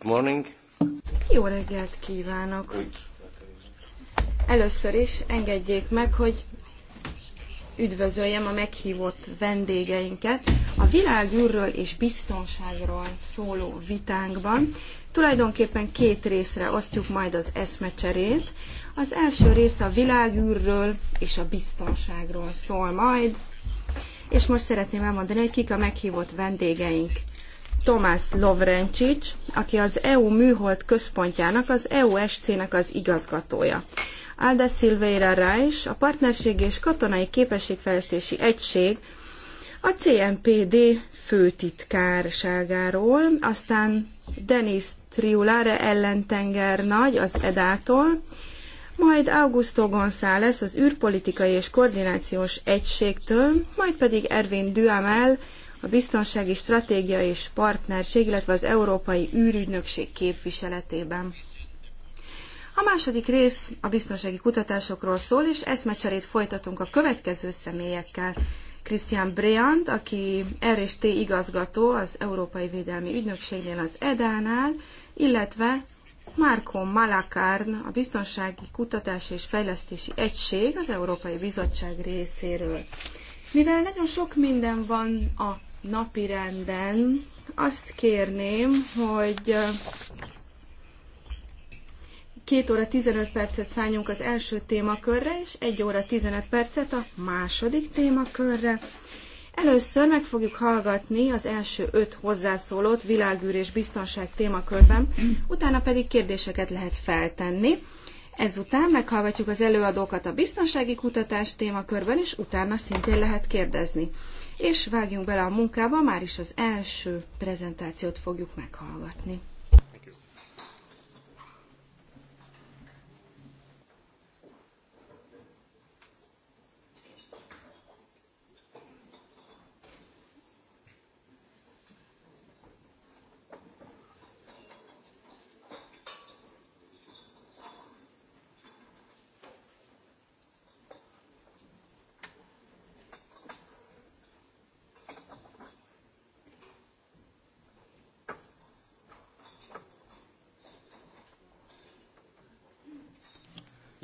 Good morning. Jó reggelt kívánok! Először is engedjék meg, hogy üdvözöljem a meghívott vendégeinket a világűrről és biztonságról szóló vitánkban. Tulajdonképpen két részre osztjuk majd az eszmecserét. Az első rész a világűrről és a biztonságról szól majd, és most szeretném elmondani, hogy kik a meghívott vendégeink. Tomás Lovrencsics, aki az EU műhold központjának, az e sc nek az igazgatója. Alda Silveira Reis, a Partnerség és Katonai Képességfejlesztési Egység, a CMPD főtitkárságáról, aztán Denis Triulare ellentenger nagy az EDÁ-tól, majd Augusto González az űrpolitikai és koordinációs egységtől, majd pedig Ervin Duhamel a Biztonsági Stratégia és Partnerség, illetve az Európai űrügynökség képviseletében. A második rész a biztonsági kutatásokról szól, és eszmecserét folytatunk a következő személyekkel. Christian Breant, aki RST igazgató az Európai Védelmi Ügynökségnél az EDA-nál, illetve Marco Malakarn, a Biztonsági Kutatási és Fejlesztési Egység az Európai Bizottság részéről. Mivel nagyon sok minden van a napirenden azt kérném, hogy két óra 15 percet szálljunk az első témakörre, és egy óra 15 percet a második témakörre. Először meg fogjuk hallgatni az első öt hozzászólót világűr és biztonság témakörben, utána pedig kérdéseket lehet feltenni. Ezután meghallgatjuk az előadókat a biztonsági kutatás témakörben, és utána szintén lehet kérdezni és vágjunk bele a munkába, már is az első prezentációt fogjuk meghallgatni.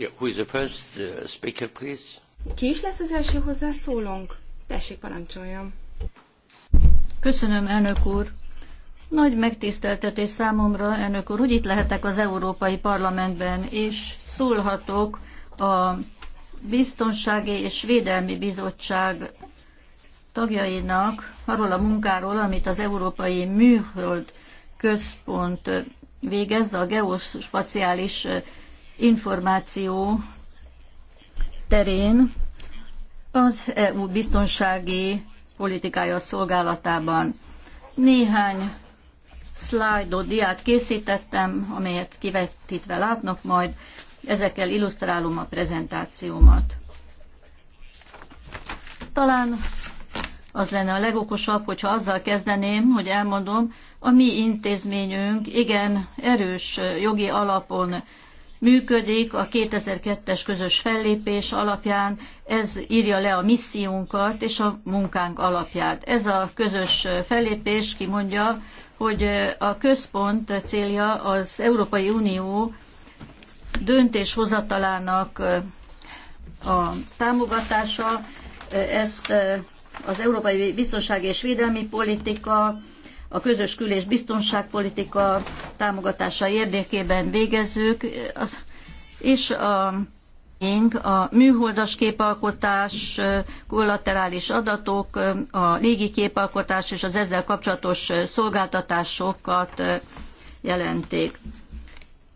Yeah, who is the first uh, speaker, please? Ki is lesz az első hozzászólónk? Tessék, parancsoljon. Köszönöm, elnök úr. Nagy megtiszteltetés számomra, elnök úr, hogy itt lehetek az Európai Parlamentben, és szólhatok a Biztonsági és Védelmi Bizottság tagjainak arról a munkáról, amit az Európai Műhold Központ végez, a geospaciális információ terén az EU biztonsági politikája szolgálatában. Néhány szlájdot, diát készítettem, amelyet kivetítve látnak, majd ezekkel illusztrálom a prezentációmat. Talán az lenne a legokosabb, hogyha azzal kezdeném, hogy elmondom, a mi intézményünk igen erős jogi alapon működik a 2002-es közös fellépés alapján, ez írja le a missziónkat és a munkánk alapját. Ez a közös fellépés kimondja, hogy a központ célja az Európai Unió döntéshozatalának a támogatása, ezt az Európai Biztonság és Védelmi Politika, a közös kül- és biztonságpolitika támogatása érdekében végezzük, és a a műholdas képalkotás, kollaterális adatok, a légi képalkotás és az ezzel kapcsolatos szolgáltatásokat jelenték.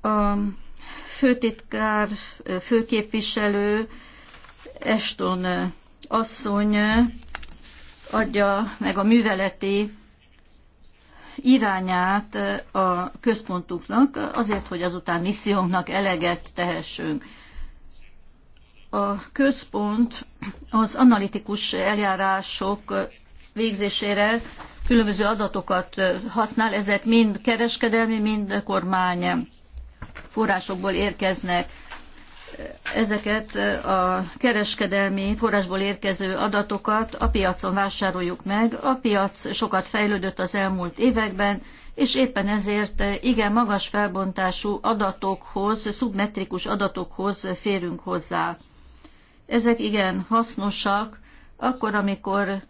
A főtitkár, főképviselő Eston asszony adja meg a műveleti irányát eh, a központunknak, azért, hogy azután missziónknak eleget tehessünk. A központ az analitikus eljárások végzésére különböző adatokat eh, használ, ezek mind kereskedelmi, mind kormány forrásokból érkeznek ezeket a kereskedelmi forrásból érkező adatokat a piacon vásároljuk meg. A piac sokat fejlődött az elmúlt években, és éppen ezért igen magas felbontású adatokhoz, szubmetrikus adatokhoz férünk hozzá. Ezek igen hasznosak, akkor, amikor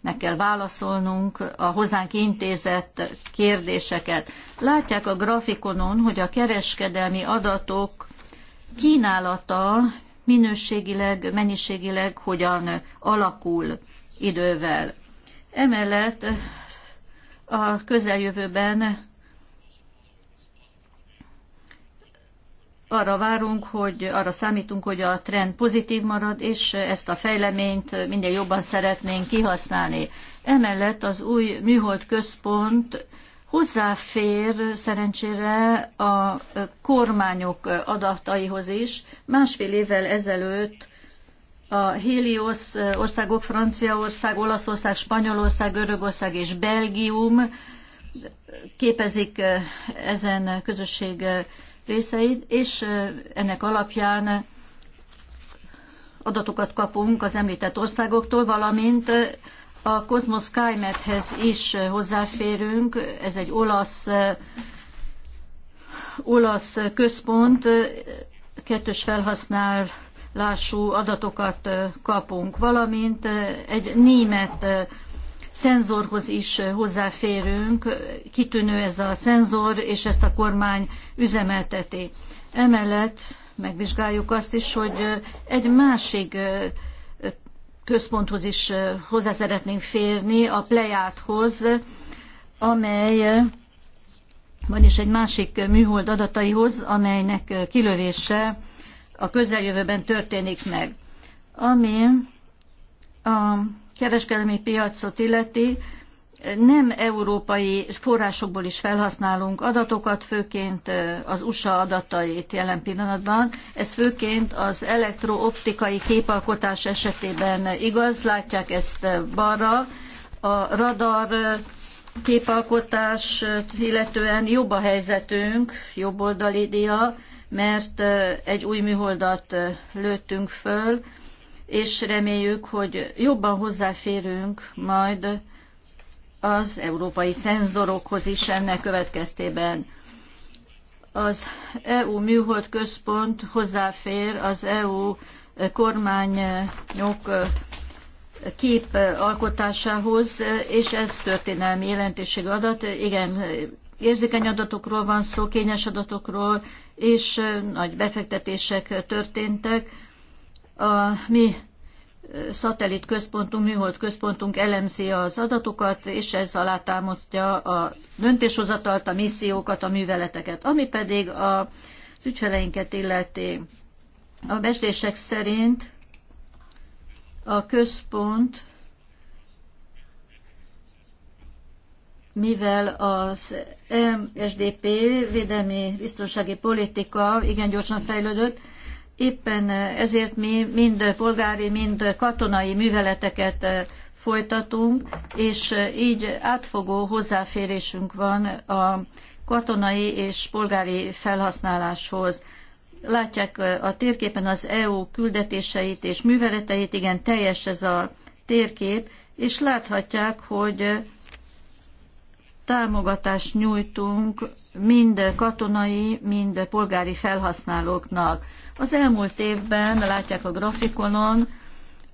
meg kell válaszolnunk a hozzánk intézett kérdéseket. Látják a grafikonon, hogy a kereskedelmi adatok kínálata minőségileg, mennyiségileg hogyan alakul idővel. Emellett a közeljövőben arra várunk, hogy arra számítunk, hogy a trend pozitív marad, és ezt a fejleményt minden jobban szeretnénk kihasználni. Emellett az új műhold központ hozzáfér szerencsére a kormányok adataihoz is. Másfél évvel ezelőtt a Helios országok, Franciaország, Olaszország, Spanyolország, Görögország és Belgium képezik eh, ezen közösség eh, részeit, és eh, ennek alapján adatokat kapunk az említett országoktól, valamint a Cosmos Skymethez is eh, hozzáférünk, ez egy olasz, eh, olasz központ, kettős felhasználású adatokat eh, kapunk, valamint egy német szenzorhoz is hozzáférünk, kitűnő ez a szenzor, és ezt a kormány üzemelteti. Emellett megvizsgáljuk azt is, hogy egy másik központhoz is hozzá szeretnénk férni, a plejáthoz, amely van is egy másik műhold adataihoz, amelynek kilövése a közeljövőben történik meg. Ami a kereskedelmi piacot illeti, nem európai forrásokból is felhasználunk adatokat, főként az USA adatait jelen pillanatban. Ez főként az elektrooptikai képalkotás esetében igaz, látják ezt balra. A radar képalkotás illetően jobb a helyzetünk, jobb oldali dia, mert egy új műholdat lőttünk föl, és reméljük, hogy jobban hozzáférünk majd az európai szenzorokhoz is ennek következtében. Az EU műhold központ hozzáfér az EU kormányok kép alkotásához, és ez történelmi jelentőségű adat. Igen, érzékeny adatokról van szó, kényes adatokról, és nagy befektetések történtek. A mi szatellit központunk, műhold központunk elemzi az adatokat, és ez alátámasztja a döntéshozatalt, a missziókat, a műveleteket. Ami pedig a, az ügyfeleinket illeti. A beszélések szerint a központ, mivel az MSDP védelmi biztonsági politika igen gyorsan fejlődött, Éppen eh, ezért mi mind polgári, mind katonai műveleteket eh, folytatunk, és eh, így átfogó hozzáférésünk van a katonai és polgári felhasználáshoz. Látják a térképen az EU küldetéseit és műveleteit, igen, teljes ez a térkép, és láthatják, hogy támogatást nyújtunk mind katonai, mind polgári felhasználóknak. Az elmúlt évben, látják a grafikonon,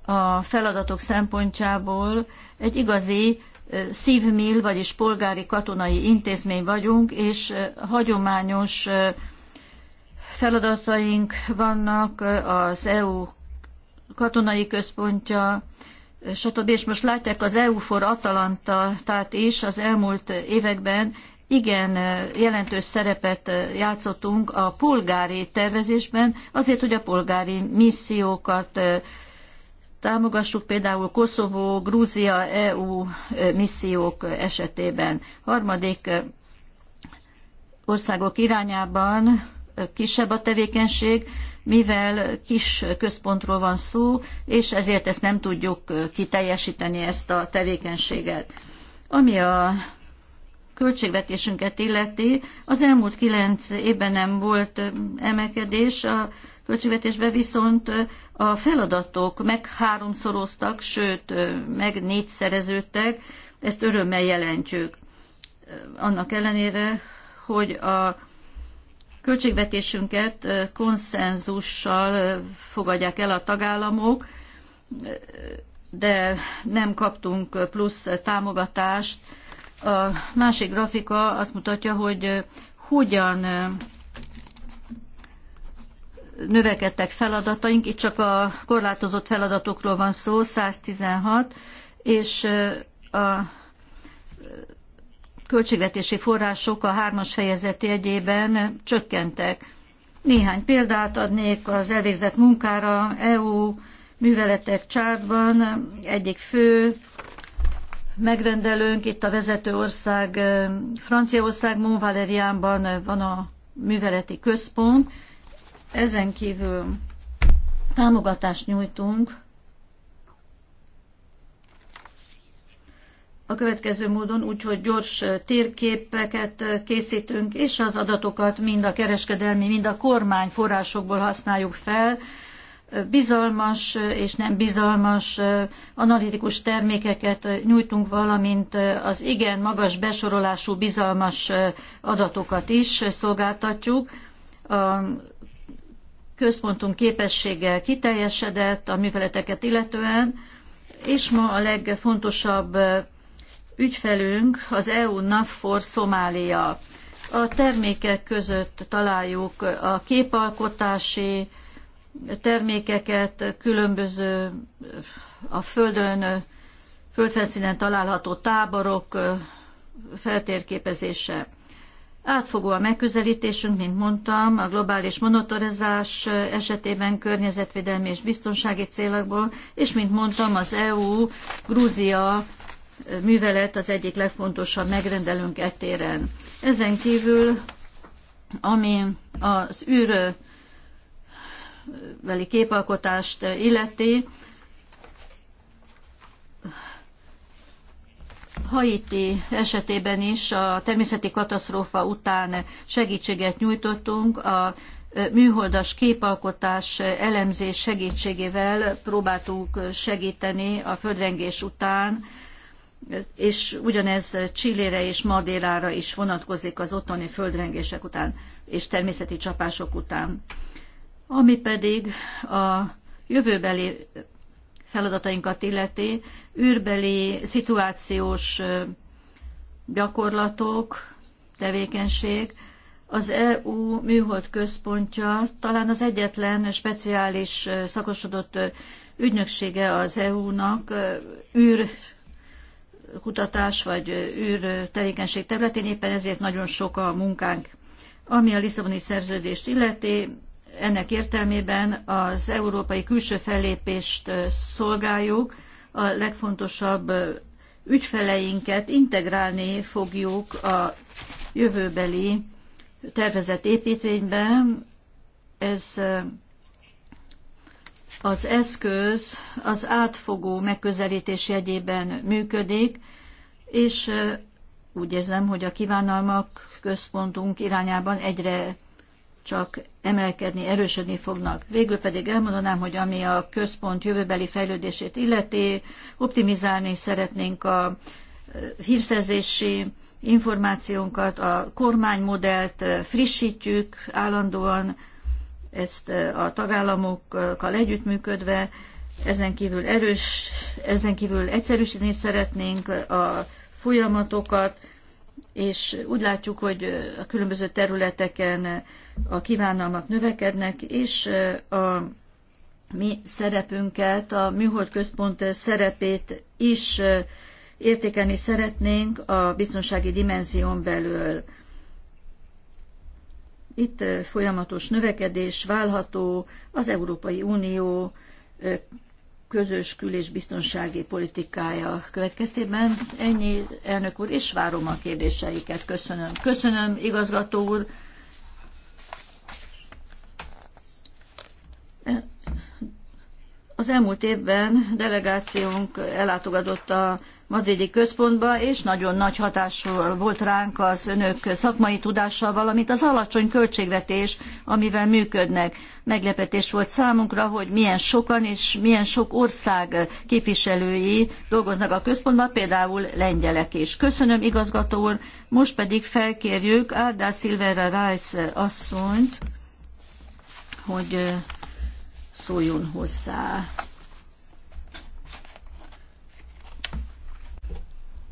a feladatok szempontjából egy igazi szívmill, vagyis polgári katonai intézmény vagyunk, és hagyományos feladataink vannak az EU katonai központja, stb. És most látják az EU Atalanta, tehát is az elmúlt években igen jelentős szerepet játszottunk a polgári tervezésben, azért, hogy a polgári missziókat támogassuk például Koszovó, Grúzia, EU missziók esetében. Harmadik országok irányában kisebb a tevékenység, mivel kis központról van szó, és ezért ezt nem tudjuk kiteljesíteni ezt a tevékenységet. Ami a költségvetésünket illeti, az elmúlt kilenc évben nem volt emelkedés a költségvetésben, viszont a feladatok meg háromszoroztak, sőt, meg négyszereződtek, ezt örömmel jelentjük. Annak ellenére, hogy a Költségvetésünket konszenzussal fogadják el a tagállamok, de nem kaptunk plusz támogatást. A másik grafika azt mutatja, hogy hogyan növekedtek feladataink, itt csak a korlátozott feladatokról van szó, 116, és a költségvetési források a hármas fejezet jegyében csökkentek. Néhány példát adnék az elvégzett munkára. EU műveletek csártban egyik fő megrendelőnk, itt a vezető ország Franciaország, Monvaleriánban van a műveleti központ. Ezen kívül támogatást nyújtunk a következő módon, úgyhogy gyors térképeket készítünk, és az adatokat mind a kereskedelmi, mind a kormány forrásokból használjuk fel, bizalmas és nem bizalmas analitikus termékeket nyújtunk, valamint az igen magas besorolású bizalmas adatokat is szolgáltatjuk. A központunk képessége kiteljesedett a műveleteket illetően, és ma a legfontosabb ügyfelünk az EU NAFOR Szomália. A termékek között találjuk a képalkotási termékeket, különböző a földön, földfelszínen található táborok feltérképezése. Átfogó a megközelítésünk, mint mondtam, a globális monitorozás esetében környezetvédelmi és biztonsági célokból, és mint mondtam, az EU Grúzia művelet az egyik legfontosabb megrendelőnk etéren. Ezen kívül, ami az űr veli képalkotást illeti, Haiti esetében is a természeti katasztrófa után segítséget nyújtottunk, a műholdas képalkotás elemzés segítségével próbáltuk segíteni a földrengés után és ugyanez Csillére és Madélára is vonatkozik az ottani földrengések után és természeti csapások után. Ami pedig a jövőbeli feladatainkat illeti, űrbeli szituációs gyakorlatok, tevékenység, az EU műhold központja talán az egyetlen speciális szakosodott ügynöksége az EU-nak űr kutatás vagy űr tevékenység területén, éppen ezért nagyon sok a munkánk. Ami a Lisszaboni szerződést illeti, ennek értelmében az európai külső fellépést szolgáljuk, a legfontosabb ügyfeleinket integrálni fogjuk a jövőbeli tervezett építvényben. Ez az eszköz az átfogó megközelítés jegyében működik, és úgy érzem, hogy a kívánalmak központunk irányában egyre csak emelkedni, erősödni fognak. Végül pedig elmondanám, hogy ami a központ jövőbeli fejlődését illeti, optimizálni szeretnénk a hírszerzési információnkat, a kormánymodellt frissítjük állandóan, ezt a tagállamokkal együttműködve, ezen kívül erős, ezen kívül egyszerűsíteni szeretnénk a folyamatokat, és úgy látjuk, hogy a különböző területeken a kívánalmak növekednek, és a mi szerepünket, a műhold központ szerepét is értékelni szeretnénk a biztonsági dimenzión belül. Itt folyamatos növekedés válható az Európai Unió közös kül- és biztonsági politikája következtében. Ennyi, elnök úr, és várom a kérdéseiket. Köszönöm. Köszönöm, igazgató úr. Az elmúlt évben delegációnk ellátogatott a madridi központba, és nagyon nagy hatással volt ránk az önök szakmai tudása, valamint az alacsony költségvetés, amivel működnek. Meglepetés volt számunkra, hogy milyen sokan és milyen sok ország képviselői dolgoznak a központban, például lengyelek is. Köszönöm, igazgató úr. Most pedig felkérjük Árdá Silvera Rice asszonyt, hogy szóljon hozzá.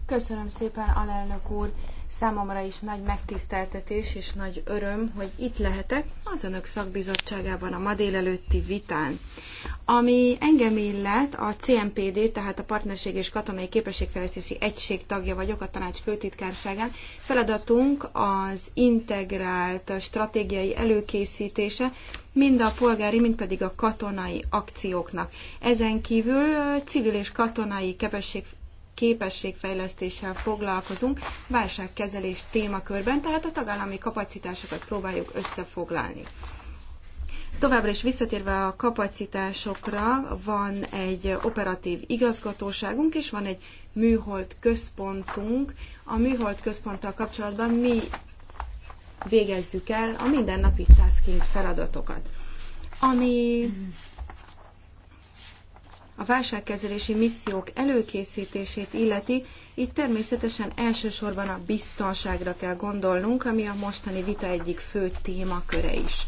Köszönöm szépen, alelnök úr! Számomra is nagy megtiszteltetés és nagy öröm, hogy itt lehetek az önök szakbizottságában a ma délelőtti vitán. Ami engem illet, a CMPD, tehát a Partnerség és Katonai Képességfejlesztési Egység tagja vagyok a tanács főtitkárságán. Feladatunk az integrált stratégiai előkészítése, mind a polgári, mind pedig a katonai akcióknak. Ezen kívül civil és katonai képesség képességfejlesztéssel foglalkozunk válságkezelés témakörben, tehát a tagállami kapacitásokat próbáljuk összefoglalni. Továbbra is visszatérve a kapacitásokra, van egy operatív igazgatóságunk, és van egy műhold központunk. A műhold központtal kapcsolatban mi végezzük el a mindennapi tasking feladatokat. Ami a válságkezelési missziók előkészítését illeti, itt természetesen elsősorban a biztonságra kell gondolnunk, ami a mostani vita egyik fő témaköre is.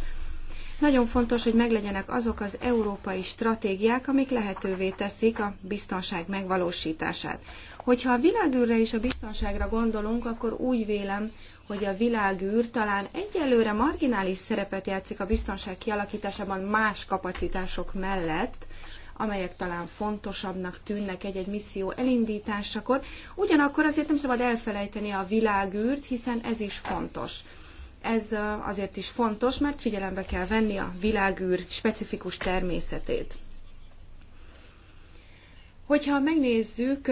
Nagyon fontos, hogy meglegyenek azok az európai stratégiák, amik lehetővé teszik a biztonság megvalósítását. Hogyha a világűrre és a biztonságra gondolunk, akkor úgy vélem, hogy a világűr talán egyelőre marginális szerepet játszik a biztonság kialakításában más kapacitások mellett, amelyek talán fontosabbnak tűnnek egy-egy misszió elindításakor. Ugyanakkor azért nem szabad elfelejteni a világűrt, hiszen ez is fontos. Ez azért is fontos, mert figyelembe kell venni a világűr specifikus természetét. Hogyha megnézzük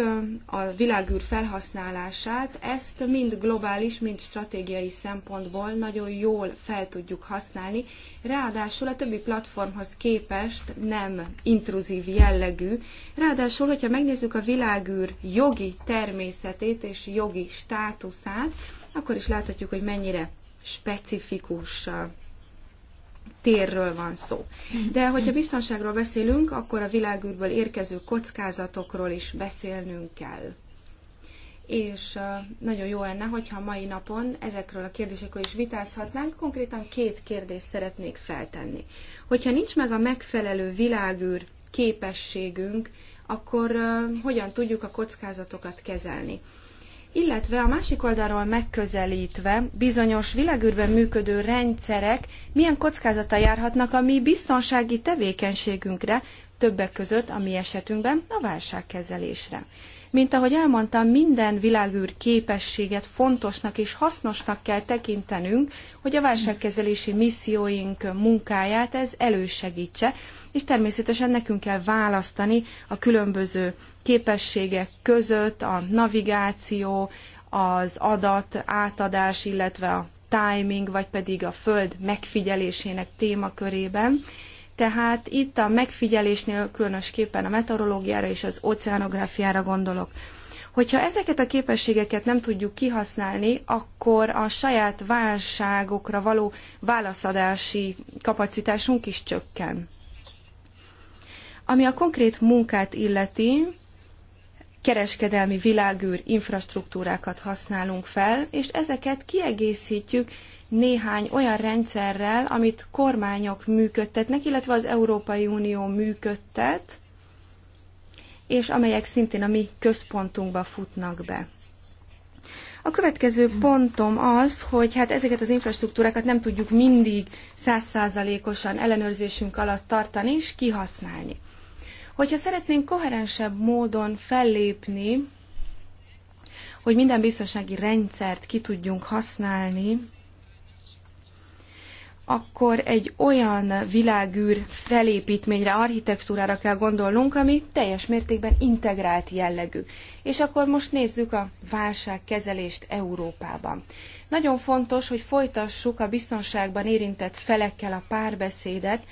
a világűr felhasználását, ezt mind globális, mind stratégiai szempontból nagyon jól fel tudjuk használni, ráadásul a többi platformhoz képest nem intruzív jellegű. Ráadásul, hogyha megnézzük a világűr jogi természetét és jogi státuszát, akkor is láthatjuk, hogy mennyire specifikus térről van szó. De hogyha biztonságról beszélünk, akkor a világűrből érkező kockázatokról is beszélnünk kell. És nagyon jó lenne, hogyha mai napon ezekről a kérdésekről is vitázhatnánk. Konkrétan két kérdést szeretnék feltenni. Hogyha nincs meg a megfelelő világűr képességünk, akkor hogyan tudjuk a kockázatokat kezelni? illetve a másik oldalról megközelítve bizonyos világűrben működő rendszerek milyen kockázattal járhatnak a mi biztonsági tevékenységünkre, többek között a mi esetünkben a válságkezelésre. Mint ahogy elmondtam, minden világűr képességet fontosnak és hasznosnak kell tekintenünk, hogy a válságkezelési misszióink munkáját ez elősegítse, és természetesen nekünk kell választani a különböző képességek között a navigáció, az adat átadás, illetve a timing, vagy pedig a föld megfigyelésének témakörében, tehát itt a megfigyelésnél különösképpen a meteorológiára és az oceanográfiára gondolok. Hogyha ezeket a képességeket nem tudjuk kihasználni, akkor a saját válságokra való válaszadási kapacitásunk is csökken. Ami a konkrét munkát illeti, kereskedelmi világűr infrastruktúrákat használunk fel, és ezeket kiegészítjük néhány olyan rendszerrel, amit kormányok működtetnek, illetve az Európai Unió működtet, és amelyek szintén a mi központunkba futnak be. A következő pontom az, hogy hát ezeket az infrastruktúrákat nem tudjuk mindig százszázalékosan ellenőrzésünk alatt tartani és kihasználni. Hogyha szeretnénk koherensebb módon fellépni, hogy minden biztonsági rendszert ki tudjunk használni, akkor egy olyan világűr felépítményre, architektúrára kell gondolnunk, ami teljes mértékben integrált jellegű. És akkor most nézzük a válságkezelést Európában. Nagyon fontos, hogy folytassuk a biztonságban érintett felekkel a párbeszédet,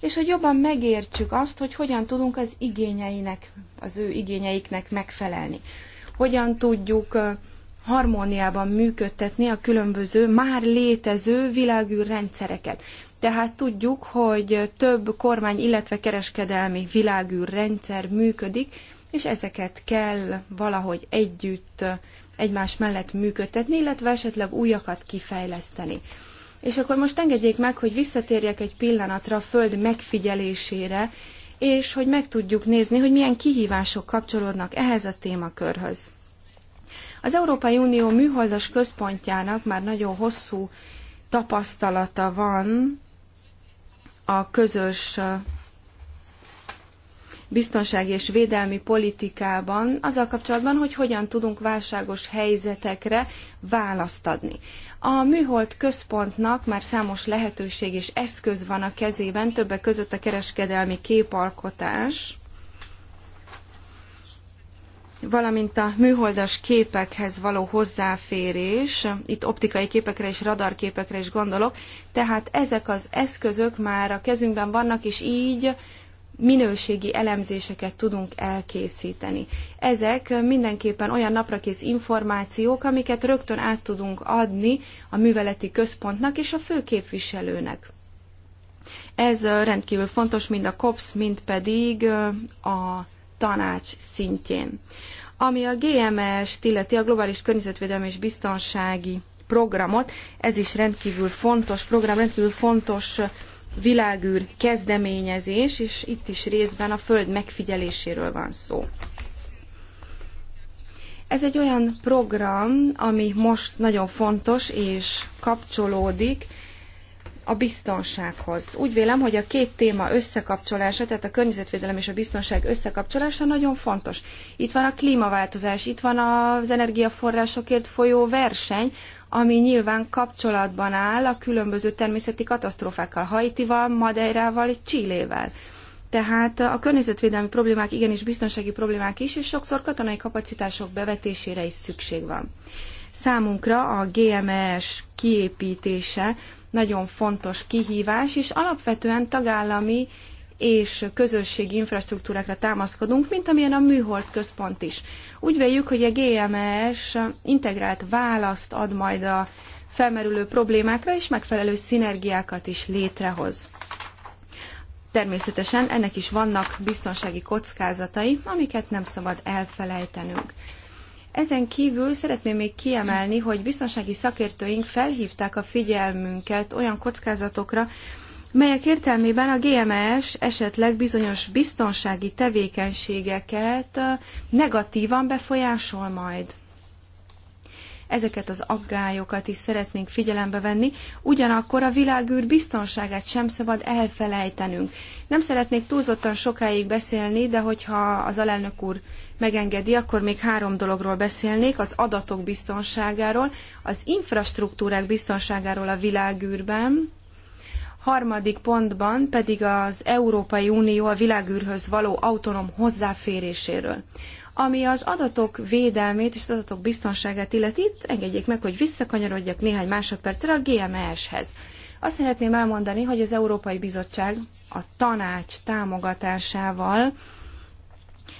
és hogy jobban megértsük azt, hogy hogyan tudunk az igényeinek, az ő igényeiknek megfelelni. Hogyan tudjuk harmóniában működtetni a különböző már létező világűr rendszereket. Tehát tudjuk, hogy több kormány, illetve kereskedelmi világűr rendszer működik, és ezeket kell valahogy együtt, egymás mellett működtetni, illetve esetleg újakat kifejleszteni. És akkor most engedjék meg, hogy visszatérjek egy pillanatra a Föld megfigyelésére, és hogy meg tudjuk nézni, hogy milyen kihívások kapcsolódnak ehhez a témakörhöz. Az Európai Unió műholdas központjának már nagyon hosszú tapasztalata van a közös biztonsági és védelmi politikában azzal kapcsolatban, hogy hogyan tudunk válságos helyzetekre választ adni. A műhold központnak már számos lehetőség és eszköz van a kezében, többek között a kereskedelmi képalkotás, valamint a műholdas képekhez való hozzáférés, itt optikai képekre és radarképekre is gondolok, tehát ezek az eszközök már a kezünkben vannak, és így minőségi elemzéseket tudunk elkészíteni. Ezek mindenképpen olyan naprakész információk, amiket rögtön át tudunk adni a műveleti központnak és a főképviselőnek. Ez rendkívül fontos mind a COPS, mind pedig a tanács szintjén. Ami a GMS illeti a globális környezetvédelmi és biztonsági programot, ez is rendkívül fontos program, rendkívül fontos világűr kezdeményezés, és itt is részben a Föld megfigyeléséről van szó. Ez egy olyan program, ami most nagyon fontos és kapcsolódik a biztonsághoz. Úgy vélem, hogy a két téma összekapcsolása, tehát a környezetvédelem és a biztonság összekapcsolása nagyon fontos. Itt van a klímaváltozás, itt van az energiaforrásokért folyó verseny, ami nyilván kapcsolatban áll a különböző természeti katasztrófákkal, Haitival, Madeirával, Csillével. Tehát a környezetvédelmi problémák igenis biztonsági problémák is, és sokszor katonai kapacitások bevetésére is szükség van. Számunkra a GMS kiépítése nagyon fontos kihívás, és alapvetően tagállami és közösségi infrastruktúrákra támaszkodunk, mint amilyen a műhold központ is. Úgy véljük, hogy a GMS integrált választ ad majd a felmerülő problémákra, és megfelelő szinergiákat is létrehoz. Természetesen ennek is vannak biztonsági kockázatai, amiket nem szabad elfelejtenünk. Ezen kívül szeretném még kiemelni, hogy biztonsági szakértőink felhívták a figyelmünket olyan kockázatokra, melyek értelmében a GMS esetleg bizonyos biztonsági tevékenységeket negatívan befolyásol majd. Ezeket az aggályokat is szeretnénk figyelembe venni, ugyanakkor a világűr biztonságát sem szabad elfelejtenünk. Nem szeretnék túlzottan sokáig beszélni, de hogyha az alelnök úr megengedi, akkor még három dologról beszélnék, az adatok biztonságáról, az infrastruktúrák biztonságáról a világűrben, harmadik pontban pedig az Európai Unió a világűrhöz való autonóm hozzáféréséről. Ami az adatok védelmét és az adatok biztonságát illeti, itt engedjék meg, hogy visszakanyarodjak néhány másodpercre a GMS-hez. Azt szeretném elmondani, hogy az Európai Bizottság a tanács támogatásával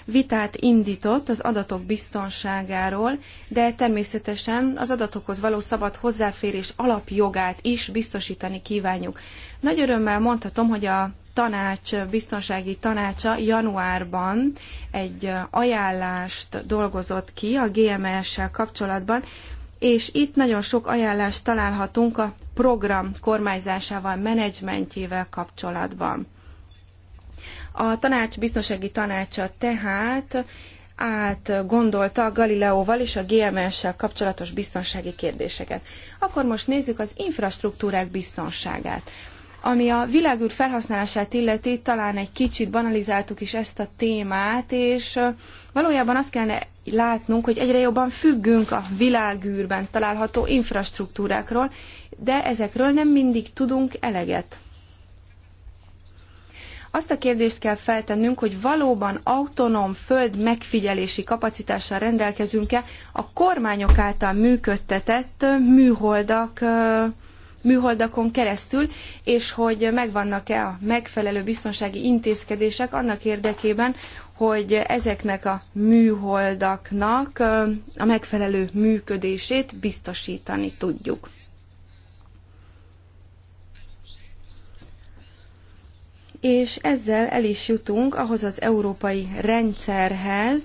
vitát indított az adatok biztonságáról, de természetesen az adatokhoz való szabad hozzáférés alapjogát is biztosítani kívánjuk. Nagy örömmel mondhatom, hogy a tanács, biztonsági tanácsa januárban egy ajánlást dolgozott ki a GMS-sel kapcsolatban, és itt nagyon sok ajánlást találhatunk a program kormányzásával, menedzsmentjével kapcsolatban. A tanács biztonsági tanácsa tehát gondolta a Galileóval és a GMS-sel kapcsolatos biztonsági kérdéseket. Akkor most nézzük az infrastruktúrák biztonságát. Ami a világűr felhasználását illeti, talán egy kicsit banalizáltuk is ezt a témát, és valójában azt kellene látnunk, hogy egyre jobban függünk a világűrben található infrastruktúrákról, de ezekről nem mindig tudunk eleget. Azt a kérdést kell feltennünk, hogy valóban autonóm föld megfigyelési kapacitással rendelkezünk-e a kormányok által működtetett műholdak műholdakon keresztül, és hogy megvannak-e a megfelelő biztonsági intézkedések annak érdekében, hogy ezeknek a műholdaknak a megfelelő működését biztosítani tudjuk. És ezzel el is jutunk ahhoz az európai rendszerhez,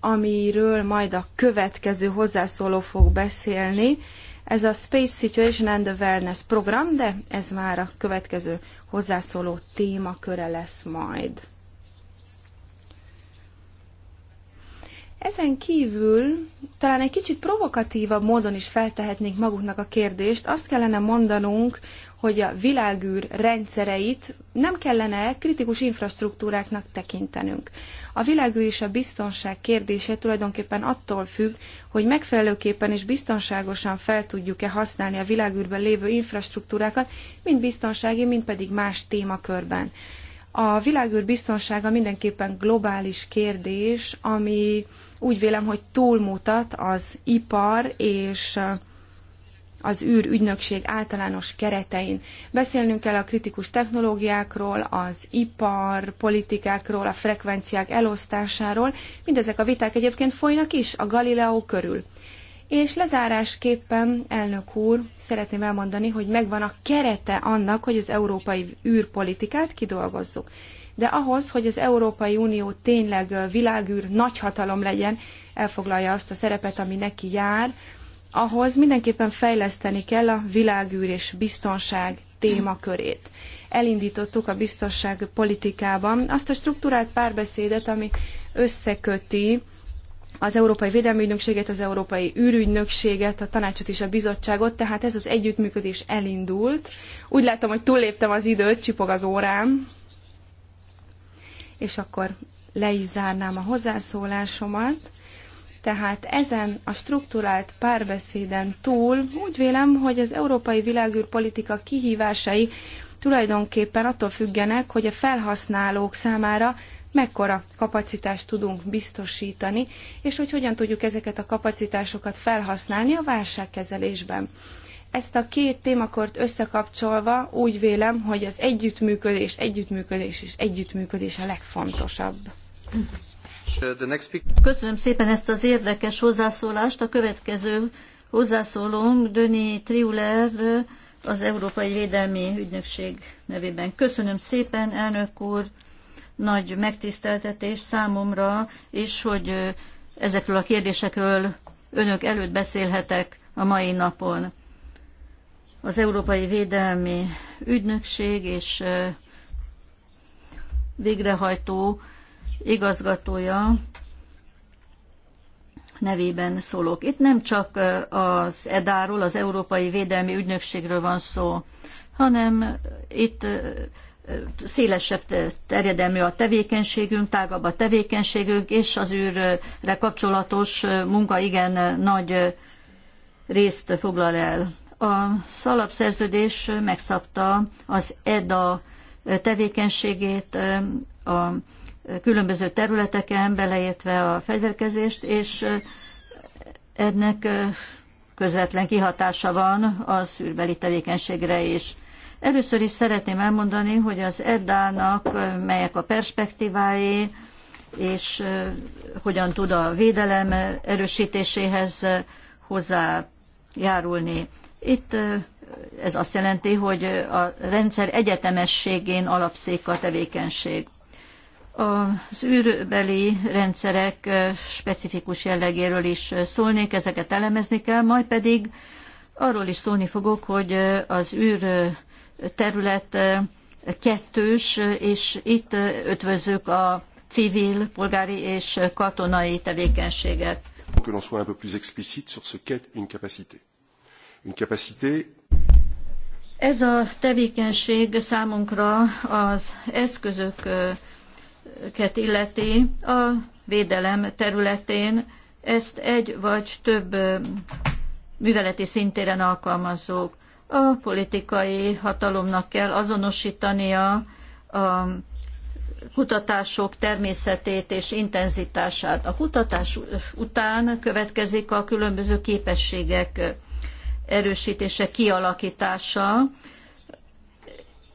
amiről majd a következő hozzászóló fog beszélni, ez a Space Situation and Awareness program, de ez már a következő hozzászóló témaköre lesz majd. Ezen kívül talán egy kicsit provokatívabb módon is feltehetnénk maguknak a kérdést. Azt kellene mondanunk, hogy a világűr rendszereit nem kellene kritikus infrastruktúráknak tekintenünk. A világűr és a biztonság kérdése tulajdonképpen attól függ, hogy megfelelőképpen és biztonságosan fel tudjuk-e használni a világűrben lévő infrastruktúrákat, mind biztonsági, mind pedig más témakörben. A világűr biztonsága mindenképpen globális kérdés, ami úgy vélem, hogy túlmutat az ipar és az űrügynökség általános keretein. Beszélnünk kell a kritikus technológiákról, az ipar, politikákról, a frekvenciák elosztásáról. Mindezek a viták egyébként folynak is a Galileo körül. És lezárásképpen, elnök úr, szeretném elmondani, hogy megvan a kerete annak, hogy az európai űrpolitikát kidolgozzuk. De ahhoz, hogy az Európai Unió tényleg világűr nagyhatalom legyen, elfoglalja azt a szerepet, ami neki jár, ahhoz mindenképpen fejleszteni kell a világűr és biztonság témakörét. Elindítottuk a biztonság politikában azt a struktúrált párbeszédet, ami összeköti az Európai Védelmi Ügynökséget, az Európai űrügynökséget, a tanácsot és a bizottságot, tehát ez az együttműködés elindult. Úgy látom, hogy túlléptem az időt, csipog az órám. És akkor le is zárnám a hozzászólásomat. Tehát ezen a struktúrált párbeszéden túl úgy vélem, hogy az európai világűrpolitika kihívásai tulajdonképpen attól függenek, hogy a felhasználók számára mekkora kapacitást tudunk biztosítani, és hogy hogyan tudjuk ezeket a kapacitásokat felhasználni a válságkezelésben. Ezt a két témakort összekapcsolva úgy vélem, hogy az együttműködés, együttműködés és együttműködés a legfontosabb. Köszönöm szépen ezt az érdekes hozzászólást. A következő hozzászólónk Döni Triuler az Európai Védelmi Ügynökség nevében. Köszönöm szépen, elnök úr, nagy megtiszteltetés számomra is, hogy ezekről a kérdésekről önök előtt beszélhetek a mai napon. Az Európai Védelmi Ügynökség és végrehajtó igazgatója nevében szólok. Itt nem csak az EDA-ról, az Európai Védelmi Ügynökségről van szó, hanem itt szélesebb terjedelmű a tevékenységünk, tágabb a tevékenységünk, és az űrre kapcsolatos munka igen nagy részt foglal el. A szalapszerződés megszabta az EDA tevékenységét, a különböző területeken, beleértve a fegyverkezést, és ennek közvetlen kihatása van a szűrbeli tevékenységre is. Először is szeretném elmondani, hogy az EDDA-nak melyek a perspektívái, és hogyan tud a védelem erősítéséhez hozzájárulni. Itt ez azt jelenti, hogy a rendszer egyetemességén alapszik a tevékenység. Az űrbeli rendszerek specifikus jellegéről is szólnék, ezeket elemezni kell, majd pedig arról is szólni fogok, hogy az űr terület kettős, és itt ötvözzük a civil, polgári és katonai tevékenységet. Que l'on soit un peu plus explicite sur ce qu'est une capacité. Une capacité ez a tevékenység számunkra az eszközök ket illeti a védelem területén ezt egy vagy több műveleti szintéren alkalmazzuk. A politikai hatalomnak kell azonosítania a kutatások természetét és intenzitását. A kutatás után következik a különböző képességek erősítése, kialakítása,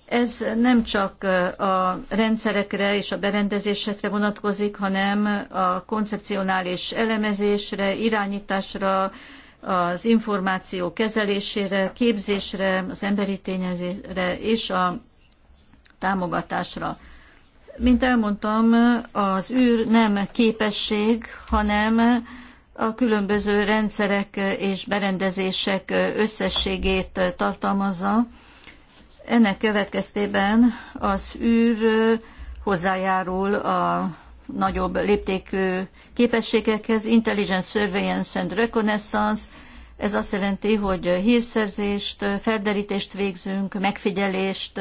ez nem csak a rendszerekre és a berendezésekre vonatkozik, hanem a koncepcionális elemezésre, irányításra, az információ kezelésére, képzésre, az emberi tényezésre és a támogatásra. Mint elmondtam, az űr nem képesség, hanem a különböző rendszerek és berendezések összességét tartalmazza, ennek következtében az űr hozzájárul a nagyobb léptékű képességekhez, Intelligence Surveillance and Reconnaissance, ez azt jelenti, hogy hírszerzést, felderítést végzünk, megfigyelést,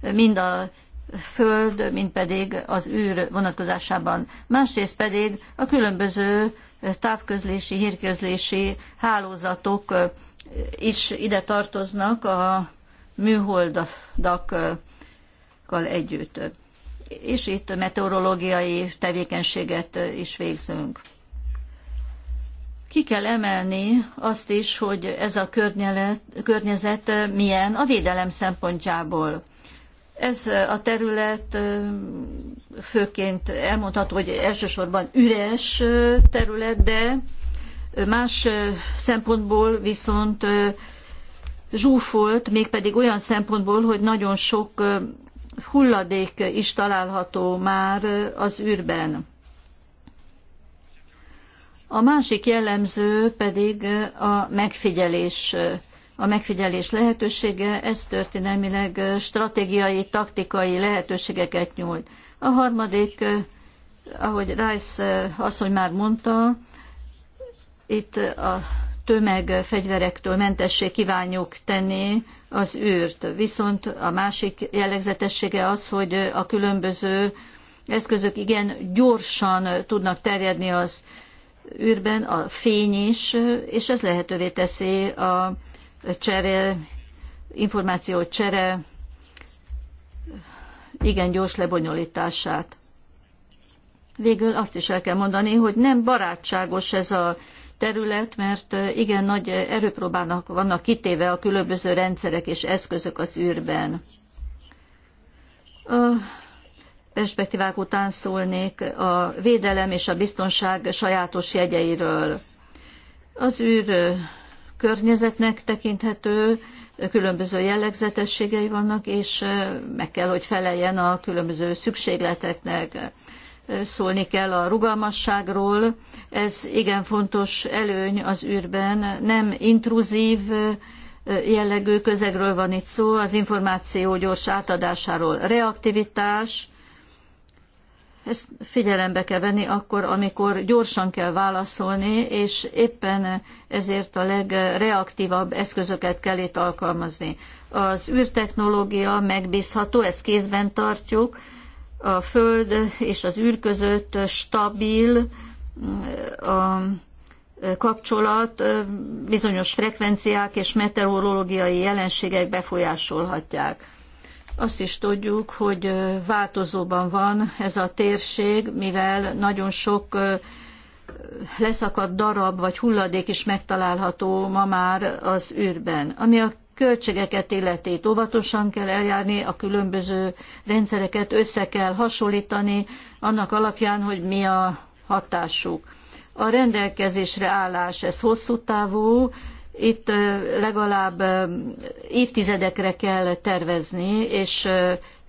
mind a föld, mind pedig az űr vonatkozásában. Másrészt pedig a különböző távközlési, hírközlési hálózatok is ide tartoznak a műholdakkal együtt. És itt meteorológiai tevékenységet is végzünk. Ki kell emelni azt is, hogy ez a környezet milyen a védelem szempontjából. Ez a terület főként elmondható, hogy elsősorban üres terület, de más szempontból viszont zsúfolt, mégpedig olyan szempontból, hogy nagyon sok hulladék is található már az űrben. A másik jellemző pedig a megfigyelés, a megfigyelés lehetősége, ez történelmileg stratégiai, taktikai lehetőségeket nyújt. A harmadik, ahogy Rice asszony már mondta, itt a tömegfegyverektől mentessé kívánjuk tenni az űrt. Viszont a másik jellegzetessége az, hogy a különböző eszközök igen gyorsan tudnak terjedni az űrben, a fény is, és ez lehetővé teszi a csere, információ csere igen gyors lebonyolítását. Végül azt is el kell mondani, hogy nem barátságos ez a terület, mert igen nagy erőpróbának vannak kitéve a különböző rendszerek és eszközök az űrben. A perspektívák után szólnék a védelem és a biztonság sajátos jegyeiről. Az űr környezetnek tekinthető, különböző jellegzetességei vannak, és meg kell, hogy feleljen a különböző szükségleteknek szólni kell a rugalmasságról. Ez igen fontos előny az űrben. Nem intruzív jellegű közegről van itt szó, az információ gyors átadásáról. Reaktivitás, ezt figyelembe kell venni akkor, amikor gyorsan kell válaszolni, és éppen ezért a legreaktívabb eszközöket kell itt alkalmazni. Az űrtechnológia megbízható, ezt kézben tartjuk, a Föld és az űr között stabil a kapcsolat, bizonyos frekvenciák és meteorológiai jelenségek befolyásolhatják. Azt is tudjuk, hogy változóban van ez a térség, mivel nagyon sok leszakadt darab vagy hulladék is megtalálható ma már az űrben. Ami a költségeket illeti. Óvatosan kell eljárni, a különböző rendszereket össze kell hasonlítani, annak alapján, hogy mi a hatásuk. A rendelkezésre állás, ez hosszú távú, itt legalább évtizedekre kell tervezni, és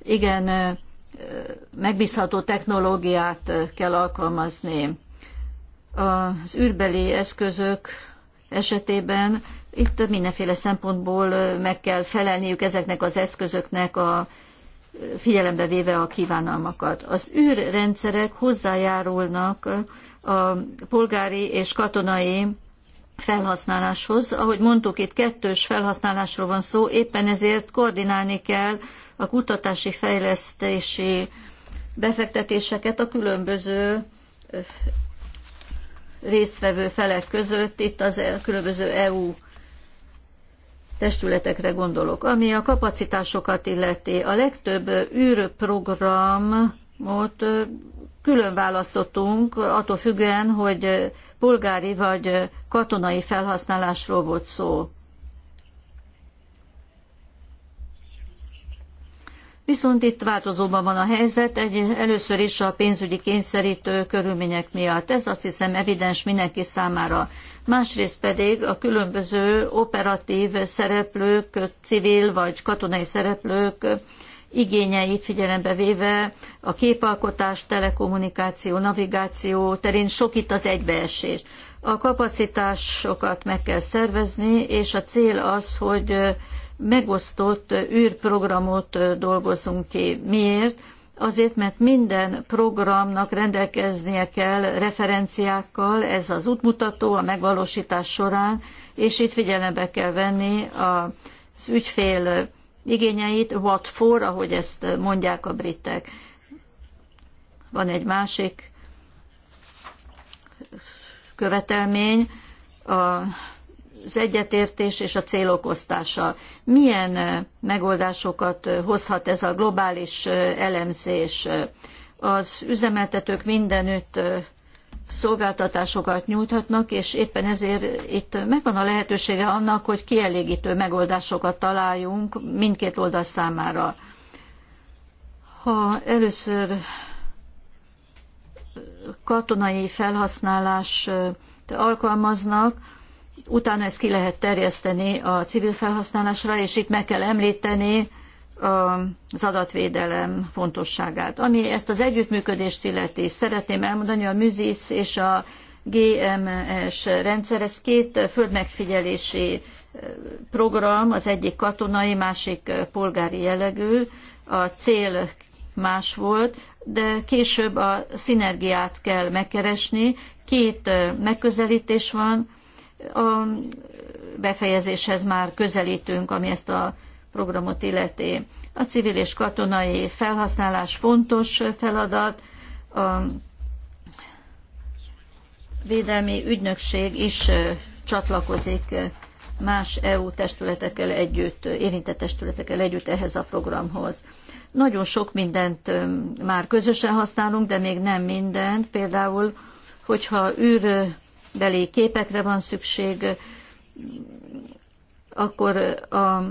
igen, megbízható technológiát kell alkalmazni. Az űrbeli eszközök esetében itt mindenféle szempontból meg kell felelniük ezeknek az eszközöknek a figyelembe véve a kívánalmakat. Az űrrendszerek hozzájárulnak a polgári és katonai felhasználáshoz. Ahogy mondtuk, itt kettős felhasználásról van szó, éppen ezért koordinálni kell a kutatási fejlesztési befektetéseket a különböző résztvevő felek között, itt az különböző EU testületekre gondolok. Ami a kapacitásokat illeti, a legtöbb űrprogramot külön választottunk, attól függően, hogy polgári vagy katonai felhasználásról volt szó. Viszont itt változóban van a helyzet, egy, először is a pénzügyi kényszerítő körülmények miatt. Ez azt hiszem evidens mindenki számára másrészt pedig a különböző operatív szereplők, civil vagy katonai szereplők igényei figyelembe véve a képalkotás, telekommunikáció, navigáció terén sok itt az egybeesés. A kapacitásokat meg kell szervezni, és a cél az, hogy megosztott űrprogramot dolgozunk ki. Miért? azért, mert minden programnak rendelkeznie kell referenciákkal, ez az útmutató a megvalósítás során, és itt figyelembe kell venni az ügyfél igényeit, what for, ahogy ezt mondják a britek. Van egy másik követelmény, a az egyetértés és a célok osztása. Milyen megoldásokat hozhat ez a globális elemzés? Az üzemeltetők mindenütt szolgáltatásokat nyújthatnak, és éppen ezért itt megvan a lehetősége annak, hogy kielégítő megoldásokat találjunk mindkét oldal számára. Ha először katonai felhasználás alkalmaznak, utána ezt ki lehet terjeszteni a civil felhasználásra, és itt meg kell említeni um, az adatvédelem fontosságát. Ami ezt az együttműködést illeti, szeretném elmondani, a MÜZIS és a GMS rendszer, ez két földmegfigyelési uh, program, az egyik katonai, másik uh, polgári jellegű, a cél más volt, de később a szinergiát kell megkeresni. Két uh, megközelítés van, a befejezéshez már közelítünk, ami ezt a programot illeti. A civil és katonai felhasználás fontos feladat, a védelmi ügynökség is csatlakozik más EU testületekkel együtt, érintett testületekkel együtt ehhez a programhoz. Nagyon sok mindent már közösen használunk, de még nem mindent. Például, hogyha űr beli képekre van szükség, akkor a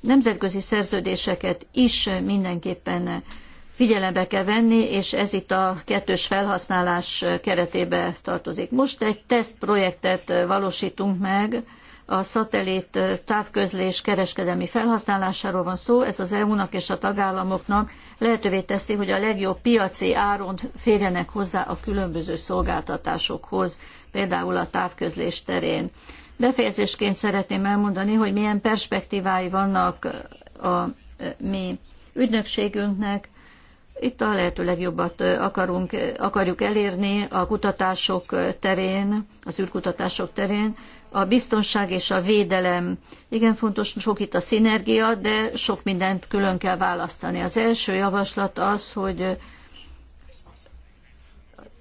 nemzetközi szerződéseket is mindenképpen figyelembe kell venni, és ez itt a kettős felhasználás keretébe tartozik. Most egy tesztprojektet valósítunk meg, a szatellit távközlés kereskedelmi felhasználásáról van szó, ez az EU-nak és a tagállamoknak lehetővé teszi, hogy a legjobb piaci áron férjenek hozzá a különböző szolgáltatásokhoz, például a távközlés terén. Befejezésként szeretném elmondani, hogy milyen perspektívái vannak a mi ügynökségünknek. Itt a lehető legjobbat akarunk, akarjuk elérni a kutatások terén, az űrkutatások terén, a biztonság és a védelem. Igen fontos, sok itt a szinergia, de sok mindent külön kell választani. Az első javaslat az, hogy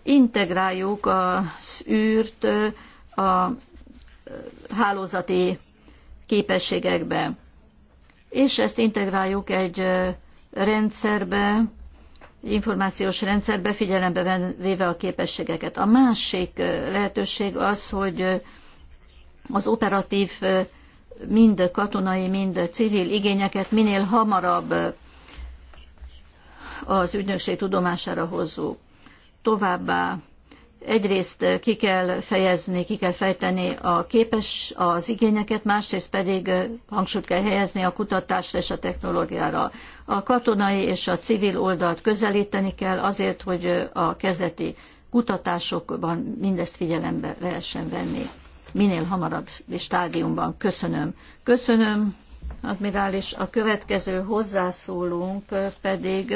integráljuk az űrt a hálózati képességekbe, és ezt integráljuk egy rendszerbe, információs rendszerbe figyelembe véve a képességeket. A másik lehetőség az, hogy az operatív mind katonai, mind civil igényeket minél hamarabb az ügynökség tudomására hozzuk. Továbbá egyrészt ki kell fejezni, ki kell fejteni a képes, az igényeket, másrészt pedig hangsúlyt kell helyezni a kutatásra és a technológiára. A katonai és a civil oldalt közelíteni kell azért, hogy a kezdeti kutatásokban mindezt figyelembe lehessen venni minél hamarabb stádiumban. Köszönöm. Köszönöm, admirális. A következő hozzászólónk pedig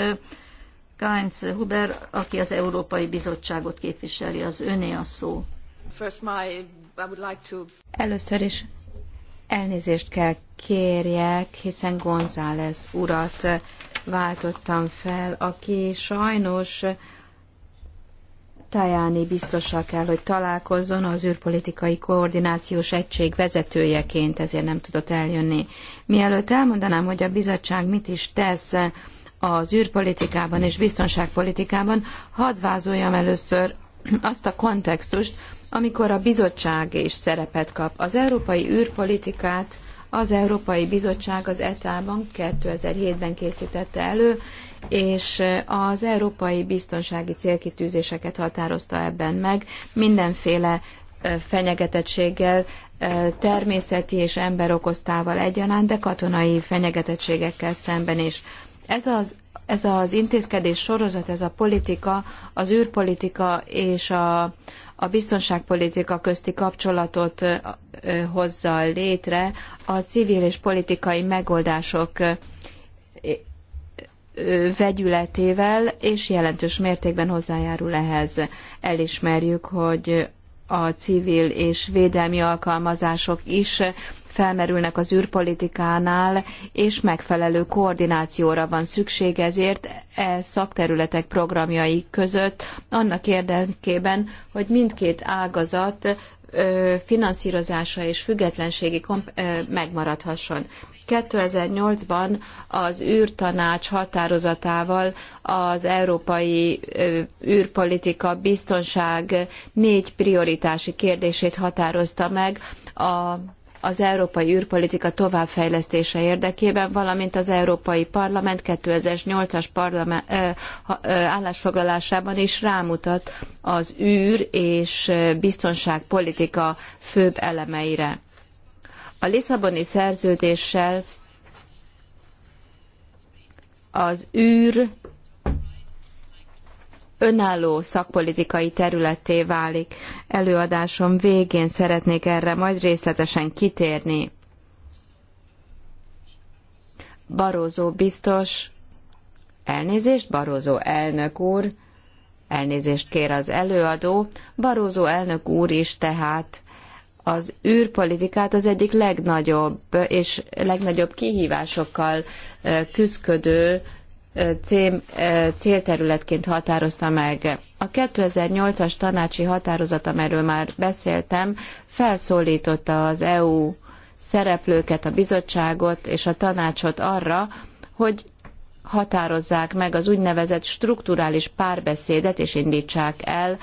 Kainz Huber, aki az Európai Bizottságot képviseli, az öné a szó. Először is elnézést kell kérjek, hiszen González urat váltottam fel, aki sajnos Tajani biztosra kell, hogy találkozzon az űrpolitikai koordinációs egység vezetőjeként, ezért nem tudott eljönni. Mielőtt elmondanám, hogy a bizottság mit is tesz az űrpolitikában és biztonságpolitikában, hadd vázoljam először azt a kontextust, amikor a bizottság is szerepet kap. Az európai űrpolitikát az Európai Bizottság az ETA-ban 2007-ben készítette elő, és az európai biztonsági célkitűzéseket határozta ebben meg, mindenféle fenyegetettséggel, természeti és ember okoztával egyaránt, de katonai fenyegetettségekkel szemben is. Ez az, ez az intézkedés sorozat, ez a politika, az űrpolitika és a, a biztonságpolitika közti kapcsolatot hozza létre a civil és politikai megoldások vegyületével, és jelentős mértékben hozzájárul ehhez. Elismerjük, hogy a civil és védelmi alkalmazások is felmerülnek az űrpolitikánál, és megfelelő koordinációra van szükség ezért e szakterületek programjai között, annak érdekében, hogy mindkét ágazat finanszírozása és függetlenségi megmaradhasson. 2008-ban az űrtanács határozatával az európai űrpolitika biztonság négy prioritási kérdését határozta meg a az európai űrpolitika továbbfejlesztése érdekében, valamint az Európai Parlament 2008-as parlament, állásfoglalásában is rámutat az űr és biztonságpolitika főbb elemeire. A Lisszaboni szerződéssel az űr önálló szakpolitikai területté válik. Előadásom végén szeretnék erre majd részletesen kitérni. Barózó biztos, elnézést, Barózó elnök úr, elnézést kér az előadó, Barózó elnök úr is tehát az űrpolitikát az egyik legnagyobb és legnagyobb kihívásokkal küzdködő célterületként határozta meg. A 2008-as tanácsi határozat, amelyről már beszéltem, felszólította az EU szereplőket, a bizottságot és a tanácsot arra, hogy határozzák meg az úgynevezett strukturális párbeszédet és indítsák el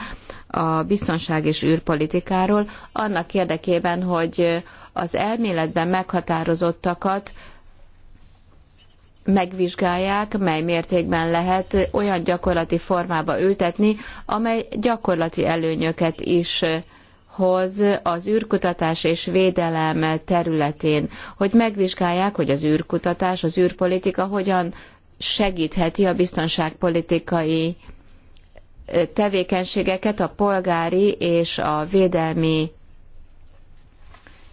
a biztonság és űrpolitikáról, annak érdekében, hogy az elméletben meghatározottakat megvizsgálják, mely mértékben lehet olyan gyakorlati formába ültetni, amely gyakorlati előnyöket is hoz az űrkutatás és védelem területén, hogy megvizsgálják, hogy az űrkutatás, az űrpolitika hogyan segítheti a biztonságpolitikai tevékenységeket a polgári és a védelmi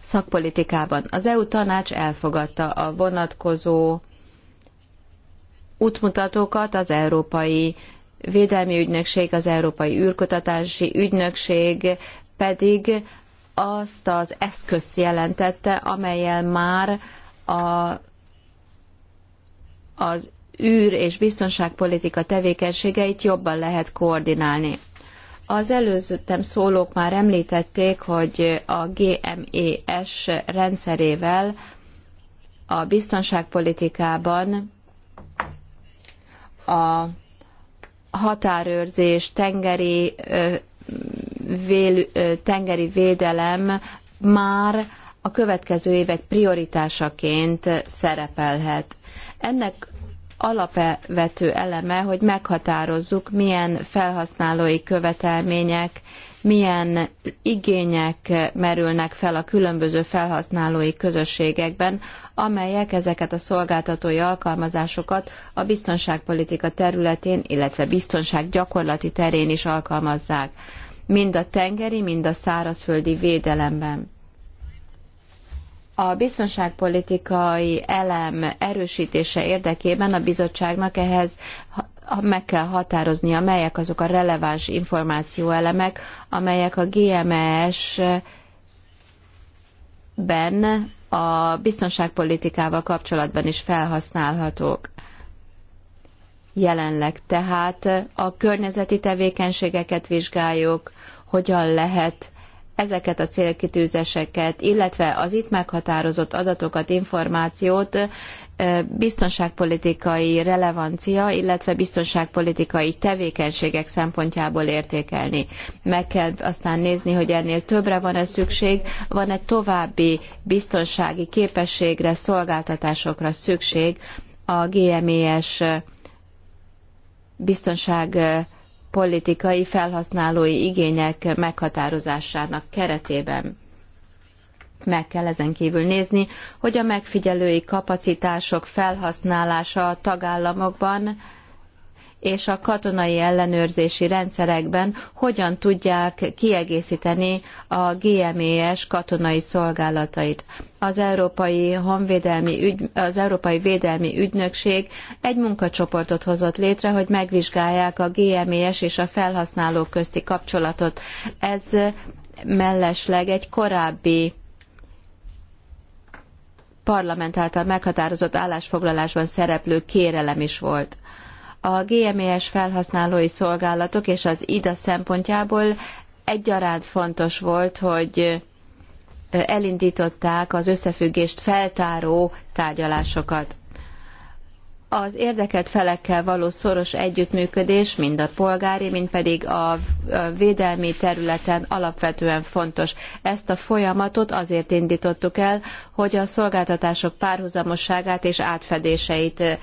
szakpolitikában. Az EU tanács elfogadta a vonatkozó útmutatókat az Európai Védelmi Ügynökség, az Európai űrkutatási ügynökség pedig azt az eszközt jelentette, amelyel már a, az űr és biztonságpolitika tevékenységeit jobban lehet koordinálni. Az előzöttem szólók már említették, hogy a GMES rendszerével a biztonságpolitikában a határőrzés, tengeri, vél, tengeri védelem már a következő évek prioritásaként szerepelhet. Ennek alapvető eleme, hogy meghatározzuk, milyen felhasználói követelmények, milyen igények merülnek fel a különböző felhasználói közösségekben, amelyek ezeket a szolgáltatói alkalmazásokat a biztonságpolitika területén, illetve biztonság gyakorlati terén is alkalmazzák, mind a tengeri, mind a szárazföldi védelemben a biztonságpolitikai elem erősítése érdekében a bizottságnak ehhez meg kell határoznia, melyek azok a releváns információelemek, amelyek a GMS-ben a biztonságpolitikával kapcsolatban is felhasználhatók. Jelenleg tehát a környezeti tevékenységeket vizsgáljuk, hogyan lehet ezeket a célkitűzéseket, illetve az itt meghatározott adatokat, információt biztonságpolitikai relevancia, illetve biztonságpolitikai tevékenységek szempontjából értékelni. Meg kell aztán nézni, hogy ennél többre van-e szükség, van-e további biztonsági képességre, szolgáltatásokra szükség a GMES biztonság politikai felhasználói igények meghatározásának keretében meg kell ezen kívül nézni, hogy a megfigyelői kapacitások felhasználása a tagállamokban és a katonai ellenőrzési rendszerekben hogyan tudják kiegészíteni a GMES katonai szolgálatait. Az Európai, Honvédelmi Ügy, az Európai Védelmi Ügynökség egy munkacsoportot hozott létre, hogy megvizsgálják a GMES és a felhasználók közti kapcsolatot. Ez mellesleg egy korábbi parlament által meghatározott állásfoglalásban szereplő kérelem is volt a GMES felhasználói szolgálatok és az IDA szempontjából egyaránt fontos volt, hogy elindították az összefüggést feltáró tárgyalásokat. Az érdekelt felekkel való szoros együttműködés mind a polgári, mind pedig a védelmi területen alapvetően fontos. Ezt a folyamatot azért indítottuk el, hogy a szolgáltatások párhuzamosságát és átfedéseit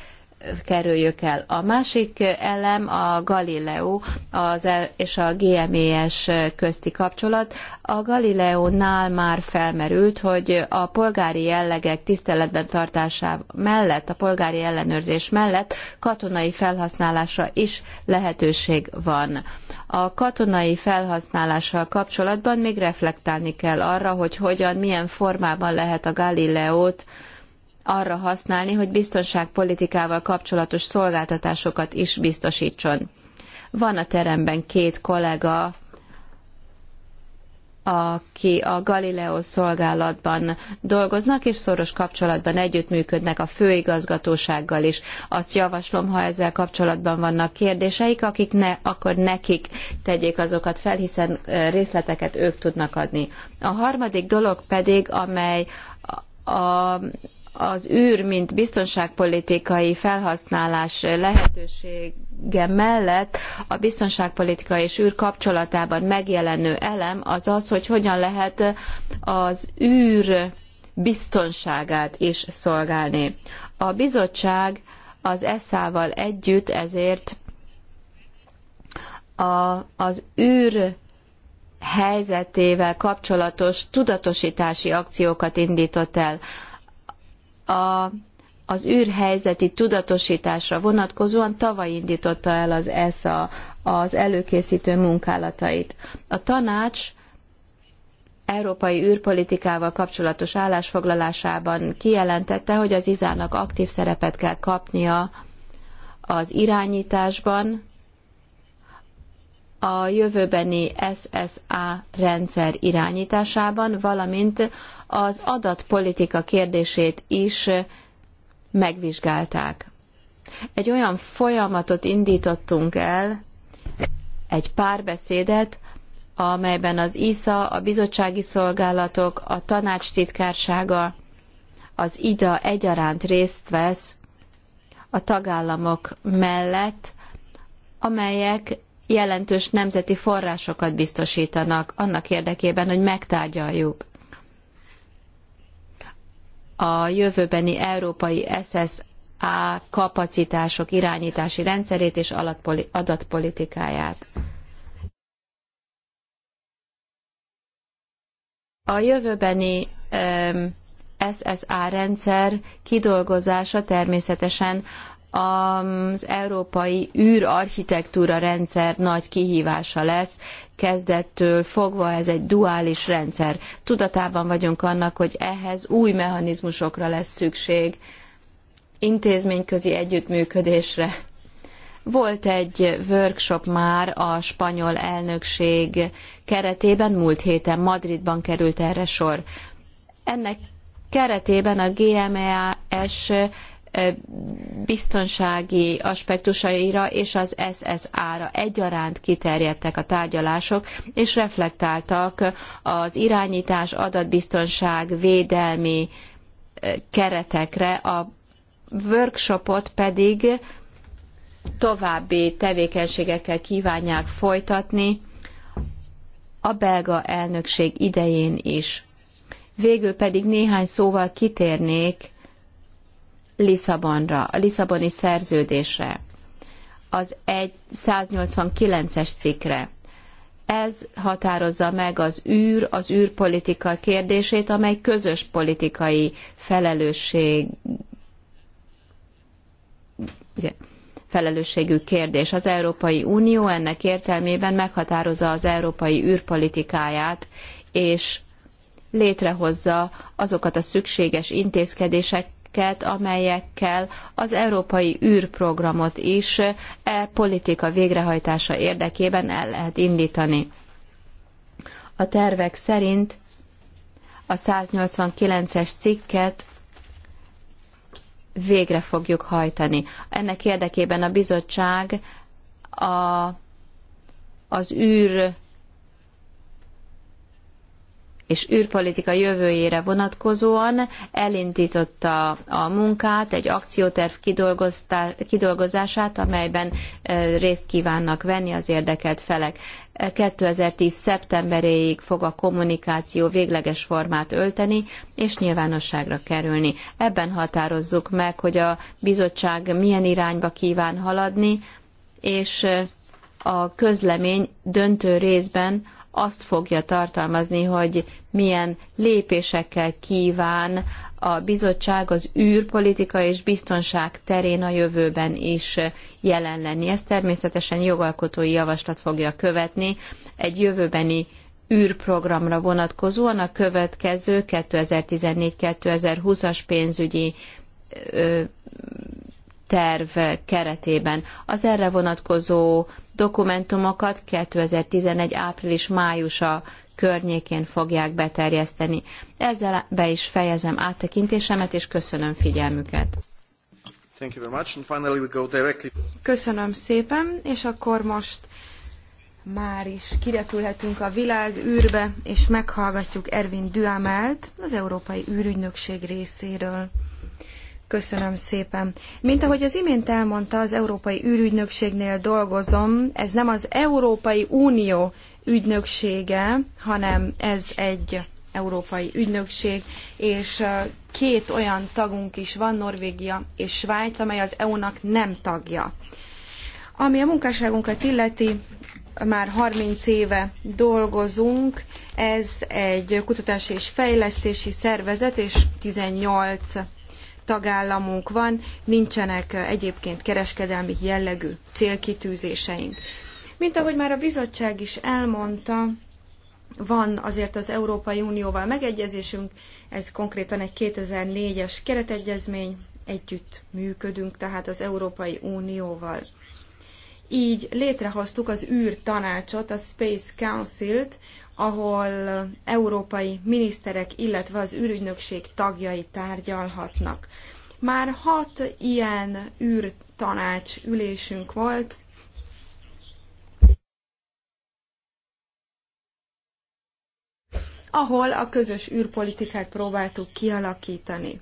kerüljük el. A másik elem a Galileo az, és a GMES közti kapcsolat. A Galileónál már felmerült, hogy a polgári jellegek tiszteletben tartása mellett, a polgári ellenőrzés mellett katonai felhasználásra is lehetőség van. A katonai felhasználással kapcsolatban még reflektálni kell arra, hogy hogyan, milyen formában lehet a Galileót arra használni, hogy biztonságpolitikával kapcsolatos szolgáltatásokat is biztosítson. Van a teremben két kollega, aki a Galileo szolgálatban dolgoznak, és szoros kapcsolatban együttműködnek a főigazgatósággal is. Azt javaslom, ha ezzel kapcsolatban vannak kérdéseik, akik ne, akkor nekik tegyék azokat fel, hiszen részleteket ők tudnak adni. A harmadik dolog pedig, amely a az űr, mint biztonságpolitikai felhasználás lehetősége mellett a biztonságpolitika és űr kapcsolatában megjelenő elem az az, hogy hogyan lehet az űr biztonságát is szolgálni. A bizottság az ESZÁ-val együtt ezért a, az űr helyzetével kapcsolatos tudatosítási akciókat indított el a, az űrhelyzeti tudatosításra vonatkozóan tavaly indította el az ESA az előkészítő munkálatait. A tanács európai űrpolitikával kapcsolatos állásfoglalásában kijelentette, hogy az izának aktív szerepet kell kapnia az irányításban, a jövőbeni SSA rendszer irányításában, valamint az adatpolitika kérdését is megvizsgálták. Egy olyan folyamatot indítottunk el, egy párbeszédet, amelyben az ISA, a bizottsági szolgálatok, a tanács titkársága, az IDA egyaránt részt vesz a tagállamok mellett, amelyek jelentős nemzeti forrásokat biztosítanak annak érdekében, hogy megtárgyaljuk a jövőbeni európai SSA kapacitások irányítási rendszerét és adatpolitikáját. A jövőbeni SSA rendszer kidolgozása természetesen az európai űrarchitektúra rendszer nagy kihívása lesz, kezdettől fogva ez egy duális rendszer. Tudatában vagyunk annak, hogy ehhez új mechanizmusokra lesz szükség, intézményközi együttműködésre. Volt egy workshop már a spanyol elnökség keretében, múlt héten Madridban került erre sor. Ennek keretében a GMES biztonsági aspektusaira és az SSA-ra egyaránt kiterjedtek a tárgyalások, és reflektáltak az irányítás, adatbiztonság, védelmi keretekre, a workshopot pedig további tevékenységekkel kívánják folytatni a belga elnökség idején is. Végül pedig néhány szóval kitérnék Lisszabonra, a Lisszaboni szerződésre, az 189-es cikkre. Ez határozza meg az űr, az űrpolitika kérdését, amely közös politikai felelősség felelősségű kérdés. Az Európai Unió ennek értelmében meghatározza az európai űrpolitikáját, és létrehozza azokat a szükséges intézkedések, eszközöket, amelyekkel az európai űrprogramot is e politika végrehajtása érdekében el lehet indítani. A tervek szerint a 189-es cikket végre fogjuk hajtani. Ennek érdekében a bizottság a, az űr és űrpolitika jövőjére vonatkozóan elindította a munkát, egy akcióterv kidolgozását, amelyben részt kívánnak venni az érdekelt felek. 2010. szeptemberéig fog a kommunikáció végleges formát ölteni és nyilvánosságra kerülni. Ebben határozzuk meg, hogy a bizottság milyen irányba kíván haladni, és a közlemény döntő részben azt fogja tartalmazni, hogy milyen lépésekkel kíván a bizottság az űrpolitika és biztonság terén a jövőben is jelen lenni. Ez természetesen jogalkotói javaslat fogja követni egy jövőbeni űrprogramra vonatkozóan a következő 2014-2020-as pénzügyi terv keretében. Az erre vonatkozó dokumentumokat 2011. április-májusa környékén fogják beterjeszteni. Ezzel be is fejezem áttekintésemet, és köszönöm figyelmüket. Köszönöm szépen, és akkor most már is kirepülhetünk a világ űrbe, és meghallgatjuk Ervin Duhamelt, az Európai űrügynökség részéről. Köszönöm szépen. Mint ahogy az imént elmondta, az Európai űrügynökségnél dolgozom. Ez nem az Európai Unió ügynöksége, hanem ez egy európai ügynökség, és két olyan tagunk is van, Norvégia és Svájc, amely az EU-nak nem tagja. Ami a munkásságunkat illeti, már 30 éve dolgozunk, ez egy kutatási és fejlesztési szervezet, és 18 tagállamunk van, nincsenek egyébként kereskedelmi jellegű célkitűzéseink. Mint ahogy már a bizottság is elmondta, van azért az Európai Unióval megegyezésünk, ez konkrétan egy 2004-es keretegyezmény, együtt működünk tehát az Európai Unióval. Így létrehoztuk az űrtanácsot, a Space Council-t, ahol európai miniszterek, illetve az űrügynökség tagjai tárgyalhatnak. Már hat ilyen űrtanács ülésünk volt, ahol a közös űrpolitikát próbáltuk kialakítani.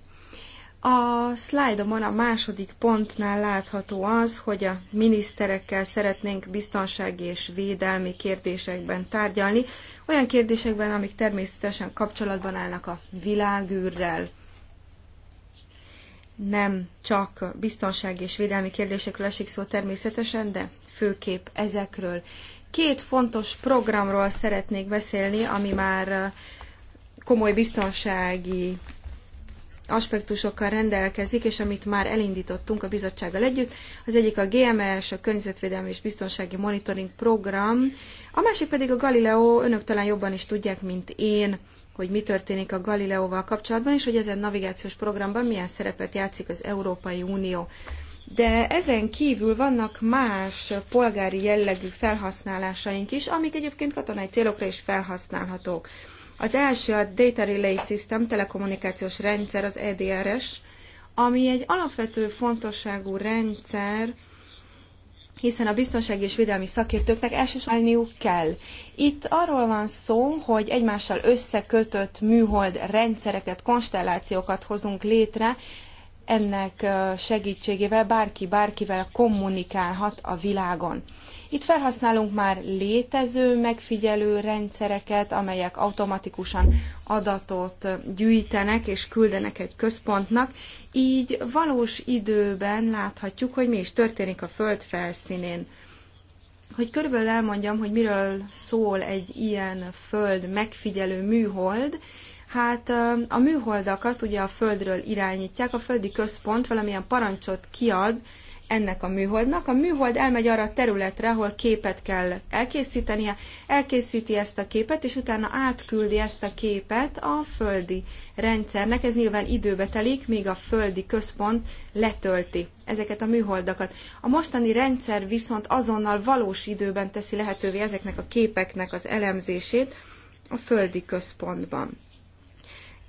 A szlájdomon a második pontnál látható az, hogy a miniszterekkel szeretnénk biztonsági és védelmi kérdésekben tárgyalni, olyan kérdésekben, amik természetesen kapcsolatban állnak a világűrrel. Nem csak biztonsági és védelmi kérdésekről esik szó természetesen, de főképp ezekről. Két fontos programról szeretnék beszélni, ami már komoly biztonsági aspektusokkal rendelkezik, és amit már elindítottunk a bizottsággal együtt. Az egyik a GMS, a Környezetvédelmi és Biztonsági Monitoring Program, a másik pedig a Galileo, önök talán jobban is tudják, mint én, hogy mi történik a Galileóval kapcsolatban, és hogy ezen navigációs programban milyen szerepet játszik az Európai Unió. De ezen kívül vannak más polgári jellegű felhasználásaink is, amik egyébként katonai célokra is felhasználhatók. Az első a Data Relay System, telekommunikációs rendszer, az EDRS, ami egy alapvető fontosságú rendszer, hiszen a biztonsági és védelmi szakértőknek elsősorban kell. Itt arról van szó, hogy egymással összekötött műhold rendszereket, konstellációkat hozunk létre, ennek segítségével bárki bárkivel kommunikálhat a világon. Itt felhasználunk már létező megfigyelő rendszereket, amelyek automatikusan adatot gyűjtenek és küldenek egy központnak, így valós időben láthatjuk, hogy mi is történik a Föld felszínén. Hogy körülbelül elmondjam, hogy miről szól egy ilyen Föld megfigyelő műhold, Hát a műholdakat ugye a Földről irányítják, a földi központ valamilyen parancsot kiad ennek a műholdnak. A műhold elmegy arra a területre, ahol képet kell elkészítenie, elkészíti ezt a képet, és utána átküldi ezt a képet a földi rendszernek. Ez nyilván időbe telik, míg a földi központ letölti ezeket a műholdakat. A mostani rendszer viszont azonnal valós időben teszi lehetővé ezeknek a képeknek az elemzését a földi központban.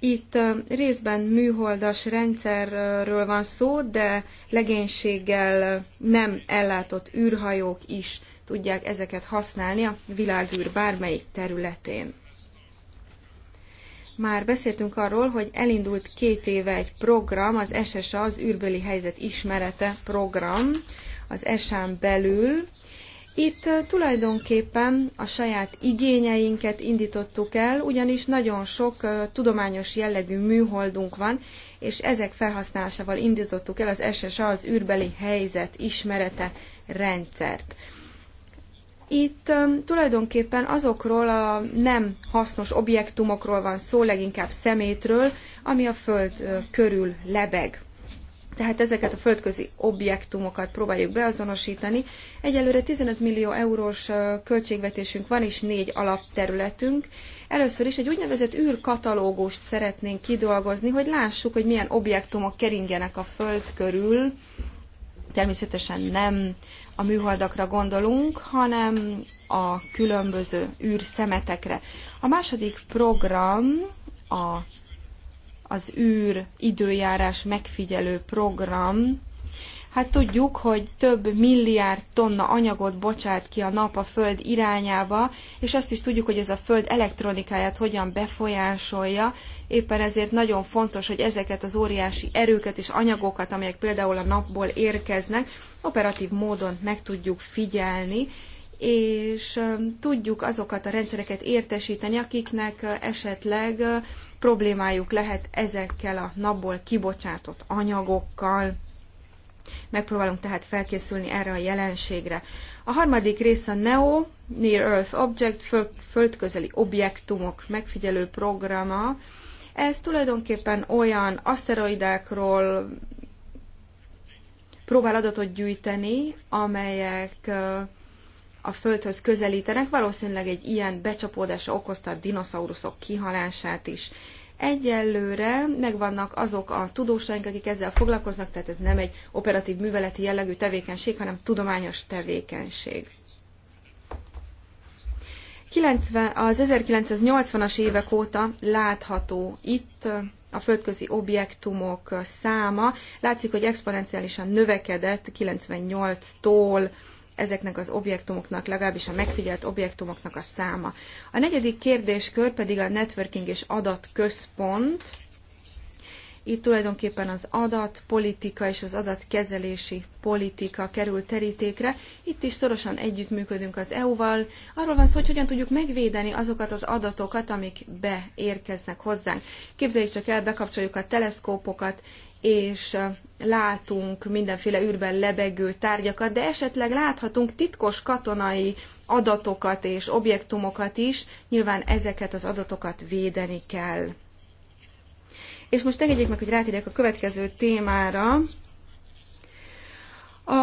Itt részben műholdas rendszerről van szó, de legénységgel nem ellátott űrhajók is tudják ezeket használni a világűr bármelyik területén. Már beszéltünk arról, hogy elindult két éve egy program, az SSA, az űrbeli helyzet ismerete program, az ESA-n belül itt tulajdonképpen a saját igényeinket indítottuk el, ugyanis nagyon sok tudományos jellegű műholdunk van, és ezek felhasználásával indítottuk el az SSA, az űrbeli helyzet ismerete rendszert. Itt tulajdonképpen azokról a nem hasznos objektumokról van szó, leginkább szemétről, ami a Föld körül lebeg. Tehát ezeket a földközi objektumokat próbáljuk beazonosítani. Egyelőre 15 millió eurós költségvetésünk van, és négy alapterületünk. Először is egy úgynevezett űrkatalógust szeretnénk kidolgozni, hogy lássuk, hogy milyen objektumok keringenek a Föld körül. Természetesen nem a műholdakra gondolunk, hanem a különböző űrszemetekre. A második program a az űr időjárás megfigyelő program, hát tudjuk, hogy több milliárd tonna anyagot bocsát ki a nap a Föld irányába, és azt is tudjuk, hogy ez a Föld elektronikáját hogyan befolyásolja. Éppen ezért nagyon fontos, hogy ezeket az óriási erőket és anyagokat, amelyek például a napból érkeznek, operatív módon meg tudjuk figyelni, és tudjuk azokat a rendszereket értesíteni, akiknek esetleg problémájuk lehet ezekkel a napból kibocsátott anyagokkal. Megpróbálunk tehát felkészülni erre a jelenségre. A harmadik rész a NEO, Near Earth Object, föl, földközeli objektumok megfigyelő programa. Ez tulajdonképpen olyan aszteroidákról próbál adatot gyűjteni, amelyek uh, a Földhöz közelítenek, valószínűleg egy ilyen becsapódása okozta a dinoszauruszok kihalását is. Egyelőre megvannak azok a tudósaink, akik ezzel foglalkoznak, tehát ez nem egy operatív műveleti jellegű tevékenység, hanem tudományos tevékenység. 90, az 1980-as évek óta látható itt a földközi objektumok száma. Látszik, hogy exponenciálisan növekedett 98-tól ezeknek az objektumoknak, legalábbis a megfigyelt objektumoknak a száma. A negyedik kérdéskör pedig a networking és adatközpont. Itt tulajdonképpen az adatpolitika és az adatkezelési politika kerül terítékre. Itt is szorosan együttműködünk az EU-val. Arról van szó, hogy hogyan tudjuk megvédeni azokat az adatokat, amik beérkeznek hozzánk. Képzeljük csak el, bekapcsoljuk a teleszkópokat, és látunk mindenféle űrben lebegő tárgyakat, de esetleg láthatunk titkos katonai adatokat és objektumokat is, nyilván ezeket az adatokat védeni kell. És most engedjék meg, hogy rátérjek a következő témára. A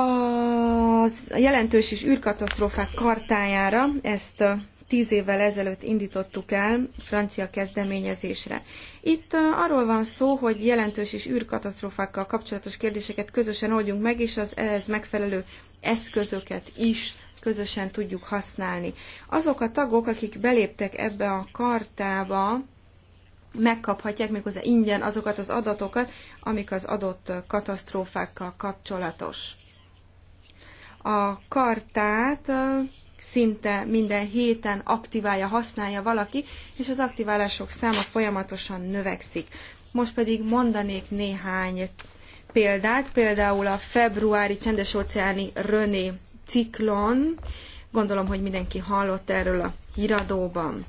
jelentős és űrkatasztrófák kartájára ezt tíz évvel ezelőtt indítottuk el francia kezdeményezésre. Itt arról van szó, hogy jelentős és űrkatasztrófákkal kapcsolatos kérdéseket közösen oldjunk meg, és az ehhez megfelelő eszközöket is közösen tudjuk használni. Azok a tagok, akik beléptek ebbe a kartába, megkaphatják méghozzá ingyen azokat az adatokat, amik az adott katasztrófákkal kapcsolatos. A kartát szinte minden héten aktiválja, használja valaki, és az aktiválások száma folyamatosan növekszik. Most pedig mondanék néhány példát, például a februári csendes-óceáni René ciklon, gondolom, hogy mindenki hallott erről a híradóban.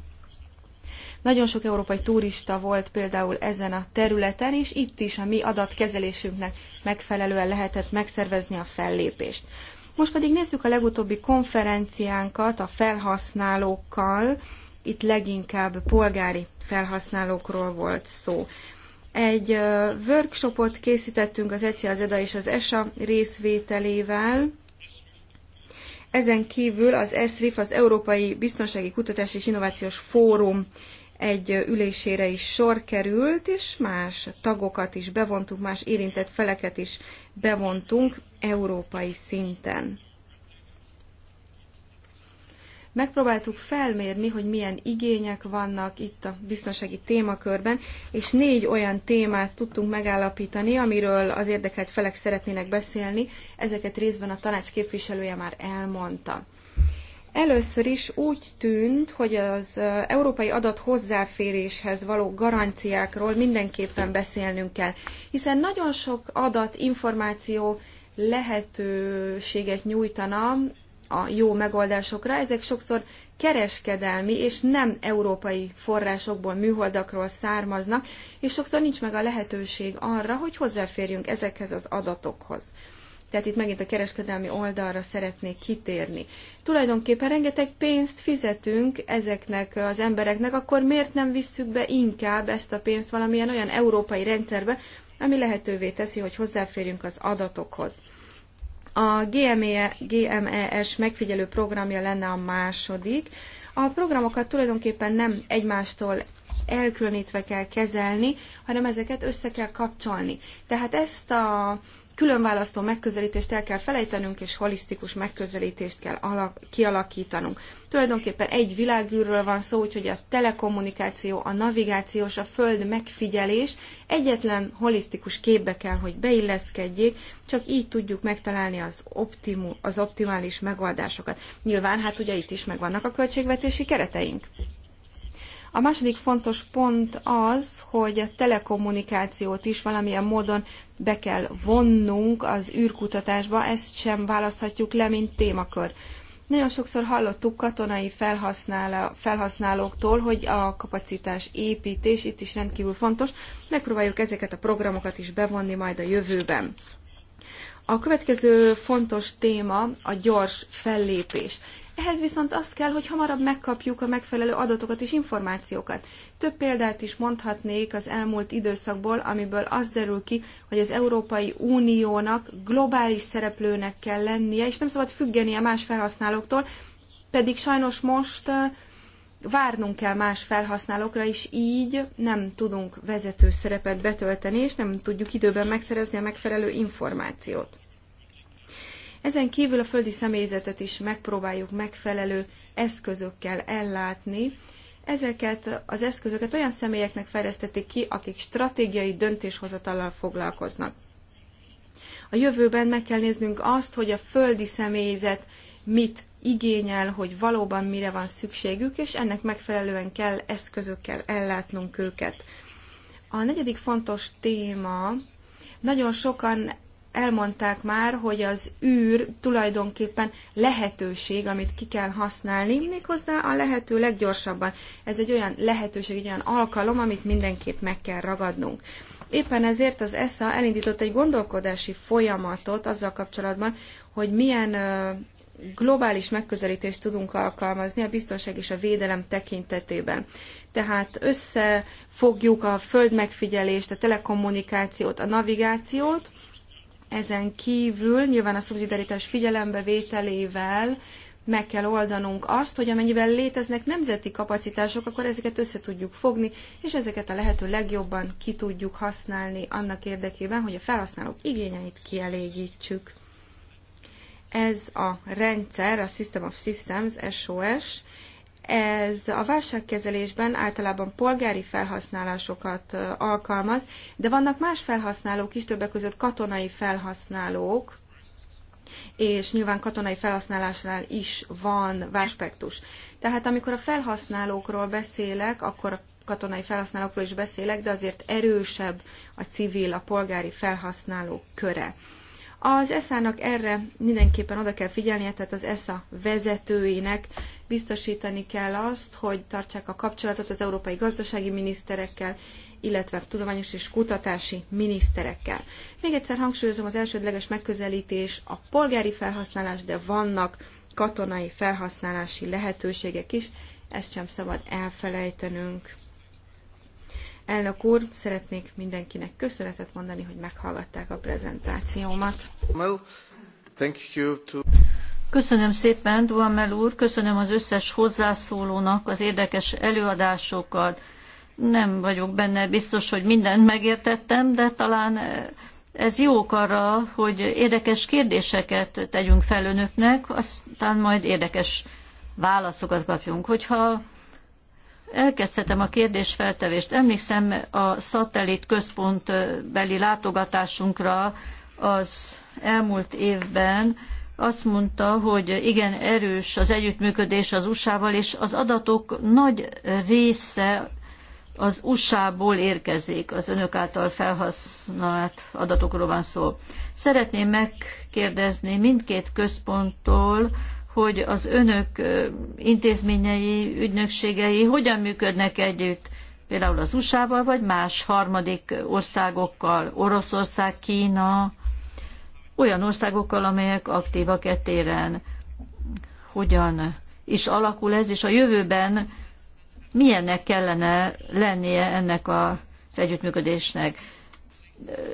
Nagyon sok európai turista volt például ezen a területen, és itt is a mi adatkezelésünknek megfelelően lehetett megszervezni a fellépést. Most pedig nézzük a legutóbbi konferenciánkat a felhasználókkal. Itt leginkább polgári felhasználókról volt szó. Egy workshopot készítettünk az ECI, az EDA és az ESA részvételével. Ezen kívül az ESRIF, az Európai Biztonsági Kutatás és Innovációs Fórum egy ülésére is sor került, és más tagokat is bevontunk, más érintett feleket is bevontunk európai szinten. Megpróbáltuk felmérni, hogy milyen igények vannak itt a biztonsági témakörben, és négy olyan témát tudtunk megállapítani, amiről az érdekelt felek szeretnének beszélni. Ezeket részben a tanács képviselője már elmondta. Először is úgy tűnt, hogy az európai adat hozzáféréshez való garanciákról mindenképpen beszélnünk kell, hiszen nagyon sok adat, információ lehetőséget nyújtana a jó megoldásokra. Ezek sokszor kereskedelmi és nem európai forrásokból, műholdakról származnak, és sokszor nincs meg a lehetőség arra, hogy hozzáférjünk ezekhez az adatokhoz. Tehát itt megint a kereskedelmi oldalra szeretnék kitérni. Tulajdonképpen rengeteg pénzt fizetünk ezeknek az embereknek, akkor miért nem visszük be inkább ezt a pénzt valamilyen olyan európai rendszerbe, ami lehetővé teszi, hogy hozzáférjünk az adatokhoz. A GME, GMES megfigyelő programja lenne a második. A programokat tulajdonképpen nem egymástól elkülönítve kell kezelni, hanem ezeket össze kell kapcsolni. Tehát ezt a különválasztó megközelítést el kell felejtenünk, és holisztikus megközelítést kell alak, kialakítanunk. Tulajdonképpen egy világűrről van szó, úgyhogy a telekommunikáció, a navigáció és a föld megfigyelés egyetlen holisztikus képbe kell, hogy beilleszkedjék, csak így tudjuk megtalálni az, optimu, az optimális megoldásokat. Nyilván, hát ugye itt is megvannak a költségvetési kereteink. A második fontos pont az, hogy a telekommunikációt is valamilyen módon be kell vonnunk az űrkutatásba, ezt sem választhatjuk le, mint témakör. Nagyon sokszor hallottuk katonai felhasználóktól, hogy a kapacitás építés itt is rendkívül fontos. Megpróbáljuk ezeket a programokat is bevonni majd a jövőben. A következő fontos téma a gyors fellépés. Ehhez viszont azt kell, hogy hamarabb megkapjuk a megfelelő adatokat és információkat. Több példát is mondhatnék az elmúlt időszakból, amiből az derül ki, hogy az Európai Uniónak globális szereplőnek kell lennie, és nem szabad függenie más felhasználóktól, pedig sajnos most várnunk kell más felhasználókra, és így nem tudunk vezető szerepet betölteni, és nem tudjuk időben megszerezni a megfelelő információt. Ezen kívül a földi személyzetet is megpróbáljuk megfelelő eszközökkel ellátni. Ezeket az eszközöket olyan személyeknek fejlesztették ki, akik stratégiai döntéshozatallal foglalkoznak. A jövőben meg kell néznünk azt, hogy a földi személyzet mit igényel, hogy valóban mire van szükségük, és ennek megfelelően kell eszközökkel ellátnunk őket. A negyedik fontos téma, nagyon sokan elmondták már, hogy az űr tulajdonképpen lehetőség, amit ki kell használni, méghozzá a lehető leggyorsabban. Ez egy olyan lehetőség, egy olyan alkalom, amit mindenképp meg kell ragadnunk. Éppen ezért az ESA elindított egy gondolkodási folyamatot azzal kapcsolatban, hogy milyen globális megközelítést tudunk alkalmazni a biztonság és a védelem tekintetében. Tehát összefogjuk a földmegfigyelést, a telekommunikációt, a navigációt, ezen kívül nyilván a szubszidaritás vételével meg kell oldanunk azt, hogy amennyiben léteznek nemzeti kapacitások, akkor ezeket össze tudjuk fogni, és ezeket a lehető legjobban ki tudjuk használni annak érdekében, hogy a felhasználók igényeit kielégítsük. Ez a rendszer, a System of Systems, SOS, ez a válságkezelésben általában polgári felhasználásokat alkalmaz, de vannak más felhasználók is, többek között katonai felhasználók, és nyilván katonai felhasználásnál is van váspektus. Tehát amikor a felhasználókról beszélek, akkor a katonai felhasználókról is beszélek, de azért erősebb a civil, a polgári felhasználók köre. Az ESZA-nak erre mindenképpen oda kell figyelnie, tehát az ESZA vezetőinek biztosítani kell azt, hogy tartsák a kapcsolatot az európai gazdasági miniszterekkel, illetve tudományos és kutatási miniszterekkel. Még egyszer hangsúlyozom, az elsődleges megközelítés a polgári felhasználás, de vannak katonai felhasználási lehetőségek is, ezt sem szabad elfelejtenünk. Elnök úr, szeretnék mindenkinek köszönetet mondani, hogy meghallgatták a prezentációmat. Köszönöm szépen, Duhamel úr, köszönöm az összes hozzászólónak az érdekes előadásokat. Nem vagyok benne biztos, hogy mindent megértettem, de talán ez jó ok arra, hogy érdekes kérdéseket tegyünk fel önöknek, aztán majd érdekes válaszokat kapjunk. Hogyha Elkezdhetem a kérdésfeltevést. Emlékszem a szatellit központbeli látogatásunkra az elmúlt évben, azt mondta, hogy igen erős az együttműködés az USA-val, és az adatok nagy része az USA-ból érkezik, az önök által felhasznált adatokról van szó. Szeretném megkérdezni mindkét központtól hogy az önök intézményei, ügynökségei hogyan működnek együtt, például az USA-val, vagy más harmadik országokkal, Oroszország, Kína, olyan országokkal, amelyek aktívak etéren. Hogyan is alakul ez, és a jövőben milyennek kellene lennie ennek az együttműködésnek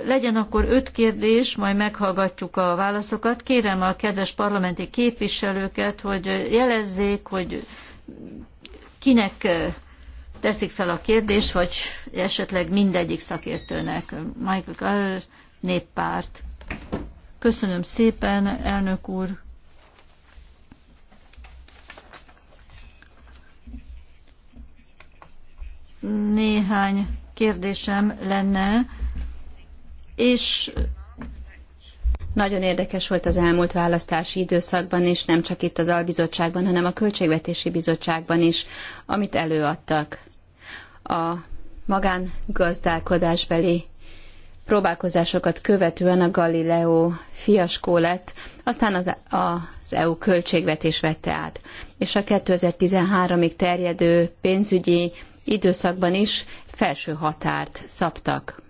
legyen akkor öt kérdés, majd meghallgatjuk a válaszokat. Kérem a kedves parlamenti képviselőket, hogy jelezzék, hogy kinek eh, teszik fel a kérdést, vagy esetleg mindegyik szakértőnek. Michael Gall, néppárt. Köszönöm szépen, elnök úr. Néhány kérdésem lenne és nagyon érdekes volt az elmúlt választási időszakban, és nem csak itt az albizottságban, hanem a Költségvetési Bizottságban is, amit előadtak a magángazdálkodásbeli próbálkozásokat követően a Galileo fiaskó lett, aztán az, az EU költségvetés vette át. És a 2013-ig terjedő pénzügyi időszakban is felső határt szabtak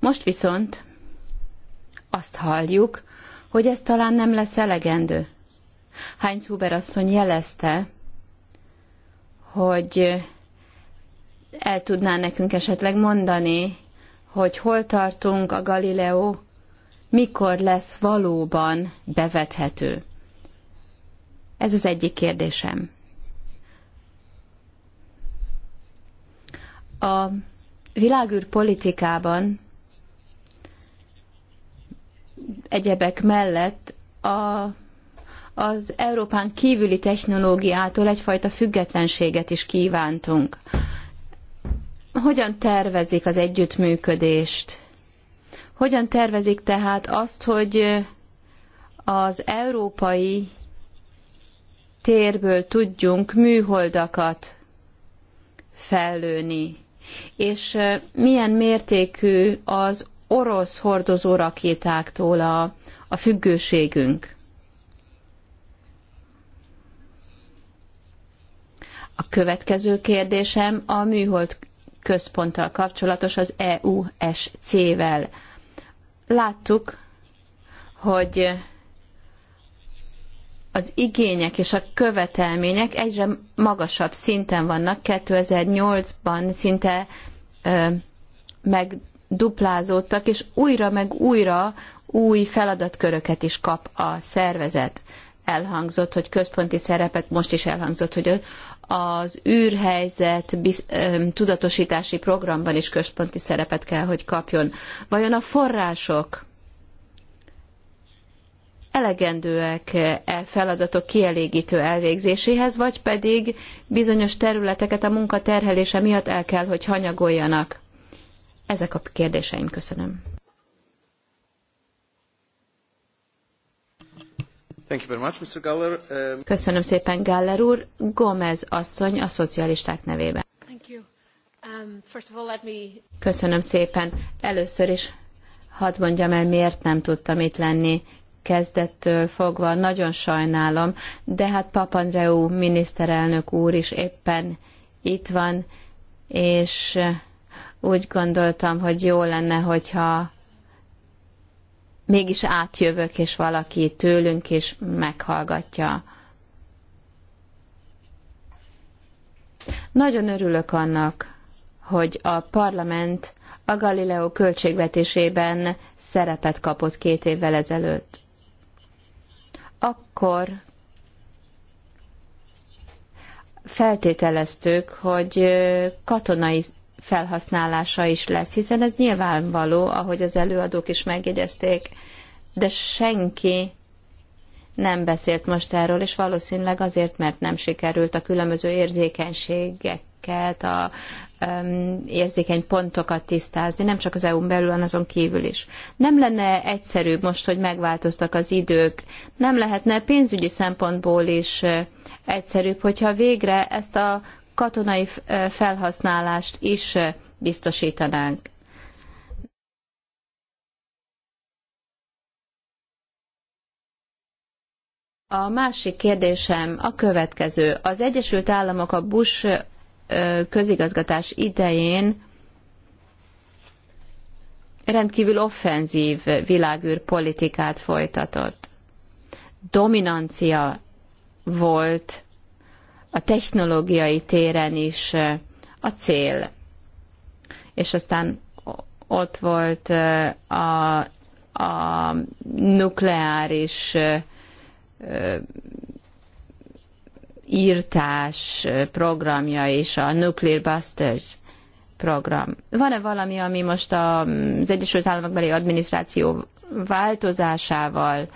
most viszont azt halljuk, hogy ez talán nem lesz elegendő. Heinz Huber asszony jelezte, hogy el tudná nekünk esetleg mondani, hogy hol tartunk a Galileo, mikor lesz valóban bevethető. Ez az egyik kérdésem. A világűr politikában egyebek mellett a, az Európán kívüli technológiától egyfajta függetlenséget is kívántunk. Hogyan tervezik az együttműködést? Hogyan tervezik tehát azt, hogy az európai térből tudjunk műholdakat fellőni? és milyen mértékű az orosz hordozó rakétáktól a, a függőségünk. A következő kérdésem a műhold központtal kapcsolatos az EUSC-vel. Láttuk, hogy az igények és a követelmények egyre magasabb szinten vannak. 2008-ban szinte ö, megduplázódtak, és újra meg újra új feladatköröket is kap a szervezet. Elhangzott, hogy központi szerepet, most is elhangzott, hogy az űrhelyzet biz, ö, tudatosítási programban is központi szerepet kell, hogy kapjon. Vajon a források elegendőek-e feladatok kielégítő elvégzéséhez, vagy pedig bizonyos területeket a munka terhelése miatt el kell, hogy hanyagoljanak? Ezek a kérdéseim. Köszönöm. Um, Köszönöm szépen, Galler úr. Gomez asszony a szocialisták nevében. Um, Köszönöm szépen. Először is hadd mondjam el, miért nem tudtam itt lenni kezdettől fogva, nagyon sajnálom, de hát Papandreou miniszterelnök úr is éppen itt van, és úgy gondoltam, hogy jó lenne, hogyha mégis átjövök, és valaki tőlünk is meghallgatja. Nagyon örülök annak, hogy a parlament a Galileo költségvetésében szerepet kapott két évvel ezelőtt akkor feltételeztük, hogy katonai felhasználása is lesz, hiszen ez nyilvánvaló, ahogy az előadók is megjegyezték, de senki nem beszélt most erről, és valószínűleg azért, mert nem sikerült a különböző érzékenységeket, a érzékeny pontokat tisztázni, nem csak az EU-n belül, hanem azon kívül is. Nem lenne egyszerűbb most, hogy megváltoztak az idők, nem lehetne pénzügyi szempontból is egyszerűbb, hogyha végre ezt a katonai felhasználást is biztosítanánk. A másik kérdésem a következő. Az Egyesült Államok a Bush közigazgatás idején rendkívül offenzív világűr politikát folytatott. Dominancia volt a technológiai téren is a cél. És aztán ott volt a, a nukleáris írtás programja és a Nuclear Busters program. Van-e valami, ami most az Egyesült Államok beli adminisztráció változásával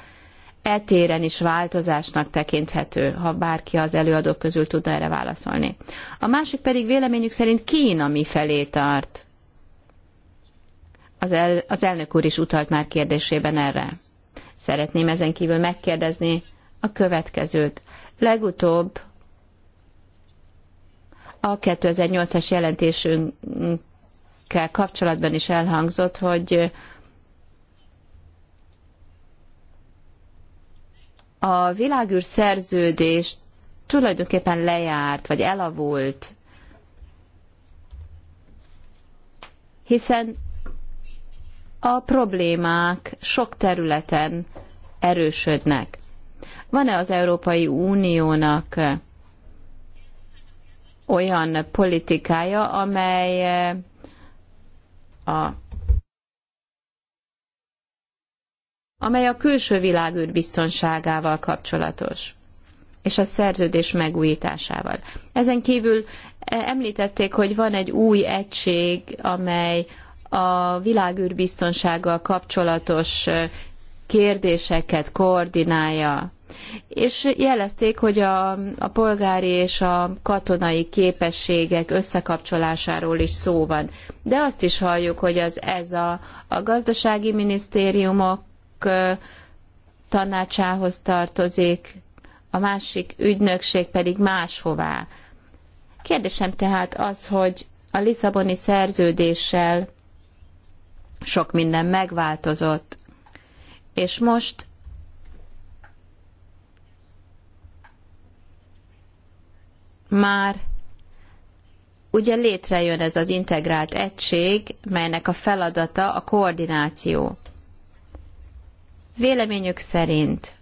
etéren is változásnak tekinthető, ha bárki az előadók közül tudna erre válaszolni. A másik pedig véleményük szerint Kína mi felé tart. Az, el, az elnök úr is utalt már kérdésében erre. Szeretném ezen kívül megkérdezni a következőt. Legutóbb a 2008-as jelentésünkkel kapcsolatban is elhangzott, hogy a világűr szerződés tulajdonképpen lejárt, vagy elavult, hiszen a problémák sok területen erősödnek. Van-e az Európai Uniónak eh, olyan politikája, amely eh, a amely a külső világ biztonságával kapcsolatos, és a szerződés megújításával. Ezen kívül eh, említették, hogy van egy új egység, amely a világűr biztonsággal kapcsolatos kérdéseket koordinálja és jelezték, hogy a, a polgári és a katonai képességek összekapcsolásáról is szó van. De azt is halljuk, hogy az ez a, a gazdasági minisztériumok tanácsához tartozik, a másik ügynökség pedig máshová. Kérdésem tehát az, hogy a Lisszaboni szerződéssel sok minden megváltozott, és most már ugye létrejön ez az integrált egység, melynek a feladata a koordináció. Véleményük szerint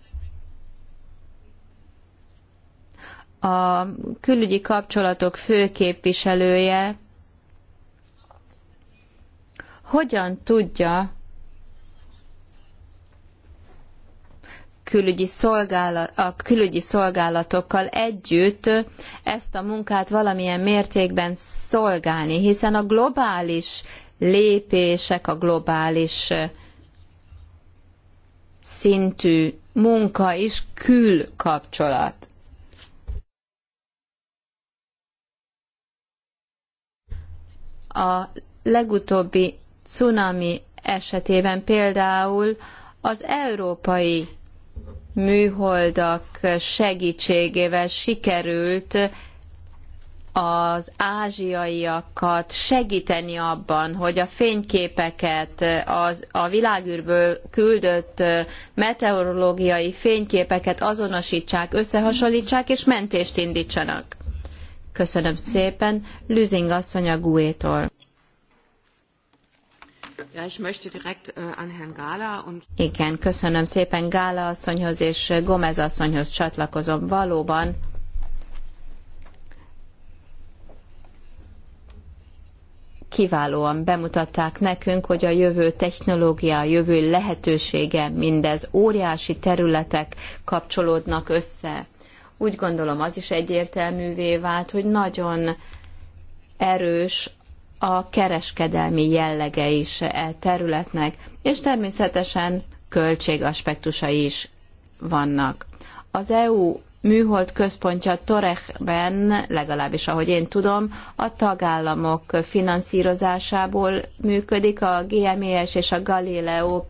a külügyi kapcsolatok főképviselője hogyan tudja külügyi, szolgálat, a külügyi szolgálatokkal együtt ezt a munkát valamilyen mértékben szolgálni, hiszen a globális lépések, a globális szintű munka is külkapcsolat. A legutóbbi cunami esetében például az európai műholdak segítségével sikerült az ázsiaiakat segíteni abban, hogy a fényképeket, az, a világűrből küldött meteorológiai fényképeket azonosítsák, összehasonlítsák és mentést indítsanak. Köszönöm szépen, Lüzing asszony a GUE-tól. Äh, Gala Igen, köszönöm szépen Gála asszonyhoz és Gomez asszonyhoz csatlakozom. Valóban kiválóan bemutatták nekünk, hogy a jövő technológia, a jövő lehetősége, mindez óriási területek kapcsolódnak össze. Úgy gondolom az is egyértelművé vált, hogy nagyon erős a kereskedelmi jellege is e területnek, és természetesen költségaspektusai is vannak. Az EU műhold központja Torechben, legalábbis ahogy én tudom, a tagállamok finanszírozásából működik, a GMES és a Galileo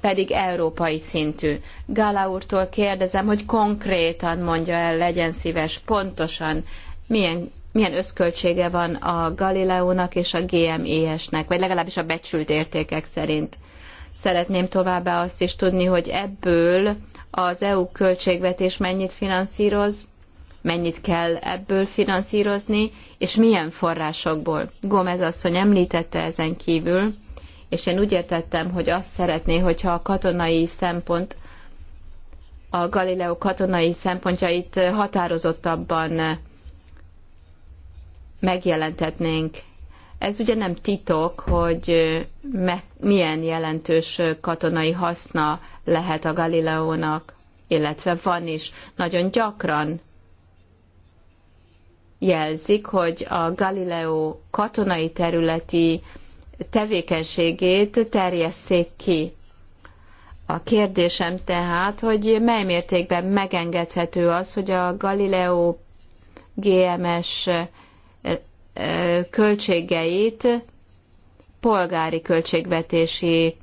pedig európai szintű. Gála úrtól kérdezem, hogy konkrétan mondja el, legyen szíves, pontosan milyen milyen összköltsége van a Galileónak és a GMES-nek, vagy legalábbis a becsült értékek szerint. Szeretném továbbá azt is tudni, hogy ebből az EU költségvetés mennyit finanszíroz, mennyit kell ebből finanszírozni, és milyen forrásokból. Gomez asszony említette ezen kívül, és én úgy értettem, hogy azt szeretné, hogyha a katonai szempont, a Galileo katonai szempontjait határozottabban megjelentetnénk. Ez ugye nem titok, hogy me, milyen jelentős katonai haszna lehet a Galileónak, illetve van is. Nagyon gyakran jelzik, hogy a Galileo katonai területi tevékenységét terjesszék ki. A kérdésem tehát, hogy mely mértékben megengedhető az, hogy a Galileo GMS költségeit polgári költségvetési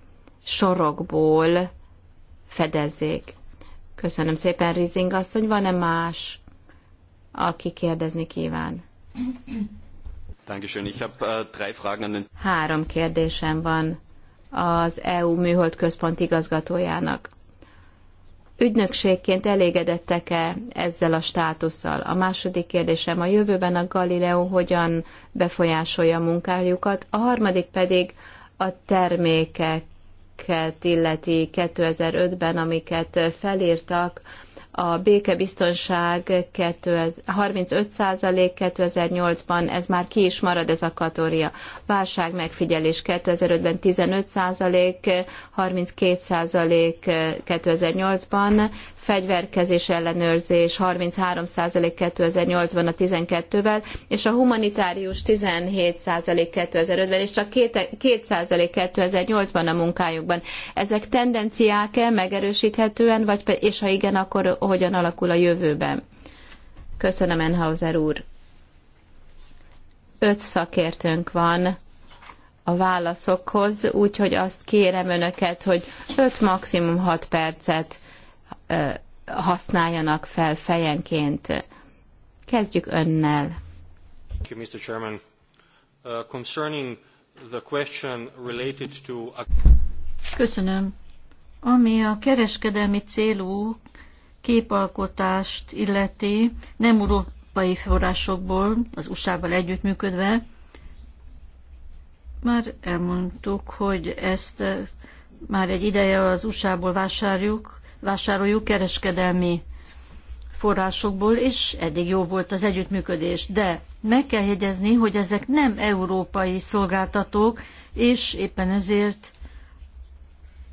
sorokból fedezzék. Köszönöm szépen, Rizing asszony. Van-e más, aki kérdezni kíván? Äh, Három kérdésem van az EU műhold központ igazgatójának ügynökségként elégedettek-e ezzel a státusszal? A második kérdésem, a jövőben a Galileo hogyan befolyásolja a munkájukat? A harmadik pedig a termékeket illeti 2005-ben, amiket felírtak, a békebiztonság 35% 2008-ban, ez már ki is marad ez a katória. Válság megfigyelés 2005-ben 15%, 32% 2008-ban, fegyverkezés ellenőrzés 33% 2008-ban a 12-vel, és a humanitárius 17% 2005-ben, és csak 2%, 2% 2008-ban a munkájukban. Ezek tendenciák-e megerősíthetően, vagy, és ha igen, akkor hogyan alakul a jövőben? Köszönöm, Enhauser úr. Öt szakértőnk van a válaszokhoz, úgyhogy azt kérem önöket, hogy öt maximum hat percet használjanak fel fejenként. Kezdjük önnel. Thank you, Mr. Chairman. Uh, concerning the question related to... Köszönöm. Ami a kereskedelmi célú képalkotást illeti, nem európai forrásokból, az USA-val együttműködve, már elmondtuk, hogy ezt már egy ideje az USA-ból vásárjuk, vásároljuk kereskedelmi forrásokból, és eddig jó volt az együttműködés. De meg kell jegyezni, hogy ezek nem európai szolgáltatók, és éppen ezért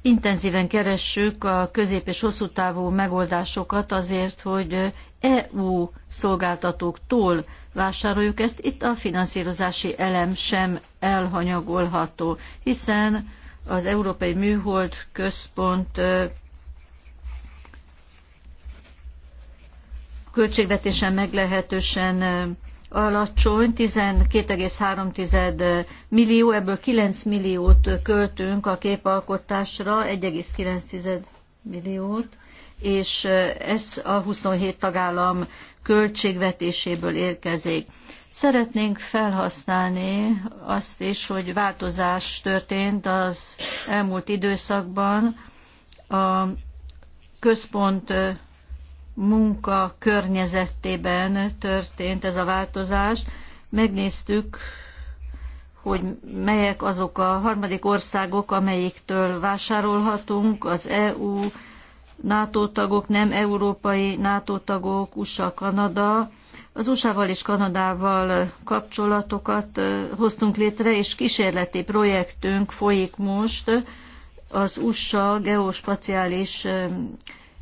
intenzíven keressük a közép- és hosszú távú megoldásokat azért, hogy EU szolgáltatóktól vásároljuk ezt. Itt a finanszírozási elem sem elhanyagolható, hiszen az Európai Műhold Központ költségvetésen meglehetősen alacsony, 12,3 millió, ebből 9 milliót költünk a képalkotásra, 1,9 milliót, és ez a 27 tagállam költségvetéséből érkezik. Szeretnénk felhasználni azt is, hogy változás történt az elmúlt időszakban a központ munka környezetében történt ez a változás. Megnéztük, hogy melyek azok a harmadik országok, amelyiktől vásárolhatunk, az EU, NATO tagok, nem európai NATO tagok, USA, Kanada. Az USA-val és Kanadával kapcsolatokat hoztunk létre, és kísérleti projektünk folyik most az USA geospaciális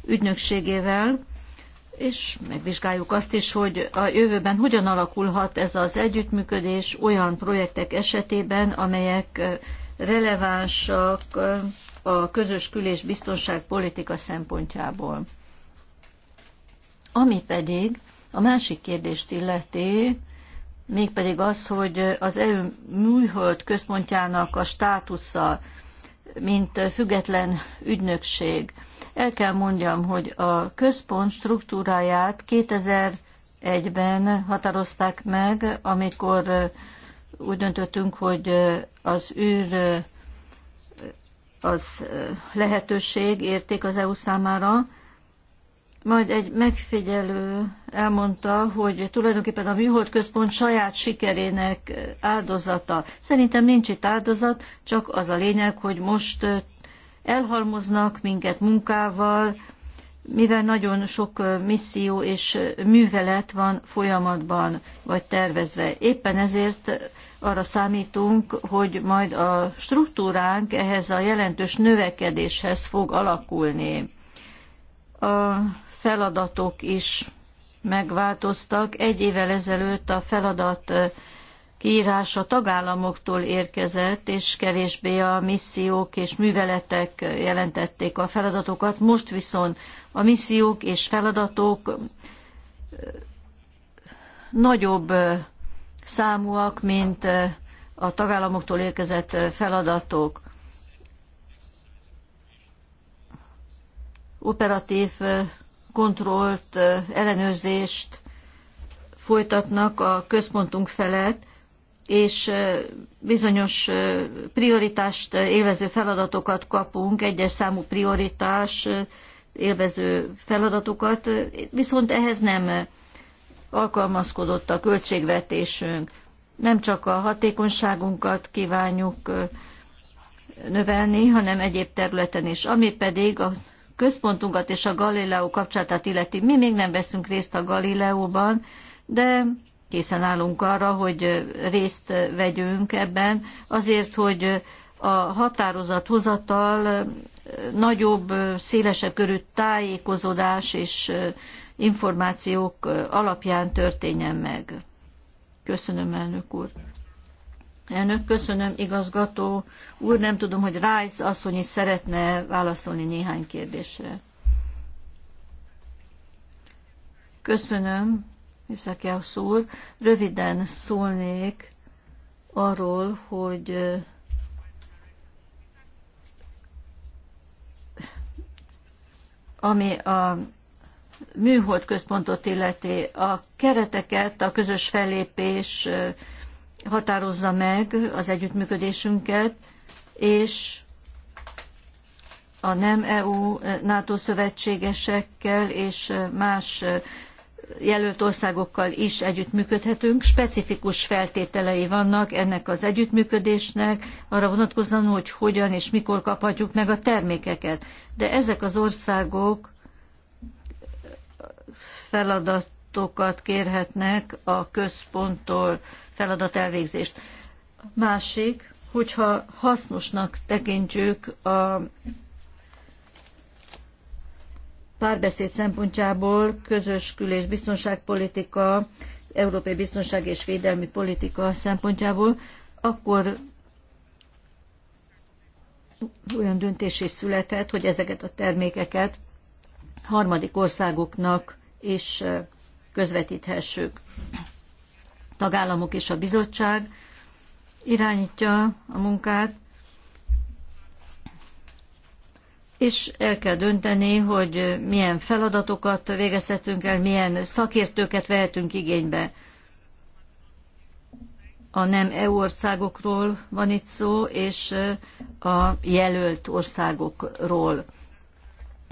ügynökségével, és megvizsgáljuk azt is, hogy a jövőben hogyan alakulhat ez az együttműködés olyan projektek esetében, amelyek relevánsak a közös kül- és biztonságpolitika szempontjából. Ami pedig a másik kérdést illeti, mégpedig az, hogy az EU műhold központjának a státusza mint független ügynökség. El kell mondjam, hogy a központ struktúráját 2001-ben határozták meg, amikor úgy döntöttünk, hogy az űr az lehetőség érték az EU számára, majd egy megfigyelő elmondta, hogy tulajdonképpen a műhold központ saját sikerének áldozata. Szerintem nincs itt áldozat, csak az a lényeg, hogy most elhalmoznak minket munkával, mivel nagyon sok misszió és művelet van folyamatban vagy tervezve. Éppen ezért arra számítunk, hogy majd a struktúránk ehhez a jelentős növekedéshez fog alakulni. A feladatok is megváltoztak. Egy évvel ezelőtt a feladat kiírása tagállamoktól érkezett, és kevésbé a missziók és műveletek jelentették a feladatokat. Most viszont a missziók és feladatok nagyobb számúak, mint a tagállamoktól érkezett feladatok. Operatív kontrollt, ellenőrzést folytatnak a központunk felett, és bizonyos prioritást élvező feladatokat kapunk, egyes számú prioritás élvező feladatokat, viszont ehhez nem alkalmazkodott a költségvetésünk. Nem csak a hatékonyságunkat kívánjuk növelni, hanem egyéb területen is. Ami pedig a központunkat és a Galileo kapcsolatát illeti. Mi még nem veszünk részt a Galileóban, de készen állunk arra, hogy részt vegyünk ebben, azért, hogy a határozathozatal nagyobb, szélesebb körű tájékozódás és információk alapján történjen meg. Köszönöm, elnök úr. Elnök, köszönöm, igazgató úr, nem tudom, hogy Rice asszony is szeretne válaszolni néhány kérdésre. Köszönöm, Iszakjász úr. Röviden szólnék arról, hogy ami a műhold központot illeti, a kereteket a közös fellépés határozza meg az együttműködésünket, és a nem EU NATO szövetségesekkel és más jelölt országokkal is együttműködhetünk. Specifikus feltételei vannak ennek az együttműködésnek, arra vonatkozóan, hogy hogyan és mikor kaphatjuk meg a termékeket. De ezek az országok feladatokat kérhetnek a központtól, feladat elvégzést. Másik, hogyha hasznosnak tekintjük a párbeszéd szempontjából közös kül- és biztonságpolitika, európai biztonság és védelmi politika szempontjából, akkor olyan döntés is született, hogy ezeket a termékeket harmadik országoknak is közvetíthessük tagállamok és a bizottság irányítja a munkát, és el kell dönteni, hogy milyen feladatokat végezhetünk el, milyen szakértőket vehetünk igénybe. A nem EU országokról van itt szó, és a jelölt országokról.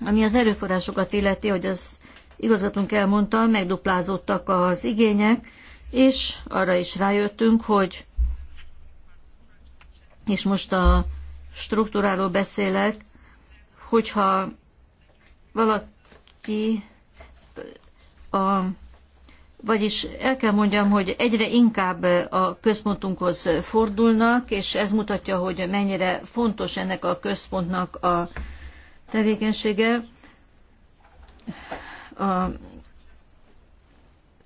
Ami az erőforrásokat illeti, hogy az igazatunk elmondta, megduplázódtak az igények, és arra is rájöttünk, hogy és most a struktúráról beszélek, hogyha valaki a, vagyis el kell mondjam, hogy egyre inkább a központunkhoz fordulnak, és ez mutatja, hogy mennyire fontos ennek a központnak a tevékenysége. A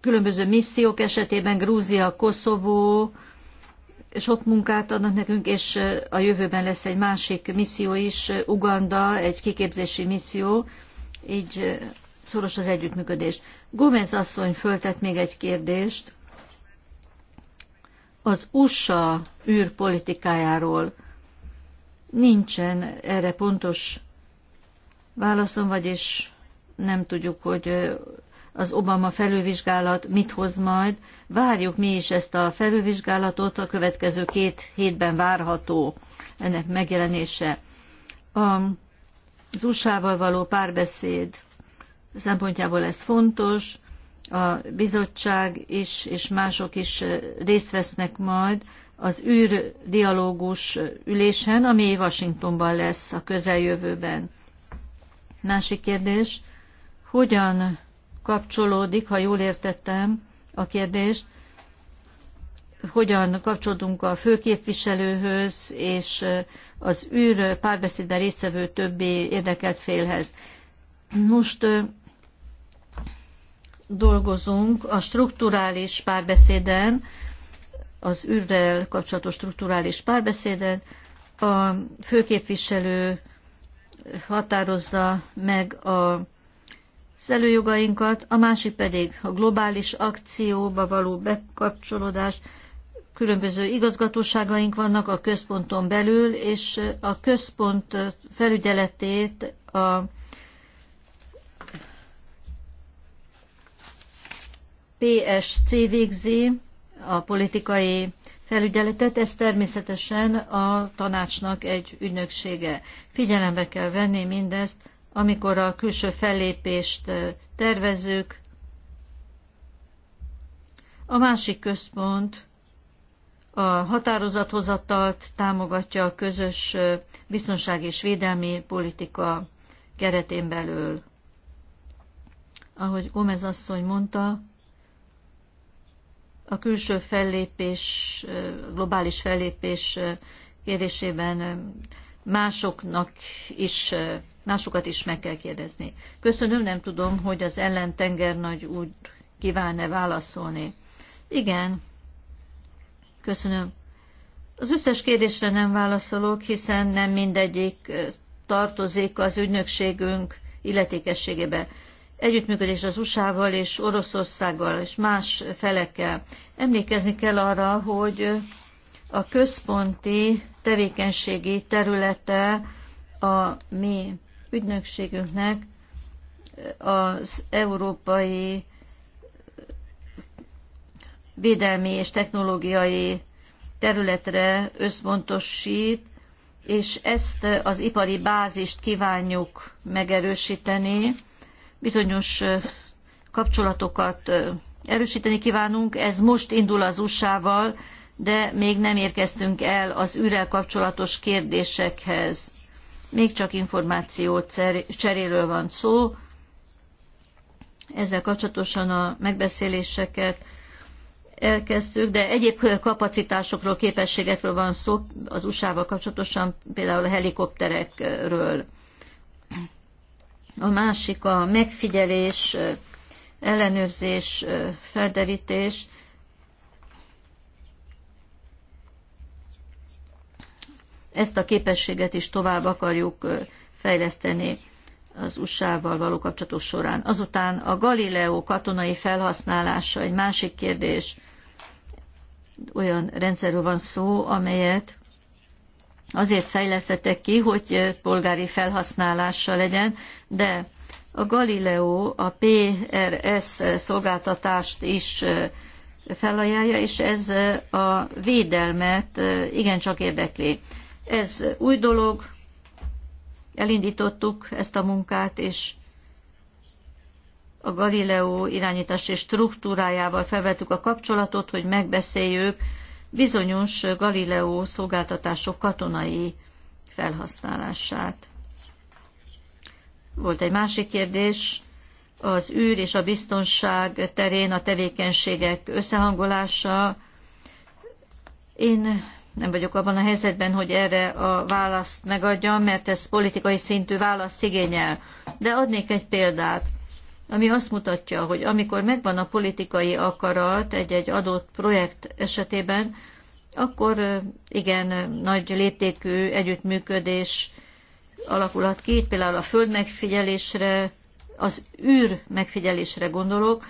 különböző missziók esetében, Grúzia, Koszovó, sok munkát adnak nekünk, és a jövőben lesz egy másik misszió is, Uganda, egy kiképzési misszió, így szoros az együttműködés. Gomez asszony föltett még egy kérdést az USA űrpolitikájáról. Nincsen erre pontos válaszom, vagyis nem tudjuk, hogy az Obama felülvizsgálat mit hoz majd. Várjuk mi is ezt a felülvizsgálatot, a következő két hétben várható ennek megjelenése. Az USA-val való párbeszéd szempontjából ez fontos, a bizottság is és mások is részt vesznek majd az űrdialógus ülésen, ami Washingtonban lesz a közeljövőben. Másik kérdés, hogyan kapcsolódik, ha jól értettem a kérdést, hogyan kapcsolódunk a főképviselőhöz és az űr párbeszédben résztvevő többi érdekelt félhez. Most dolgozunk a strukturális párbeszéden, az űrrel kapcsolatos strukturális párbeszéden. A főképviselő határozza meg a szelőjogainkat, a másik pedig a globális akcióba való bekapcsolódás. Különböző igazgatóságaink vannak a központon belül, és a központ felügyeletét a PSC végzi, a politikai felügyeletet, ez természetesen a tanácsnak egy ügynöksége. Figyelembe kell venni mindezt amikor a külső fellépést tervezzük. A másik központ a határozathozatalt támogatja a közös biztonság és védelmi politika keretén belül. Ahogy Gomez asszony mondta, a külső fellépés, globális fellépés kérdésében másoknak is másokat is meg kell kérdezni. Köszönöm, nem tudom, hogy az ellentengernagy nagy kíván-e válaszolni. Igen, köszönöm. Az összes kérdésre nem válaszolok, hiszen nem mindegyik tartozik az ügynökségünk illetékességébe. Együttműködés az USA-val és Oroszországgal és más felekkel. Emlékezni kell arra, hogy a központi tevékenységi területe a mi ügynökségünknek az európai védelmi és technológiai területre összpontosít, és ezt az ipari bázist kívánjuk megerősíteni. Bizonyos kapcsolatokat erősíteni kívánunk. Ez most indul az USA-val, de még nem érkeztünk el az űrrel kapcsolatos kérdésekhez még csak információ cseréről van szó. Ezzel kapcsolatosan a megbeszéléseket elkezdtük, de egyéb kapacitásokról, képességekről van szó az USA-val kapcsolatosan, például a helikopterekről. A másik a megfigyelés, ellenőrzés, felderítés. ezt a képességet is tovább akarjuk fejleszteni az USA-val való kapcsolatok során. Azután a Galileo katonai felhasználása egy másik kérdés. Olyan rendszerről van szó, amelyet azért fejlesztettek ki, hogy polgári felhasználása legyen, de a Galileo a PRS szolgáltatást is felajánlja, és ez a védelmet igencsak érdekli. Ez új dolog, elindítottuk ezt a munkát, és a Galileo irányítási struktúrájával felvettük a kapcsolatot, hogy megbeszéljük bizonyos Galileo szolgáltatások katonai felhasználását. Volt egy másik kérdés, az űr és a biztonság terén a tevékenységek összehangolása. Én nem vagyok abban a helyzetben, hogy erre a választ megadjam, mert ez politikai szintű választ igényel. De adnék egy példát, ami azt mutatja, hogy amikor megvan a politikai akarat egy-egy adott projekt esetében, akkor igen, nagy léptékű együttműködés alakulhat ki. Itt például a föld megfigyelésre, az űr megfigyelésre gondolok.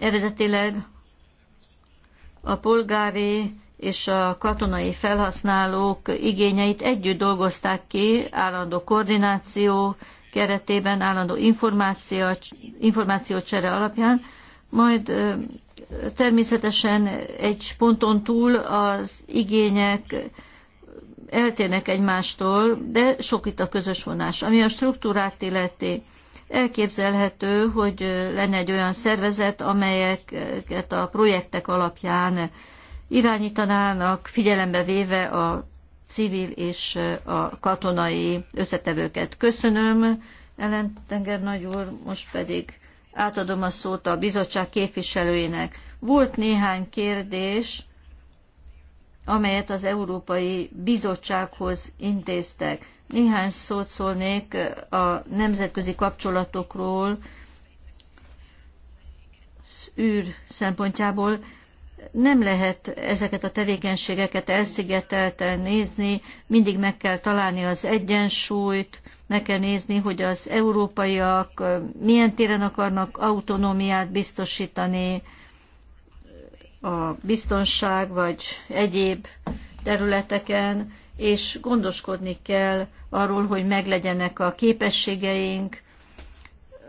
Eredetileg a polgári és a katonai felhasználók igényeit együtt dolgozták ki állandó koordináció keretében, állandó információcsere alapján, majd természetesen egy ponton túl az igények eltérnek egymástól, de sok itt a közös vonás. Ami a struktúrát illeti, Elképzelhető, hogy lenne egy olyan szervezet, amelyeket a projektek alapján irányítanának, figyelembe véve a civil és a katonai összetevőket. Köszönöm, ellentenger nagy úr, most pedig átadom a szót a bizottság képviselőinek. Volt néhány kérdés, amelyet az Európai Bizottsághoz intéztek. Néhány szót szólnék a nemzetközi kapcsolatokról, űr szempontjából nem lehet ezeket a tevékenységeket elszigetelten nézni, mindig meg kell találni az egyensúlyt, meg kell nézni, hogy az európaiak milyen téren akarnak autonómiát biztosítani, a biztonság vagy egyéb területeken, és gondoskodni kell arról, hogy meglegyenek a képességeink,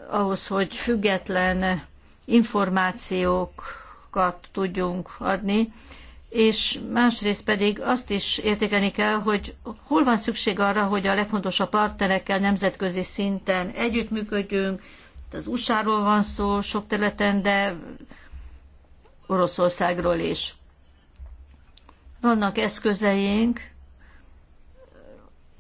ahhoz, hogy független információkat tudjunk adni, és másrészt pedig azt is értékelni kell, hogy hol van szükség arra, hogy a legfontosabb partnerekkel nemzetközi szinten együttműködjünk. Az USA-ról van szó sok területen, de Oroszországról is. Vannak eszközeink,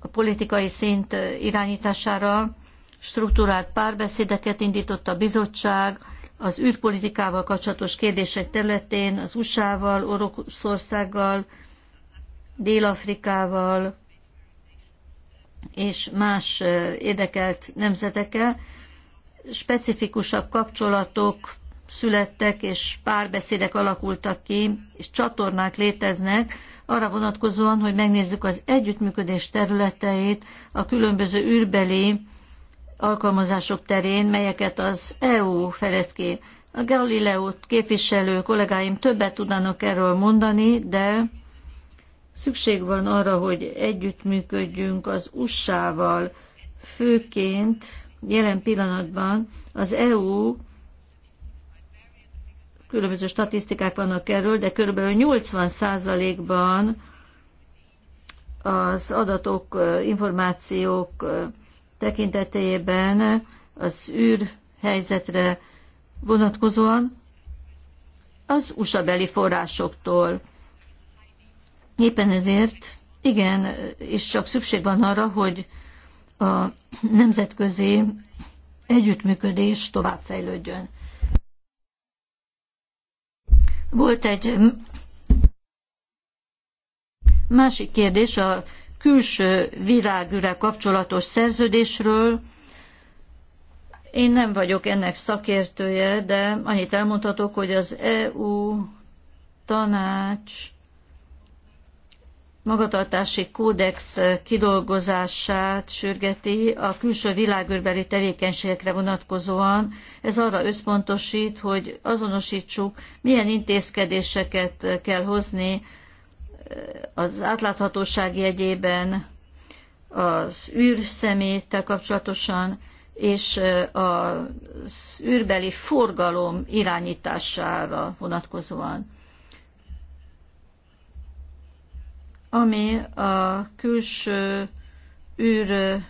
a politikai szint irányítására struktúrált párbeszédeket indított a bizottság az űrpolitikával kapcsolatos kérdések területén az USA-val, Oroszországgal, Dél-Afrikával és más eh, érdekelt nemzetekkel. Specifikusabb kapcsolatok születtek, és párbeszédek alakultak ki, és csatornák léteznek arra vonatkozóan, hogy megnézzük az együttműködés területeit a különböző űrbeli alkalmazások terén, melyeket az EU fejleszt ki. A Galileo képviselő kollégáim többet tudnának erről mondani, de szükség van arra, hogy együttműködjünk az USA-val, főként jelen pillanatban az EU különböző statisztikák vannak erről, de kb. 80%-ban az adatok, információk tekintetében az űr helyzetre vonatkozóan az USA beli forrásoktól. Éppen ezért igen, és csak szükség van arra, hogy a nemzetközi együttműködés továbbfejlődjön. Volt egy mm, másik kérdés a külső világűre kapcsolatos szerződésről. Én nem vagyok ennek szakértője, de annyit elmondhatok, hogy az EU tanács magatartási kódex kidolgozását sürgeti a külső világőrbeli tevékenységekre vonatkozóan. Ez arra összpontosít, hogy azonosítsuk, milyen intézkedéseket kell hozni az átláthatóság jegyében, az űrszeméttel kapcsolatosan, és az űrbeli forgalom irányítására vonatkozóan. ami a külső űr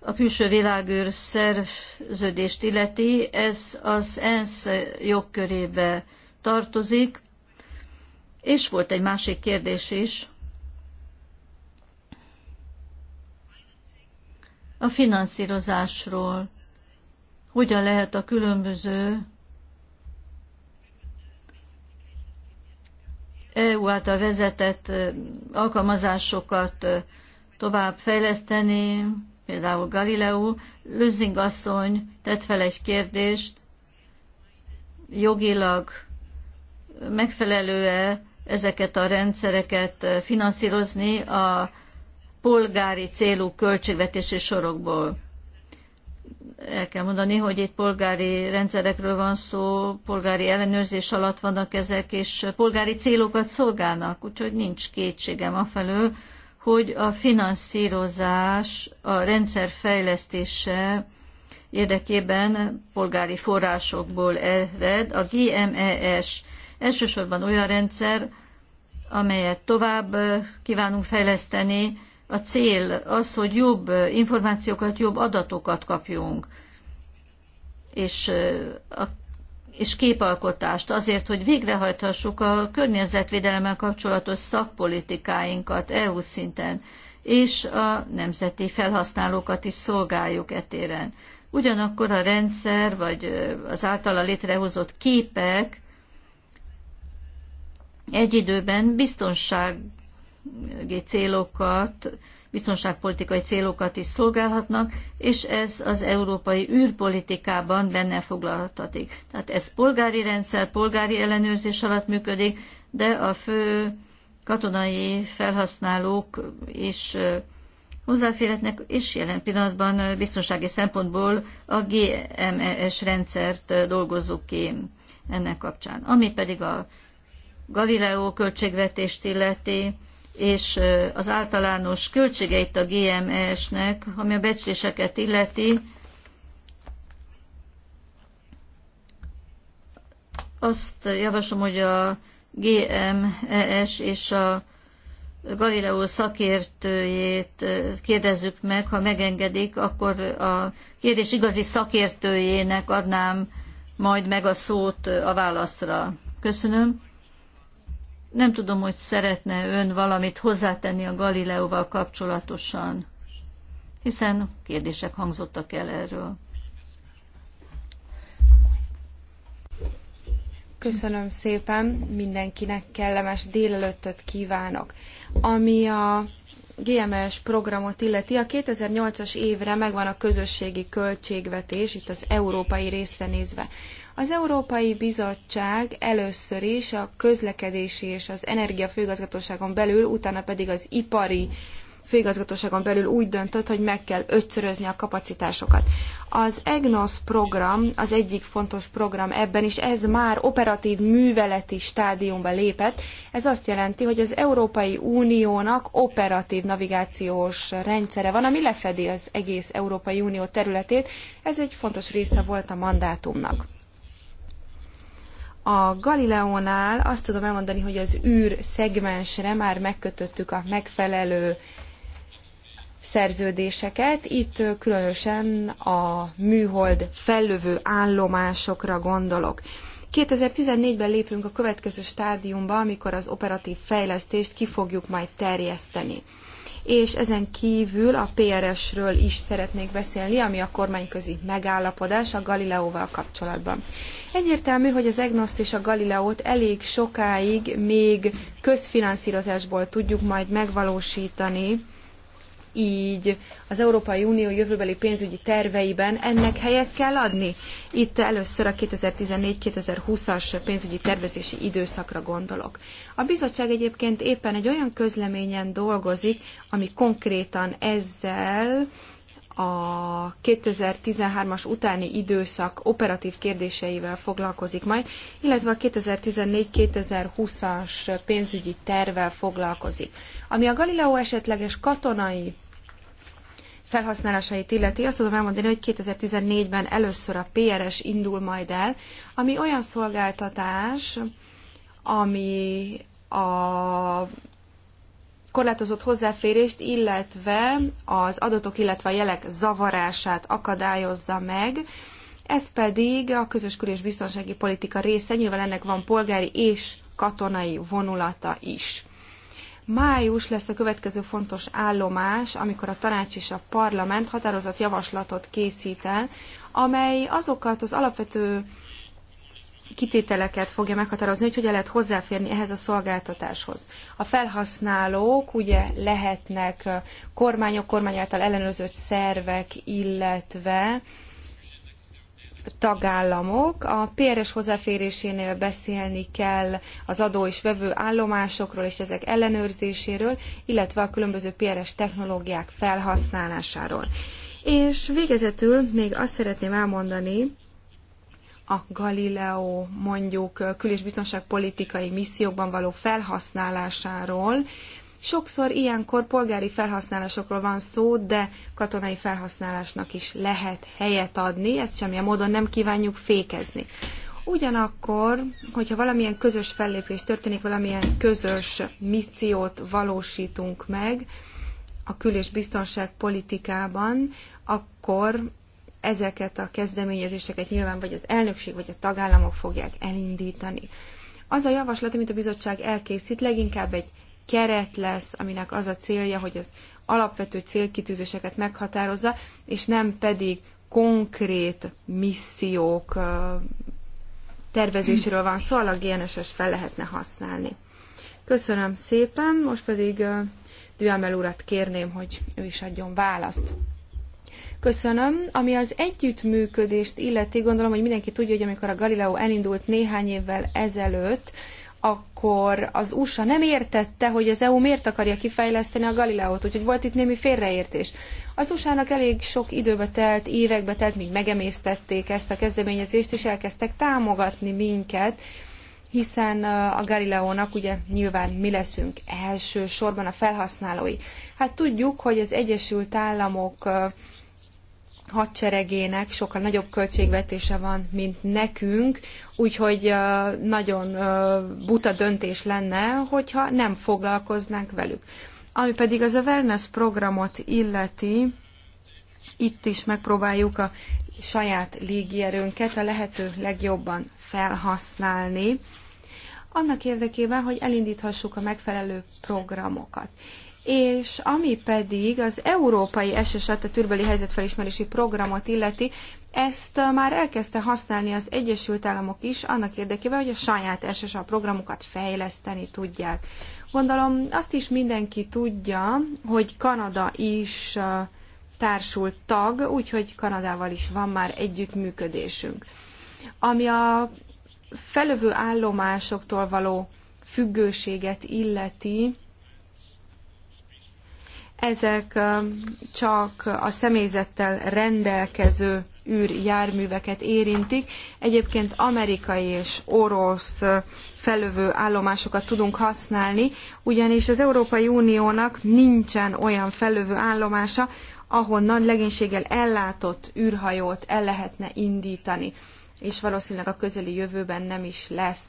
a külső világűr szerződést illeti, ez az ENSZ jogkörébe tartozik, és volt egy másik kérdés is. A finanszírozásról. Hogyan lehet a különböző EU által vezetett alkalmazásokat tovább fejleszteni, például Galileo. Lőzing asszony tett fel egy kérdést, jogilag megfelelő-e ezeket a rendszereket finanszírozni a polgári célú költségvetési sorokból el kell mondani, hogy itt polgári rendszerekről van szó, polgári ellenőrzés alatt vannak ezek, és polgári célokat szolgálnak, úgyhogy nincs kétségem afelől, hogy a finanszírozás, a rendszer fejlesztése érdekében polgári forrásokból ered. A GMES elsősorban olyan rendszer, amelyet tovább kívánunk fejleszteni, a cél az, hogy jobb információkat, jobb adatokat kapjunk, és, a, és képalkotást azért, hogy végrehajthassuk a környezetvédelemmel kapcsolatos szakpolitikáinkat EU szinten, és a nemzeti felhasználókat is szolgáljuk etéren. Ugyanakkor a rendszer, vagy az általa létrehozott képek egy időben biztonság célokat, biztonságpolitikai célokat is szolgálhatnak, és ez az európai űrpolitikában benne foglalhatatik. Tehát ez polgári rendszer, polgári ellenőrzés alatt működik, de a fő katonai felhasználók is hozzáférhetnek, és jelen pillanatban biztonsági szempontból a GMES rendszert dolgozzuk ki ennek kapcsán. Ami pedig a Galileo költségvetést illeti, és az általános költségeit a GMS-nek, e ami a becsléseket illeti, azt javaslom, hogy a GMES és a Galileo szakértőjét kérdezzük meg, ha megengedik, akkor a kérdés igazi szakértőjének adnám majd meg a szót a válaszra. Köszönöm. Nem tudom, hogy szeretne ön valamit hozzátenni a Galileóval kapcsolatosan, hiszen kérdések hangzottak el erről. Köszönöm szépen, mindenkinek kellemes délelőttöt kívánok. Ami a GMS programot illeti, a 2008-as évre megvan a közösségi költségvetés, itt az európai részre nézve. Az Európai Bizottság először is a közlekedési és az energia belül, utána pedig az ipari főigazgatóságon belül úgy döntött, hogy meg kell ötszörözni a kapacitásokat. Az EGNOS program az egyik fontos program ebben is, ez már operatív műveleti stádiumba lépett. Ez azt jelenti, hogy az Európai Uniónak operatív navigációs rendszere van, ami lefedi az egész Európai Unió területét. Ez egy fontos része volt a mandátumnak. A Galileónál azt tudom elmondani, hogy az űr szegmensre már megkötöttük a megfelelő szerződéseket. Itt különösen a műhold fellövő állomásokra gondolok. 2014-ben lépünk a következő stádiumba, amikor az operatív fejlesztést ki fogjuk majd terjeszteni és ezen kívül a PRS-ről is szeretnék beszélni, ami a kormányközi megállapodás a Galileóval kapcsolatban. Egyértelmű, hogy az EGNOSZT és a Galileót elég sokáig még közfinanszírozásból tudjuk majd megvalósítani, így az Európai Unió jövőbeli pénzügyi terveiben ennek helyet kell adni? Itt először a 2014-2020-as pénzügyi tervezési időszakra gondolok. A bizottság egyébként éppen egy olyan közleményen dolgozik, ami konkrétan ezzel a 2013-as utáni időszak operatív kérdéseivel foglalkozik majd, illetve a 2014-2020-as pénzügyi tervvel foglalkozik. Ami a Galileo esetleges katonai felhasználásait illeti, azt tudom elmondani, hogy 2014-ben először a PRS indul majd el, ami olyan szolgáltatás, ami a korlátozott hozzáférést, illetve az adatok, illetve a jelek zavarását akadályozza meg. Ez pedig a közös kül- és biztonsági politika része, nyilván ennek van polgári és katonai vonulata is. Május lesz a következő fontos állomás, amikor a tanács és a parlament határozott javaslatot készít el, amely azokat az alapvető kitételeket fogja meghatározni, hogy hogyan lehet hozzáférni ehhez a szolgáltatáshoz. A felhasználók ugye lehetnek kormányok, kormány által ellenőrzött szervek, illetve tagállamok. A PRS hozzáférésénél beszélni kell az adó és vevő állomásokról és ezek ellenőrzéséről, illetve a különböző PRS technológiák felhasználásáról. És végezetül még azt szeretném elmondani, a Galileo mondjuk kül- és biztonságpolitikai missziókban való felhasználásáról, Sokszor ilyenkor polgári felhasználásokról van szó, de katonai felhasználásnak is lehet helyet adni, ezt semmilyen módon nem kívánjuk fékezni. Ugyanakkor, hogyha valamilyen közös fellépés történik, valamilyen közös missziót valósítunk meg a kül- és biztonságpolitikában, akkor ezeket a kezdeményezéseket nyilván vagy az elnökség, vagy a tagállamok fogják elindítani. Az a javaslat, amit a bizottság elkészít, leginkább egy keret lesz, aminek az a célja, hogy az alapvető célkitűzéseket meghatározza, és nem pedig konkrét missziók tervezéséről van szó, szóval a GNSS fel lehetne használni. Köszönöm szépen, most pedig Dühamel urat kérném, hogy ő is adjon választ. Köszönöm. Ami az együttműködést illeti, gondolom, hogy mindenki tudja, hogy amikor a Galileo elindult néhány évvel ezelőtt, akkor az USA nem értette, hogy az EU miért akarja kifejleszteni a Galileót, úgyhogy volt itt némi félreértés. Az USA-nak elég sok időbe telt, évekbe telt, míg megemésztették ezt a kezdeményezést, és elkezdtek támogatni minket, hiszen uh, a Galileónak ugye nyilván mi leszünk elsősorban a felhasználói. Hát tudjuk, hogy az Egyesült Államok uh, hadseregének sokkal nagyobb költségvetése van, mint nekünk, úgyhogy nagyon buta döntés lenne, hogyha nem foglalkoznánk velük. Ami pedig az a programot illeti, itt is megpróbáljuk a saját légierőnket a lehető legjobban felhasználni, annak érdekében, hogy elindíthassuk a megfelelő programokat és ami pedig az európai SSAT, a türbeli helyzetfelismerési programot illeti, ezt már elkezdte használni az Egyesült Államok is annak érdekében, hogy a saját SSA programokat fejleszteni tudják. Gondolom azt is mindenki tudja, hogy Kanada is társult tag, úgyhogy Kanadával is van már együttműködésünk. Ami a felövő állomásoktól való függőséget illeti, ezek csak a személyzettel rendelkező űrjárműveket érintik. Egyébként amerikai és orosz felövő állomásokat tudunk használni, ugyanis az Európai Uniónak nincsen olyan felövő állomása, ahonnan legénységgel ellátott űrhajót el lehetne indítani és valószínűleg a közeli jövőben nem is lesz.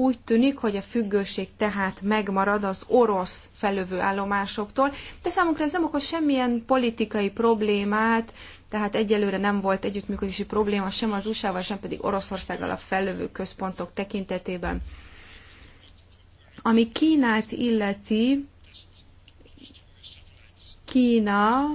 Úgy tűnik, hogy a függőség tehát megmarad az orosz felövő állomásoktól, de számunkra ez nem okoz semmilyen politikai problémát, tehát egyelőre nem volt együttműködési probléma sem az USA-val, sem pedig Oroszországgal a felövő központok tekintetében. Ami Kínát illeti, Kína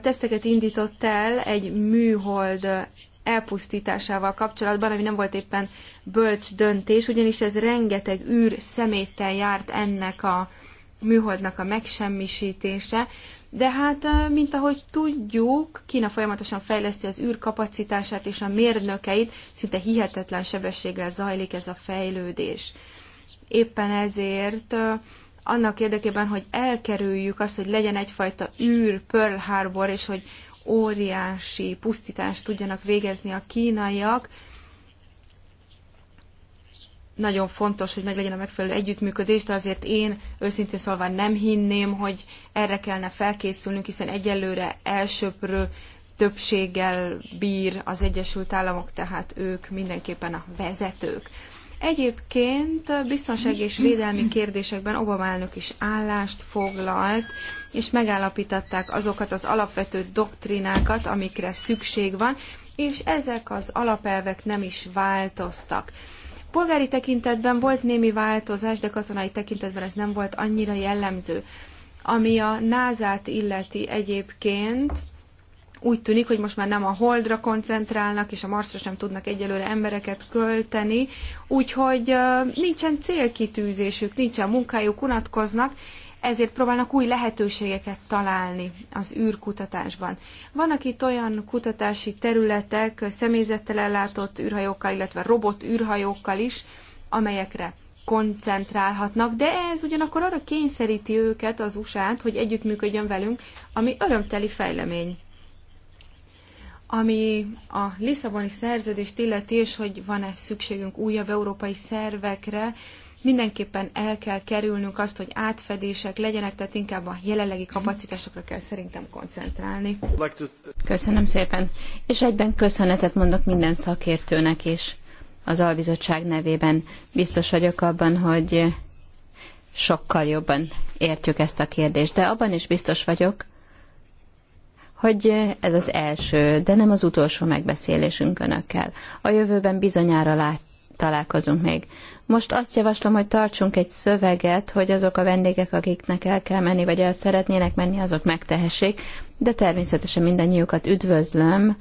teszteket indított el egy műhold elpusztításával kapcsolatban, ami nem volt éppen bölcs döntés, ugyanis ez rengeteg űr szeméttel járt ennek a műholdnak a megsemmisítése, de hát, mint ahogy tudjuk, Kína folyamatosan fejleszti az űrkapacitását és a mérnökeit, szinte hihetetlen sebességgel zajlik ez a fejlődés. Éppen ezért annak érdekében, hogy elkerüljük azt, hogy legyen egyfajta űr Pearl Harbor, és hogy óriási pusztítást tudjanak végezni a kínaiak. Nagyon fontos, hogy meglegyen a megfelelő együttműködés, de azért én őszintén szólva nem hinném, hogy erre kellene felkészülnünk, hiszen egyelőre elsőprő többséggel bír az Egyesült Államok, tehát ők mindenképpen a vezetők. Egyébként biztonság és védelmi kérdésekben Obama elnök is állást foglalt, és megállapították azokat az alapvető doktrinákat, amikre szükség van, és ezek az alapelvek nem is változtak. Polgári tekintetben volt némi változás, de katonai tekintetben ez nem volt annyira jellemző. Ami a názát illeti egyébként, úgy tűnik, hogy most már nem a Holdra koncentrálnak, és a Marsra sem tudnak egyelőre embereket költeni, úgyhogy nincsen célkitűzésük, nincsen munkájuk, unatkoznak, ezért próbálnak új lehetőségeket találni az űrkutatásban. Vannak itt olyan kutatási területek, személyzettel ellátott űrhajókkal, illetve robot űrhajókkal is, amelyekre koncentrálhatnak, de ez ugyanakkor arra kényszeríti őket, az usa hogy együttműködjön velünk, ami örömteli fejlemény ami a Lisszaboni szerződést illeti, és hogy van-e szükségünk újabb európai szervekre, mindenképpen el kell kerülnünk azt, hogy átfedések legyenek, tehát inkább a jelenlegi kapacitásokra kell szerintem koncentrálni. Köszönöm szépen, és egyben köszönetet mondok minden szakértőnek is az albizottság nevében. Biztos vagyok abban, hogy sokkal jobban értjük ezt a kérdést, de abban is biztos vagyok, hogy ez az első, de nem az utolsó megbeszélésünk önökkel. A jövőben bizonyára lát, találkozunk még. Most azt javaslom, hogy tartsunk egy szöveget, hogy azok a vendégek, akiknek el kell menni, vagy el szeretnének menni, azok megtehessék, de természetesen mindannyiukat üdvözlöm,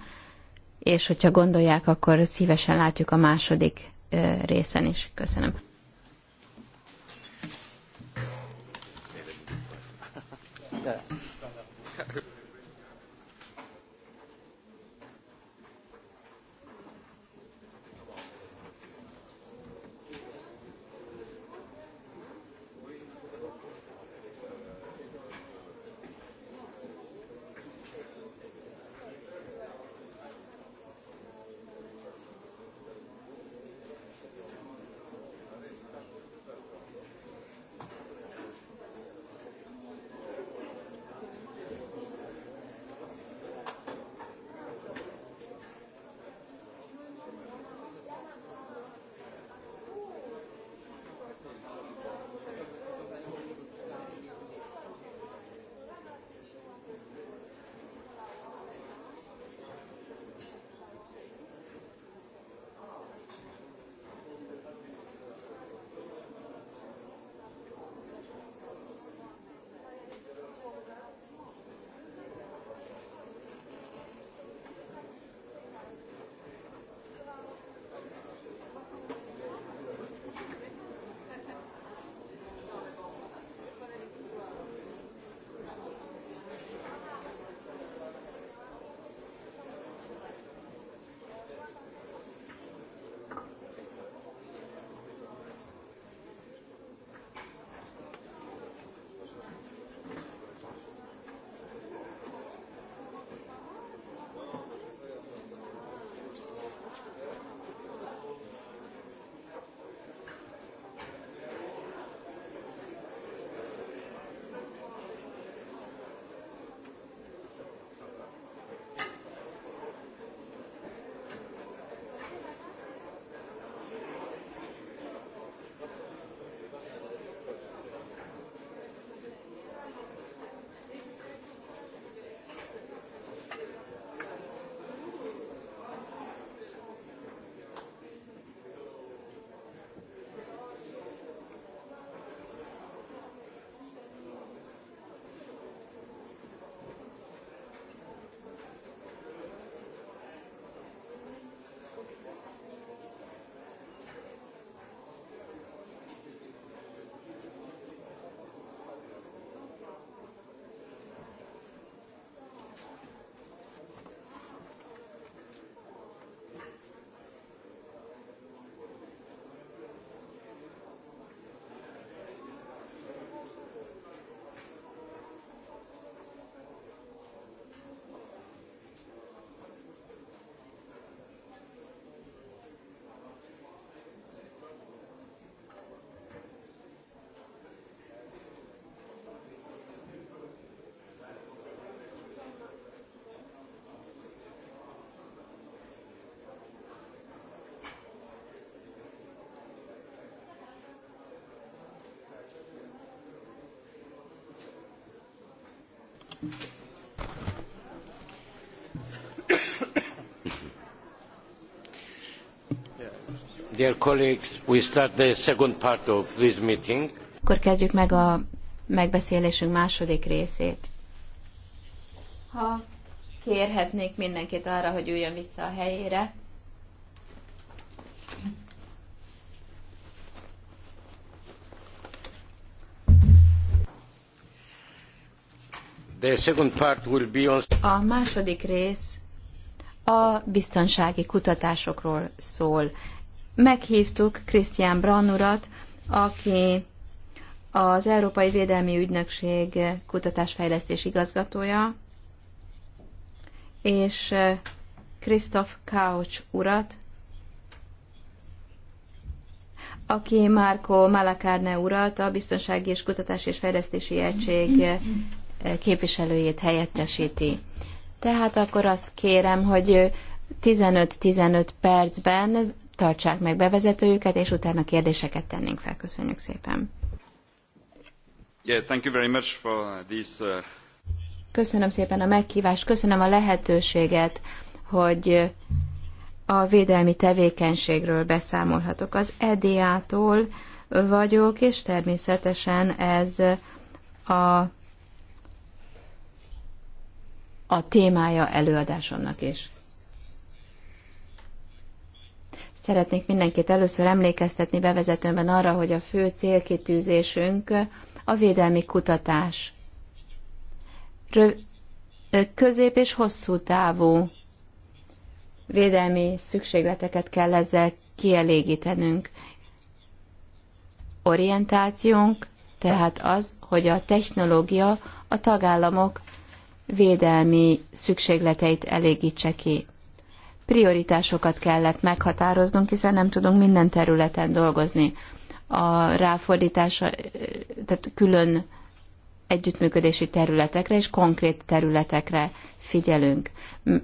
és hogyha gondolják, akkor szívesen látjuk a második részen is. Köszönöm. Yeah. Dear colleagues, we start the second part of this meeting. Akkor kezdjük meg a megbeszélésünk második részét. Ha kérhetnék mindenkit arra, hogy üljön vissza a helyére, A második rész a biztonsági kutatásokról szól. Meghívtuk Christian Brann urat, aki az Európai Védelmi Ügynökség kutatásfejlesztés igazgatója, és Christoph Kaucs urat, aki Márko Malakárne urat, a Biztonsági és Kutatási és Fejlesztési Egység képviselőjét helyettesíti. Tehát akkor azt kérem, hogy 15-15 percben tartsák meg bevezetőjüket, és utána kérdéseket tennénk fel. Köszönjük szépen. Yeah, thank you very much for this, uh... Köszönöm szépen a meghívást, köszönöm a lehetőséget, hogy a védelmi tevékenységről beszámolhatok. Az EDA-tól vagyok, és természetesen ez a a témája előadásomnak is. Szeretnék mindenkit először emlékeztetni bevezetőmben arra, hogy a fő célkitűzésünk a védelmi kutatás. Röv- közép és hosszú távú védelmi szükségleteket kell ezzel kielégítenünk. Orientációnk tehát az, hogy a technológia a tagállamok védelmi szükségleteit elégítse ki. Prioritásokat kellett meghatároznunk, hiszen nem tudunk minden területen dolgozni. A ráfordítása, tehát külön együttműködési területekre és konkrét területekre figyelünk.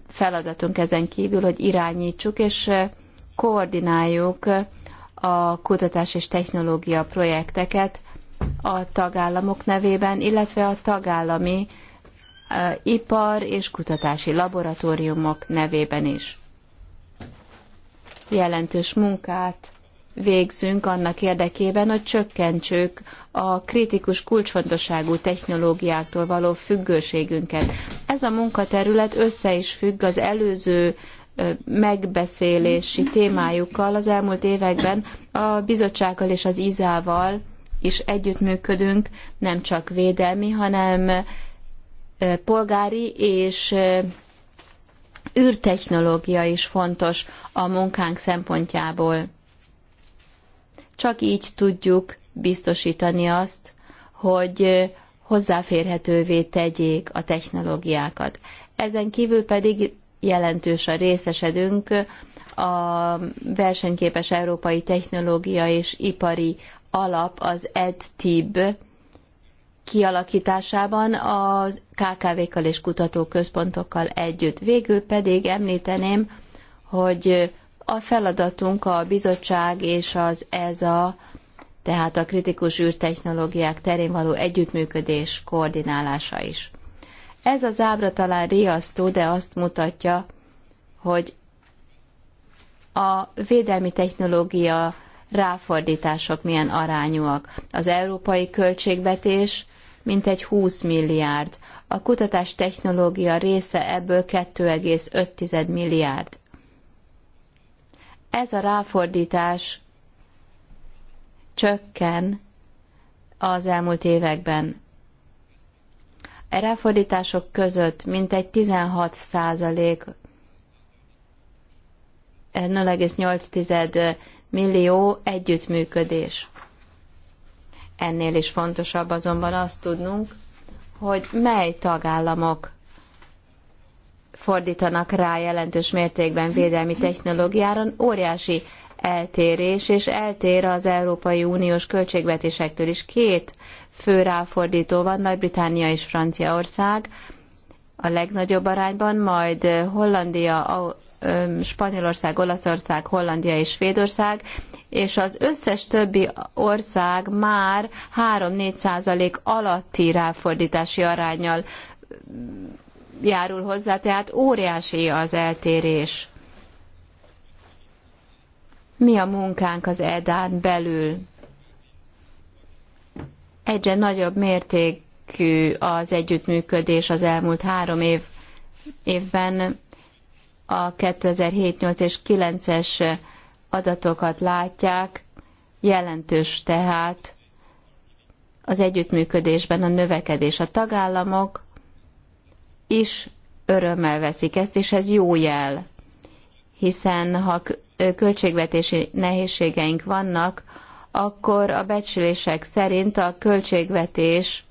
Feladatunk ezen kívül, hogy irányítsuk és koordináljuk a kutatás és technológia projekteket a tagállamok nevében, illetve a tagállami Eh, ipar és kutatási laboratóriumok nevében is. Jelentős munkát végzünk annak érdekében, hogy csökkentsük a kritikus kulcsfontosságú technológiáktól való függőségünket. Ez a munkaterület össze is függ az előző eh, megbeszélési témájukkal. Az elmúlt években a bizottsággal és az Izával is együttműködünk, nem csak védelmi, hanem polgári és űrtechnológia is fontos a munkánk szempontjából. Csak így tudjuk biztosítani azt, hogy hozzáférhetővé tegyék a technológiákat. Ezen kívül pedig jelentős a részesedünk a versenyképes európai technológia és ipari alap, az EdTib kialakításában az KKV-kkal és kutatóközpontokkal együtt. Végül pedig említeném, hogy a feladatunk a bizottság és az EZA, tehát a kritikus űrtechnológiák terén való együttműködés koordinálása is. Ez az ábra talán riasztó, de azt mutatja, hogy a védelmi technológia ráfordítások milyen arányúak. Az európai költségvetés mintegy 20 milliárd. A kutatás technológia része ebből 2,5 milliárd. Ez a ráfordítás csökken az elmúlt években. E ráfordítások között mintegy 16 százalék 0,8 millió együttműködés. Ennél is fontosabb azonban azt tudnunk, hogy mely tagállamok fordítanak rá jelentős mértékben védelmi technológiára, óriási eltérés, és eltér az Európai Uniós költségvetésektől is. Két fő ráfordító van, Nagy-Britannia és Franciaország a legnagyobb arányban, majd Hollandia, Spanyolország, Olaszország, Hollandia és Svédország, és az összes többi ország már 3-4 százalék alatti ráfordítási arányjal járul hozzá, tehát óriási az eltérés. Mi a munkánk az EDÁN belül? Egyre nagyobb mértékű az együttműködés az elmúlt három év, évben a 2007-8 és 9-es adatokat látják, jelentős tehát az együttműködésben a növekedés. A tagállamok is örömmel veszik ezt, és ez jó jel, hiszen ha költségvetési nehézségeink vannak, akkor a becslések szerint a költségvetés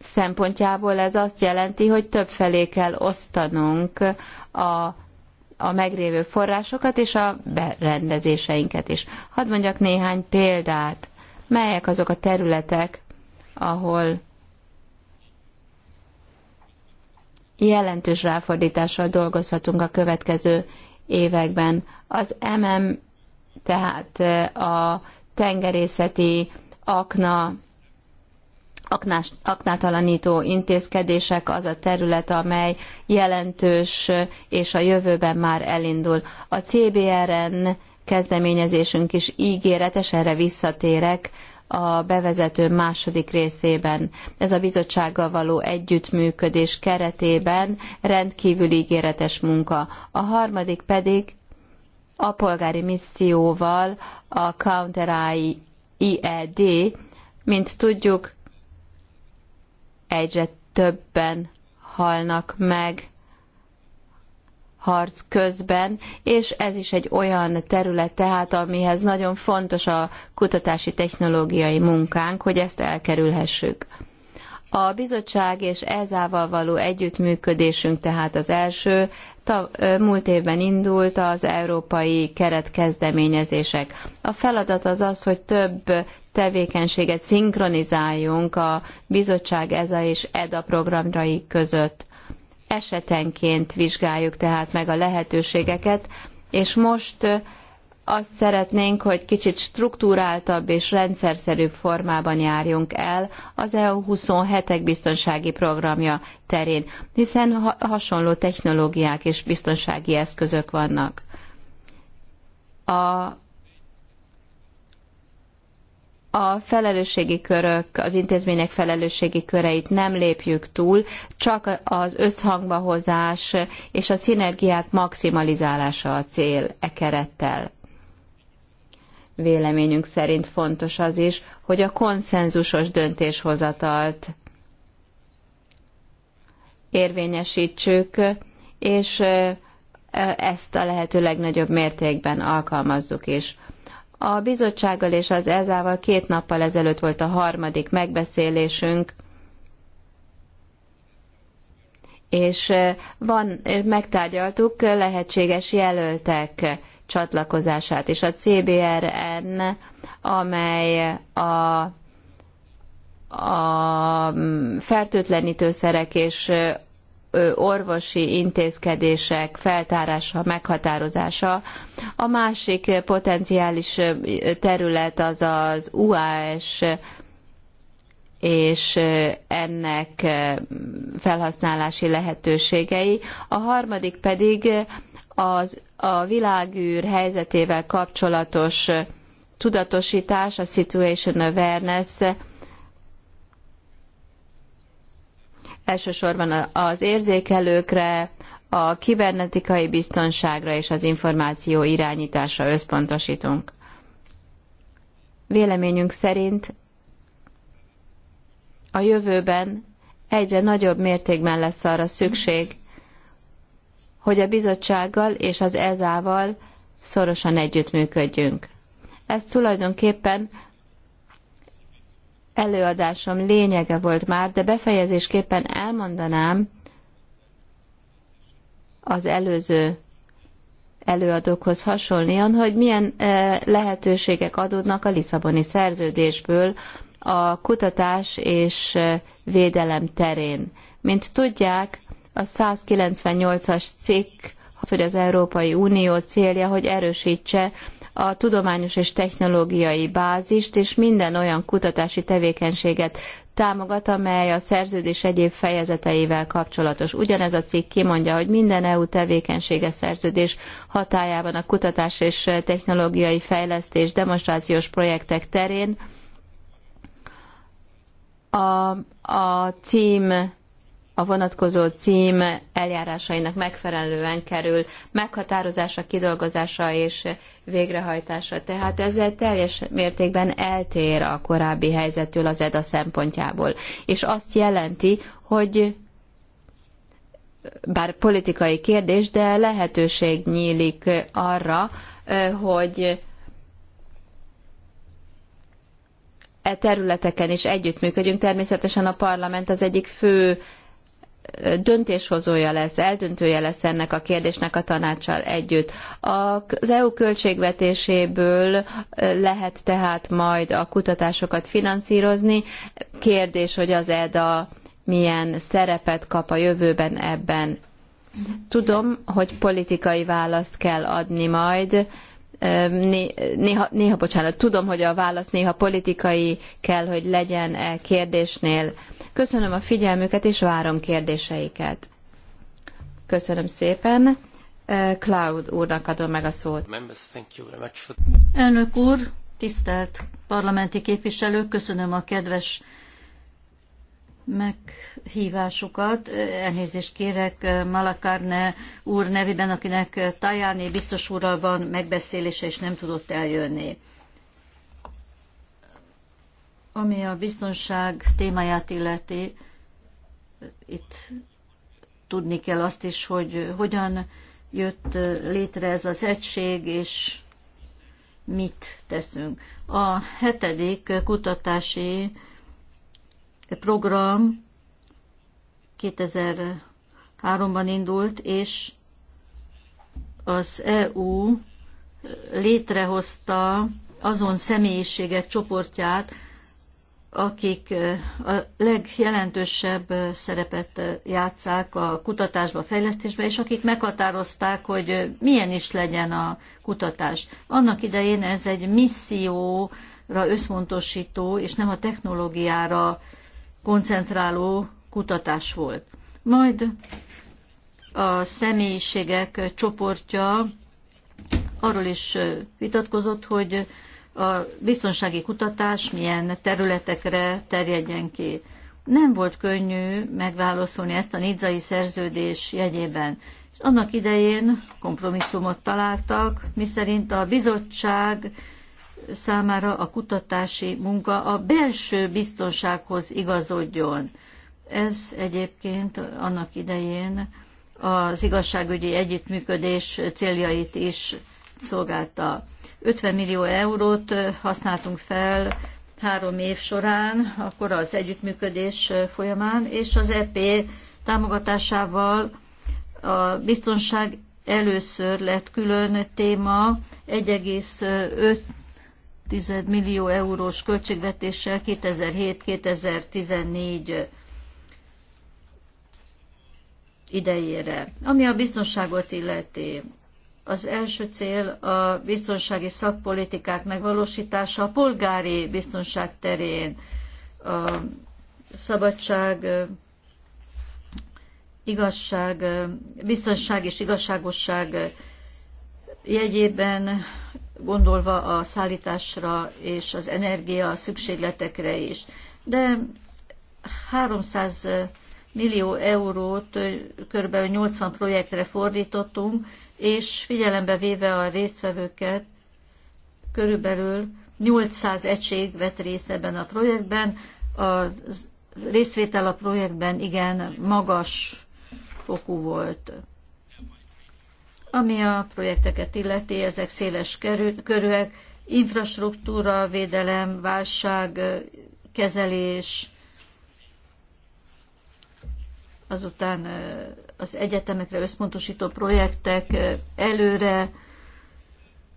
szempontjából ez azt jelenti, hogy többfelé kell osztanunk a, a megrévő forrásokat és a berendezéseinket is. Hadd mondjak néhány példát, melyek azok a területek, ahol jelentős ráfordítással dolgozhatunk a következő években. Az MM, tehát a tengerészeti akna aknás, aknátalanító intézkedések az a terület, amely jelentős eh, és a jövőben már elindul. A CBRN kezdeményezésünk is ígéretes, erre visszatérek a bevezető második részében. Ez a bizottsággal való együttműködés keretében rendkívül ígéretes munka. A harmadik pedig a polgári misszióval a Counter IED, mint tudjuk, egyre többen halnak meg harc közben, és ez is egy olyan terület tehát, amihez nagyon fontos a kutatási technológiai munkánk, hogy ezt elkerülhessük. A bizottság és ezával való együttműködésünk tehát az első, múlt évben indult az európai keretkezdeményezések. A feladat az az, hogy több tevékenységet szinkronizáljunk a bizottság EZA és EDA programjai között. Esetenként vizsgáljuk tehát meg a lehetőségeket, és most azt szeretnénk, hogy kicsit struktúráltabb és rendszerszerűbb formában járjunk el az EU 27 biztonsági programja terén, hiszen hasonló technológiák és biztonsági eszközök vannak. A a felelősségi körök, az intézmények felelősségi köreit nem lépjük túl, csak az összhangba hozás és a szinergiák maximalizálása a cél e kerettel. Véleményünk szerint fontos az is, hogy a konszenzusos döntéshozatalt érvényesítsük, és ezt a lehető legnagyobb mértékben alkalmazzuk is a bizottsággal és az ezával két nappal ezelőtt volt a harmadik megbeszélésünk, és eh, van, eh, megtárgyaltuk lehetséges jelöltek csatlakozását, és a CBRN, amely a a mm, fertőtlenítőszerek és eh, orvosi intézkedések feltárása, meghatározása. A másik potenciális terület az az UAS és ennek felhasználási lehetőségei. A harmadik pedig az, a világűr helyzetével kapcsolatos tudatosítás, a situation awareness, elsősorban az érzékelőkre, a kibernetikai biztonságra és az információ irányításra összpontosítunk. Véleményünk szerint a jövőben egyre nagyobb mértékben lesz arra szükség, hogy a bizottsággal és az ezával szorosan együttműködjünk. Ez tulajdonképpen előadásom lényege volt már, de befejezésképpen elmondanám az előző előadókhoz hasonlóan, hogy milyen eh, lehetőségek adódnak a Lisszaboni szerződésből a kutatás és eh, védelem terén. Mint tudják, a 198-as cikk, hogy az Európai Unió célja, hogy erősítse a tudományos és technológiai bázist, és minden olyan kutatási tevékenységet támogat, amely a szerződés egyéb fejezeteivel kapcsolatos. Ugyanez a cikk kimondja, hogy minden EU tevékenysége szerződés hatájában a kutatás és technológiai fejlesztés demonstrációs projektek terén a, a cím a vonatkozó cím eljárásainak megfelelően kerül meghatározásra, kidolgozásra és végrehajtásra. Tehát ezzel teljes mértékben eltér a korábbi helyzettől az EDA szempontjából. És azt jelenti, hogy bár politikai kérdés, de lehetőség nyílik arra, hogy e területeken is együttműködjünk. Természetesen a parlament az egyik fő döntéshozója lesz, eldöntője lesz ennek a kérdésnek a tanácsal együtt. Az EU költségvetéséből lehet tehát majd a kutatásokat finanszírozni. Kérdés, hogy az EDA milyen szerepet kap a jövőben ebben. Tudom, hogy politikai választ kell adni majd, néha, néha, bocsánat, tudom, hogy a válasz néha politikai kell, hogy legyen -e kérdésnél. Köszönöm a figyelmüket, és várom kérdéseiket. Köszönöm szépen. E, Cloud úrnak adom meg a szót. Elnök úr, tisztelt parlamenti képviselők, köszönöm a kedves meghívásukat. Elnézést kérek Malakarne úr nevében, akinek Tajáni biztos úrral van megbeszélése, és nem tudott eljönni. Ami a biztonság témáját illeti, itt tudni kell azt is, hogy hogyan jött létre ez az egység, és mit teszünk. A hetedik kutatási program 2003-ban indult, és az EU létrehozta azon személyiségek csoportját, akik a legjelentősebb szerepet játszák a kutatásba, fejlesztésbe, és akik meghatározták, hogy milyen is legyen a kutatás. Annak idején ez egy misszióra összpontosító, és nem a technológiára koncentráló kutatás volt. Majd a személyiségek csoportja arról is vitatkozott, hogy a biztonsági kutatás milyen területekre terjedjen ki. Nem volt könnyű megválaszolni ezt a nidzai szerződés jegyében. És annak idején kompromisszumot találtak, miszerint a bizottság számára a kutatási munka a belső biztonsághoz igazodjon. Ez egyébként annak idején az igazságügyi együttműködés céljait is szolgálta. 50 millió eurót használtunk fel három év során, akkor az együttműködés folyamán, és az EP támogatásával a biztonság először lett külön téma, 1,6 millió eurós költségvetéssel 2007-2014 idejére. Ami a biztonságot illeti, az első cél a biztonsági szakpolitikák megvalósítása a polgári biztonság terén, a szabadság, igazság, biztonság és igazságosság jegyében gondolva a szállításra és az energia szükségletekre is. De 300 millió eurót kb. 80 projektre fordítottunk, és figyelembe véve a résztvevőket, körülbelül 800 egység vett részt ebben a projektben. A részvétel a projektben igen magas fokú volt. Ami a projekteket illeti, ezek széles körűek, infrastruktúra, védelem, válság, kezelés, azután az egyetemekre összpontosító projektek előre,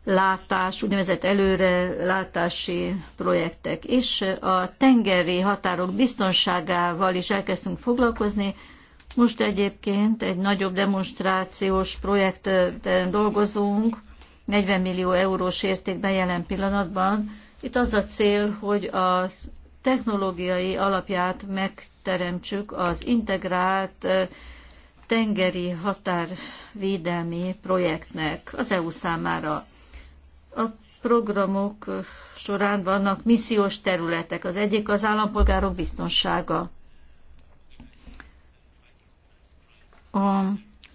látás, úgynevezett előre látási projektek, és a tengeri határok biztonságával is elkezdtünk foglalkozni, most egyébként egy nagyobb demonstrációs projekten dolgozunk, 40 millió eurós értékben jelen pillanatban. Itt az a cél, hogy a technológiai alapját megteremtsük az integrált tengeri határvédelmi projektnek az EU számára. A programok során vannak missziós területek. Az egyik az állampolgárok biztonsága. a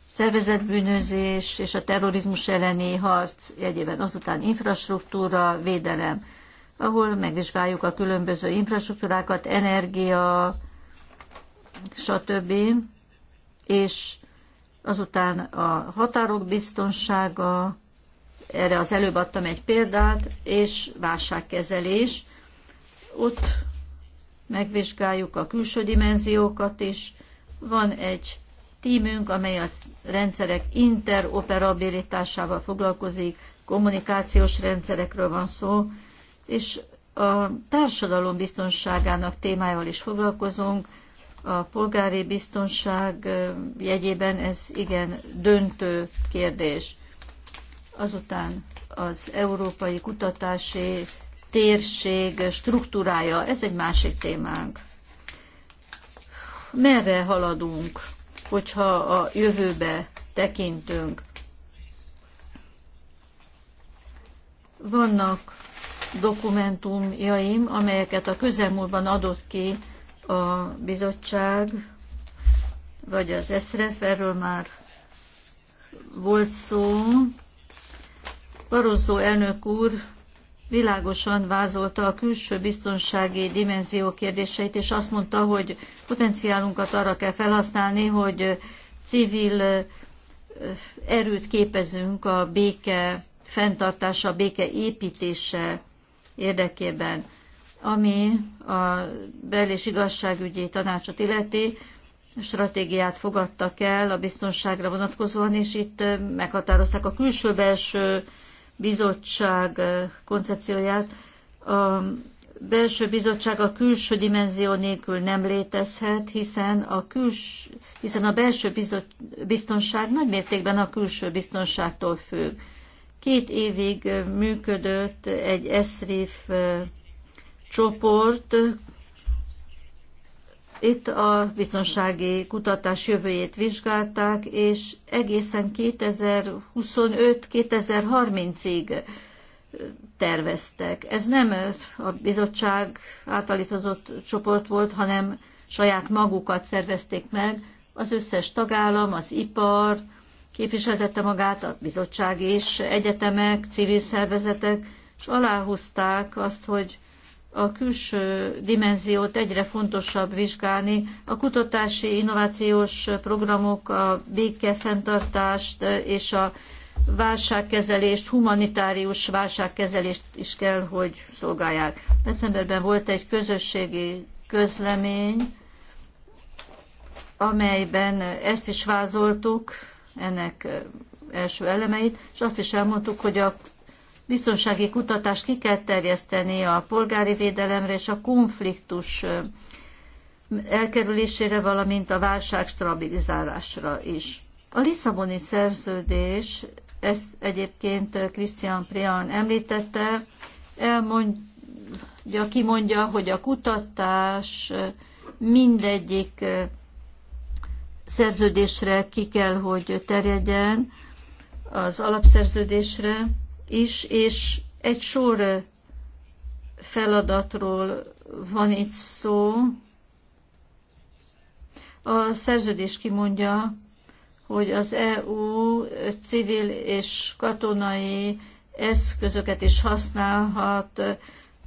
szervezetbűnözés és a terrorizmus elleni harc egyében, azután infrastruktúra, védelem, ahol megvizsgáljuk a különböző infrastruktúrákat, energia, stb. És azután a határok biztonsága, erre az előbb adtam egy példát, és válságkezelés. Ott megvizsgáljuk a külső dimenziókat is. Van egy tímünk, amely a rendszerek interoperabilitásával foglalkozik, kommunikációs rendszerekről van szó, és a társadalom biztonságának témájával is foglalkozunk. A polgári biztonság jegyében ez igen döntő kérdés. Azután az európai kutatási térség struktúrája, ez egy másik témánk. Merre haladunk? hogyha a jövőbe tekintünk. Vannak dokumentumjaim, amelyeket a közelmúltban adott ki a bizottság, vagy az ESZREF, erről már volt szó. Barroso elnök úr világosan vázolta a külső biztonsági dimenzió kérdéseit, és azt mondta, hogy potenciálunkat arra kell felhasználni, hogy civil erőt képezünk a béke fenntartása, a béke építése érdekében, ami a bel- és igazságügyi tanácsot illeti, stratégiát fogadtak el a biztonságra vonatkozóan, és itt meghatározták a külső-belső bizottság eh, koncepcióját. A belső bizottság a külső dimenzió nélkül nem létezhet, hiszen a, küls, hiszen a belső biztonság nagy mértékben a külső biztonságtól függ. Két évig eh, működött egy ESRIF eh, csoport, itt a biztonsági kutatás jövőjét vizsgálták, és egészen 2025-2030-ig terveztek. Ez nem a bizottság általítozott csoport volt, hanem saját magukat szervezték meg. Az összes tagállam, az ipar képviseltette magát, a bizottság is, egyetemek, civil szervezetek, és aláhúzták azt, hogy a külső dimenziót egyre fontosabb vizsgálni. A kutatási innovációs programok a békefenntartást és a válságkezelést, humanitárius válságkezelést is kell, hogy szolgálják. Decemberben volt egy közösségi közlemény, amelyben ezt is vázoltuk, ennek első elemeit, és azt is elmondtuk, hogy a biztonsági kutatást ki kell terjeszteni a polgári védelemre és a konfliktus elkerülésére, valamint a válság stabilizálásra is. A Lisszaboni szerződés, ezt egyébként Christian Prian említette, elmondja, kimondja, hogy a kutatás mindegyik szerződésre ki kell, hogy terjedjen, az alapszerződésre, is, és egy sor feladatról van itt szó. A szerződés kimondja, hogy az EU civil és katonai eszközöket is használhat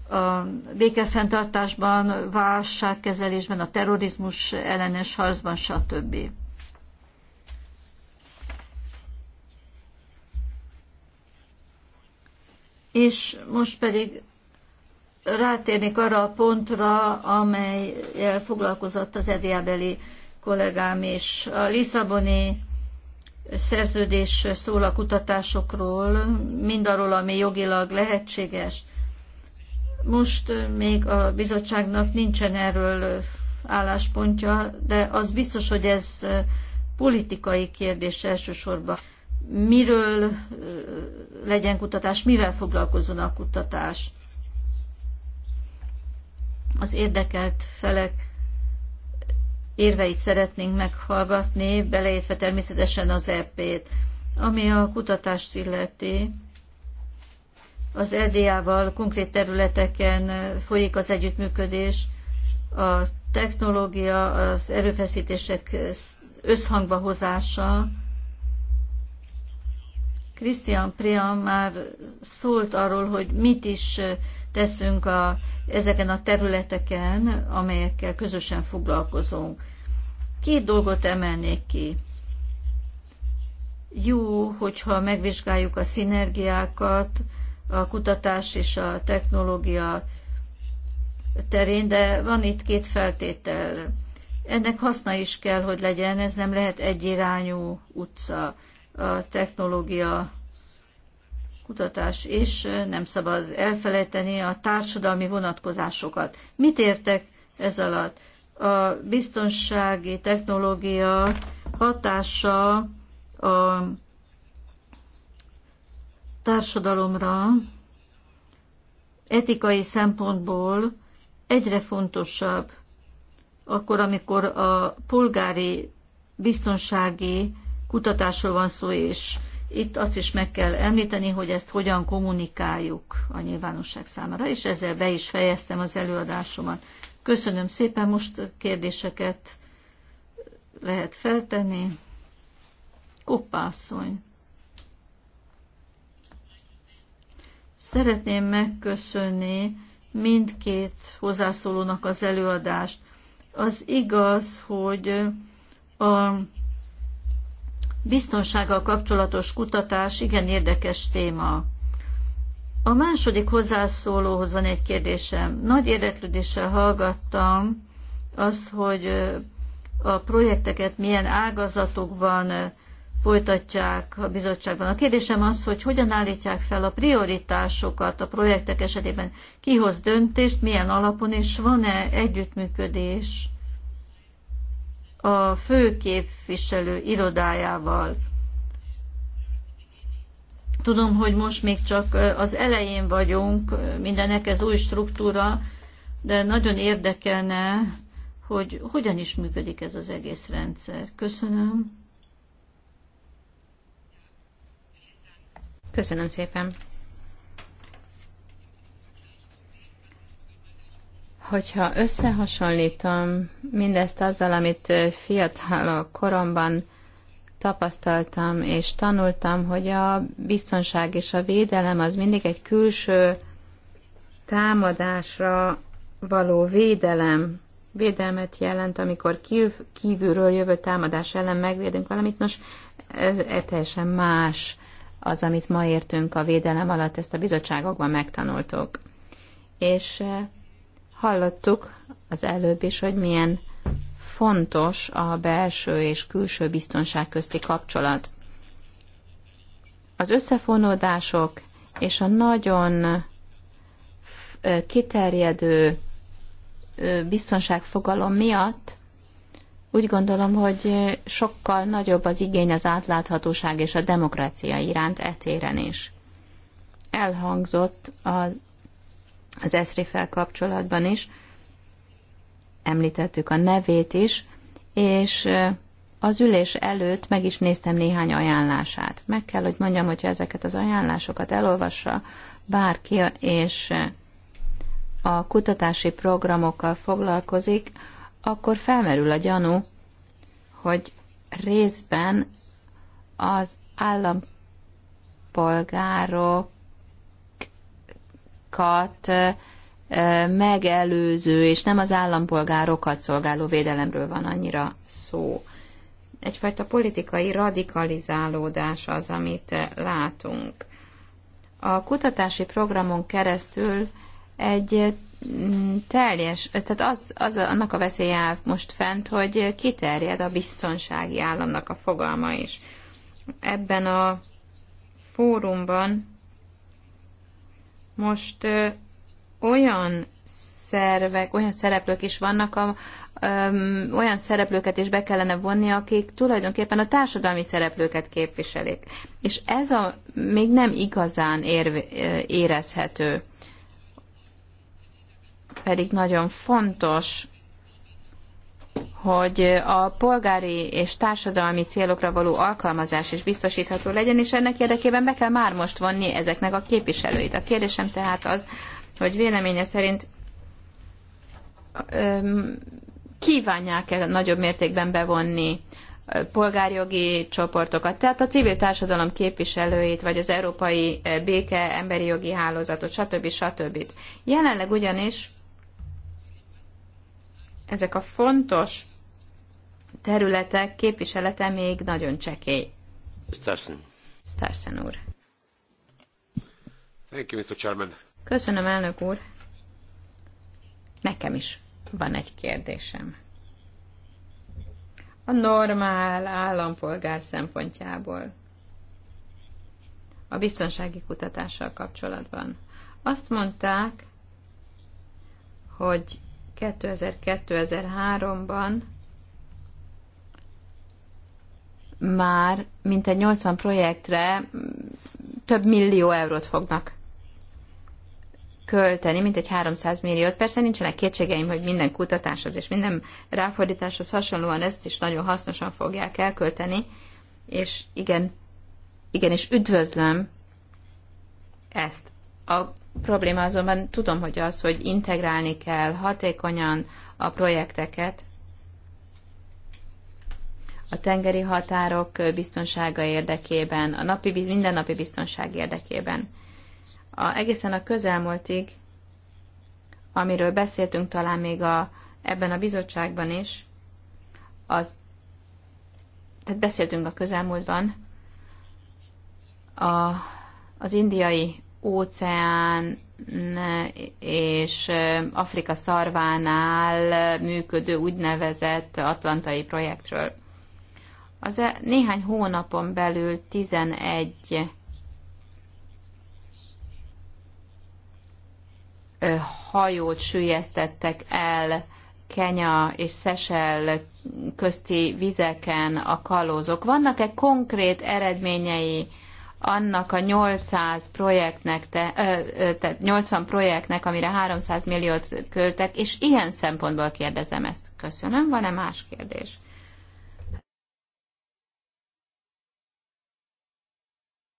a békefenntartásban, válságkezelésben, a terrorizmus ellenes harcban, stb. És most pedig rátérnék arra a pontra, amelyel foglalkozott az Ediábeli kollégám és A Lisszaboni szerződés szól a kutatásokról, mindarról, ami jogilag lehetséges. Most még a bizottságnak nincsen erről álláspontja, de az biztos, hogy ez politikai kérdés elsősorban miről legyen kutatás, mivel foglalkozzon a kutatás. Az érdekelt felek érveit szeretnénk meghallgatni, beleértve természetesen az EP-t. Ami a kutatást illeti, az EDA-val konkrét területeken folyik az együttműködés, a technológia, az erőfeszítések összhangba hozása, Krisztián Priam már szólt arról, hogy mit is teszünk a, ezeken a területeken, amelyekkel közösen foglalkozunk. Két dolgot emelnék ki. Jó, hogyha megvizsgáljuk a szinergiákat, a kutatás és a technológia terén, de van itt két feltétel. Ennek haszna is kell, hogy legyen, ez nem lehet egyirányú utca a technológia kutatás, és nem szabad elfelejteni a társadalmi vonatkozásokat. Mit értek ez alatt? A biztonsági technológia hatása a társadalomra etikai szempontból egyre fontosabb, akkor, amikor a polgári biztonsági kutatásról van szó, és itt azt is meg kell említeni, hogy ezt hogyan kommunikáljuk a nyilvánosság számára, és ezzel be is fejeztem az előadásomat. Köszönöm szépen, most kérdéseket lehet feltenni. Koppászony. Szeretném megköszönni mindkét hozzászólónak az előadást. Az igaz, hogy a biztonsággal kapcsolatos kutatás igen érdekes téma. A második hozzászólóhoz van egy kérdésem. Nagy érdeklődéssel hallgattam azt, hogy a projekteket milyen ágazatokban folytatják a bizottságban. A kérdésem az, hogy hogyan állítják fel a prioritásokat a projektek esetében, kihoz döntést, milyen alapon, és van-e együttműködés a főképviselő irodájával. Tudom, hogy most még csak az elején vagyunk, mindenek ez új struktúra, de nagyon érdekelne, hogy hogyan is működik ez az egész rendszer. Köszönöm. Köszönöm szépen. Hogyha összehasonlítom mindezt azzal, amit fiatal koromban tapasztaltam és tanultam, hogy a biztonság és a védelem az mindig egy külső támadásra való védelem, védelmet jelent, amikor kívülről jövő támadás ellen megvédünk valamit, nos, e teljesen más az, amit ma értünk a védelem alatt, ezt a bizottságokban megtanultuk. És Hallottuk az előbb is, hogy milyen fontos a belső és külső biztonság közti kapcsolat. Az összefonódások és a nagyon kiterjedő biztonságfogalom miatt úgy gondolom, hogy sokkal nagyobb az igény az átláthatóság és a demokrácia iránt etéren is. Elhangzott a az eszrifel kapcsolatban is, említettük a nevét is, és az ülés előtt meg is néztem néhány ajánlását. Meg kell, hogy mondjam, hogyha ezeket az ajánlásokat elolvassa bárki, és a kutatási programokkal foglalkozik, akkor felmerül a gyanú, hogy részben az állampolgárok állampolgárokat megelőző és nem az állampolgárokat szolgáló védelemről van annyira szó. Egyfajta politikai radikalizálódás az, amit látunk. A kutatási programon keresztül egy mm, teljes, tehát az, az annak a veszélye áll most fent, hogy kiterjed a biztonsági államnak a fogalma is. Ebben a fórumban most olyan szervek, olyan szereplők is vannak, a, ö, olyan szereplőket is be kellene vonni, akik tulajdonképpen a társadalmi szereplőket képviselik. És ez a még nem igazán ér, érezhető, pedig nagyon fontos hogy a polgári és társadalmi célokra való alkalmazás is biztosítható legyen, és ennek érdekében be kell már most vonni ezeknek a képviselőit. A kérdésem tehát az, hogy véleménye szerint kívánják-e nagyobb mértékben bevonni polgárjogi csoportokat, tehát a civil társadalom képviselőit, vagy az európai béke, emberi jogi hálózatot, stb. stb. Jelenleg ugyanis ezek a fontos területek képviselete még nagyon csekély. Starsen. Starsen úr. Thank you, Mr. Chairman. Köszönöm, elnök úr. Nekem is van egy kérdésem. A normál állampolgár szempontjából a biztonsági kutatással kapcsolatban. Azt mondták, hogy 2002 2003 ban már mint egy 80 projektre több millió eurót fognak költeni, mint egy 300 milliót. Persze nincsenek kétségeim, hogy minden kutatáshoz és minden ráfordításhoz hasonlóan ezt is nagyon hasznosan fogják elkölteni, és igen, igen és üdvözlöm ezt. A probléma azonban tudom, hogy az, hogy integrálni kell hatékonyan a projekteket, a tengeri határok biztonsága érdekében, a napi, mindennapi biztonság érdekében. A, egészen a közelmúltig, amiről beszéltünk talán még a, ebben a bizottságban is, az, tehát beszéltünk a közelmúltban, a, az indiai óceán és Afrika szarvánál működő úgynevezett atlantai projektről. Az e- néhány hónapon belül 11 hajót sűjesztettek el Kenya és Szesel közti vizeken a kalózok. Vannak-e konkrét eredményei annak a 800 projektnek, te, ö, te, 80 projektnek, amire 300 milliót költek, és ilyen szempontból kérdezem ezt. Köszönöm, van-e más kérdés?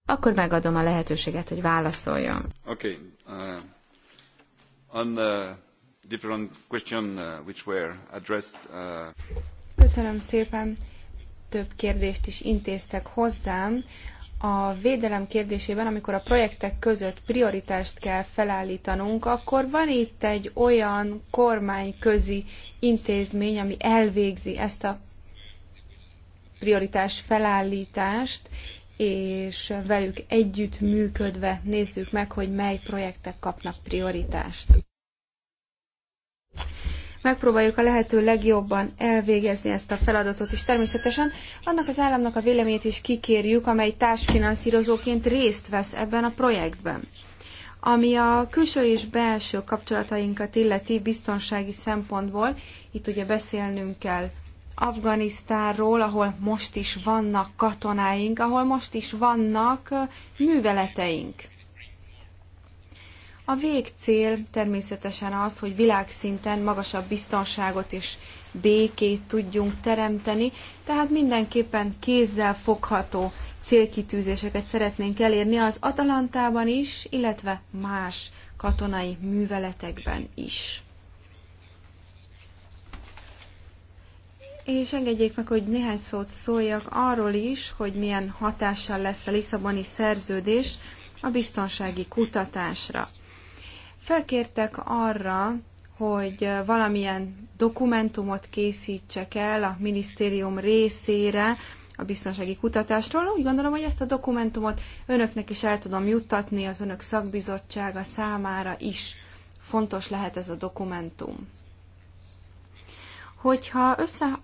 akkor megadom a lehetőséget, hogy válaszoljon. Okay. Uh, on the different question uh, which were addressed. Uh... Köszönöm szépen. Több kérdést is intéztek hozzám. A védelem kérdésében, amikor a projektek között prioritást kell felállítanunk, akkor van itt egy olyan kormányközi intézmény, ami elvégzi ezt a prioritás felállítást, és velük együtt működve nézzük meg, hogy mely projektek kapnak prioritást. Megpróbáljuk a lehető legjobban elvégezni ezt a feladatot, és természetesen annak az államnak a véleményét is kikérjük, amely társfinanszírozóként részt vesz ebben a projektben. Ami a külső és belső kapcsolatainkat illeti biztonsági szempontból, itt ugye beszélnünk kell Afganisztánról, ahol most is vannak katonáink, ahol most is vannak műveleteink. A végcél természetesen az, hogy világszinten magasabb biztonságot és békét tudjunk teremteni, tehát mindenképpen kézzel fogható célkitűzéseket szeretnénk elérni az Atalantában is, illetve más katonai műveletekben is. És engedjék meg, hogy néhány szót szóljak arról is, hogy milyen hatással lesz a Lisszaboni szerződés a biztonsági kutatásra. Felkértek arra, hogy valamilyen dokumentumot készítsek el a minisztérium részére a biztonsági kutatásról. Úgy gondolom, hogy ezt a dokumentumot önöknek is el tudom juttatni az önök szakbizottsága számára is. Fontos lehet ez a dokumentum hogyha össze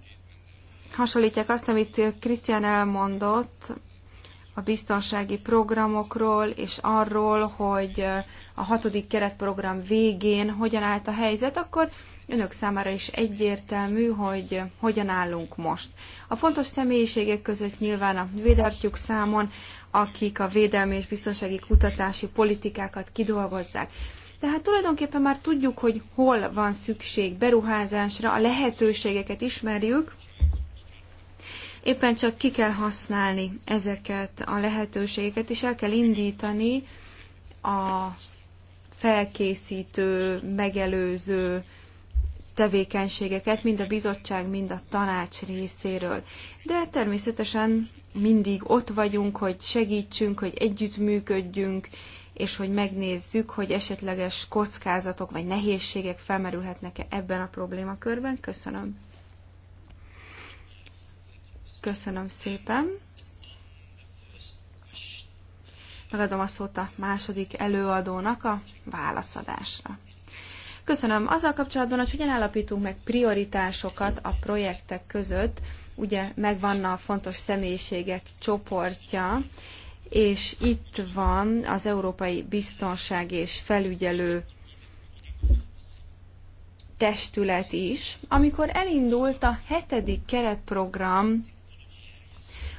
hasonlítják azt, amit Krisztián elmondott a biztonsági programokról, és arról, hogy a hatodik keretprogram végén hogyan állt a helyzet, akkor önök számára is egyértelmű, hogy hogyan állunk most. A fontos személyiségek között nyilván a védartjuk számon, akik a védelmi és biztonsági kutatási politikákat kidolgozzák. Tehát tulajdonképpen már tudjuk, hogy hol van szükség beruházásra, a lehetőségeket ismerjük, Éppen csak ki kell használni ezeket a lehetőségeket, és el kell indítani a felkészítő, megelőző tevékenységeket, mind a bizottság, mind a tanács részéről. De természetesen mindig ott vagyunk, hogy segítsünk, hogy együttműködjünk, és hogy megnézzük, hogy esetleges kockázatok vagy nehézségek felmerülhetnek-e ebben a problémakörben. Köszönöm. Köszönöm szépen. Megadom a szót a második előadónak a válaszadásra. Köszönöm. Azzal kapcsolatban, hogy hogyan állapítunk meg prioritásokat a projektek között, ugye megvan a fontos személyiségek csoportja, és itt van az Európai Biztonság és Felügyelő Testület is. Amikor elindult a hetedik keretprogram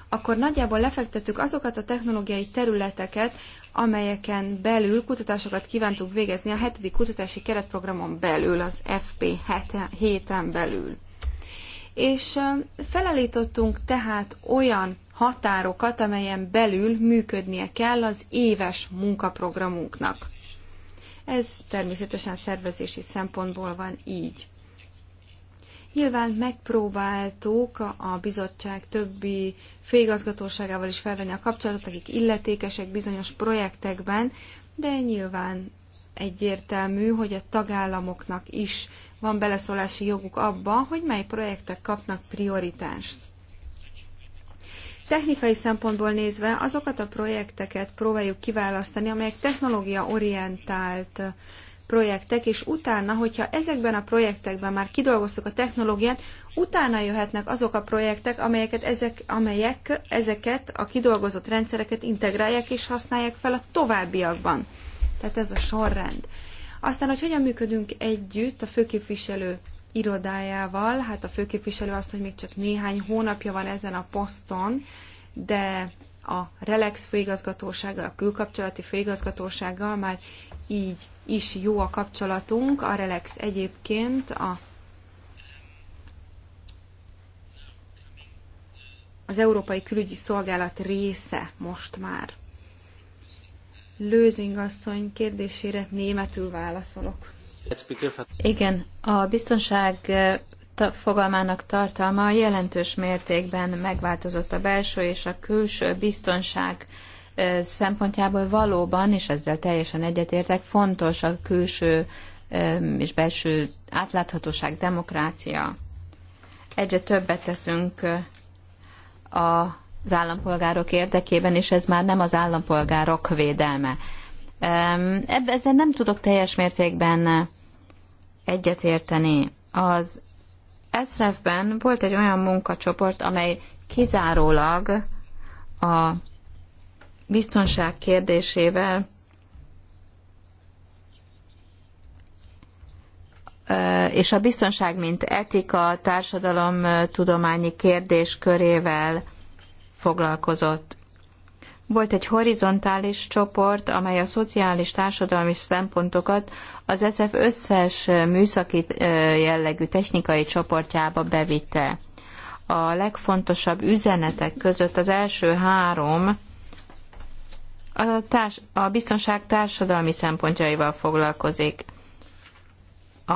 akkor nagyjából lefektettük azokat a technológiai területeket, amelyeken belül kutatásokat kívántuk végezni a hetedik kutatási keretprogramon belül, az FP7-en belül. És felállítottunk tehát olyan határokat, amelyen belül működnie kell az éves munkaprogramunknak. Ez természetesen szervezési szempontból van így. Nyilván megpróbáltuk a bizottság többi főigazgatóságával is felvenni a kapcsolatot, akik illetékesek bizonyos projektekben, de nyilván egyértelmű, hogy a tagállamoknak is van beleszólási joguk abba, hogy mely projektek kapnak prioritást. Technikai szempontból nézve azokat a projekteket próbáljuk kiválasztani, amelyek technológiaorientált orientált projektek, és utána, hogyha ezekben a projektekben már kidolgoztuk a technológiát, utána jöhetnek azok a projektek, amelyeket ezek, amelyek ezeket a kidolgozott rendszereket integrálják és használják fel a továbbiakban. Tehát ez a sorrend. Aztán, hogy hogyan működünk együtt a főképviselő irodájával, hát a főképviselő azt, hogy még csak néhány hónapja van ezen a poszton, de a Relax főigazgatósággal, a külkapcsolati főigazgatósággal már így is jó a kapcsolatunk. A Relax egyébként a az Európai Külügyi Szolgálat része most már. Lőzing asszony kérdésére németül válaszolok. Igen, a biztonság eh, fogalmának tartalma jelentős mértékben megváltozott a belső és a külső biztonság szempontjából valóban, és ezzel teljesen egyetértek, fontos a külső és belső átláthatóság, demokrácia. Egyre többet teszünk az állampolgárok érdekében, és ez már nem az állampolgárok védelme. Ezzel nem tudok teljes mértékben egyetérteni. Az srf ben volt egy olyan munkacsoport, amely kizárólag a biztonság kérdésével eh, és a biztonság, mint etika, társadalom eh, tudományi kérdés körével foglalkozott. Volt egy horizontális csoport, amely a szociális társadalmi szempontokat az SF összes műszaki eh, jellegű technikai csoportjába bevitte. A legfontosabb üzenetek között az első három a, társ, a biztonság társadalmi szempontjaival foglalkozik. A,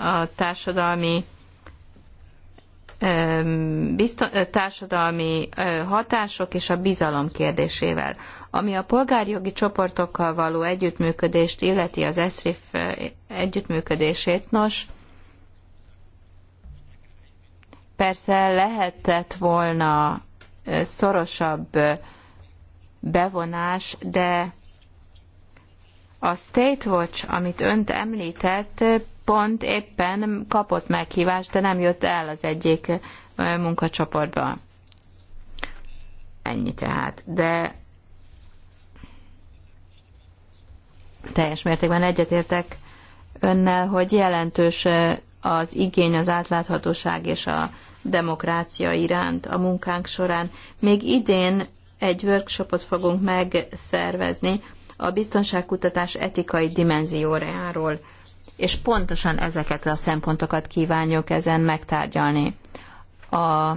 a társadalmi bizton, társadalmi hatások és a bizalom kérdésével. Ami a polgárjogi csoportokkal való együttműködést illeti az ESRIF együttműködését, nos, persze lehetett volna szorosabb bevonás, de a State Watch, amit önt említett, pont éppen kapott meghívást, de nem jött el az egyik munkacsoportba. Ennyi tehát. De teljes mértékben egyetértek önnel, hogy jelentős az igény az átláthatóság és a demokrácia iránt a munkánk során. Még idén egy workshopot fogunk megszervezni a biztonságkutatás etikai dimenziójáról, és pontosan ezeket a szempontokat kívánjuk ezen megtárgyalni. A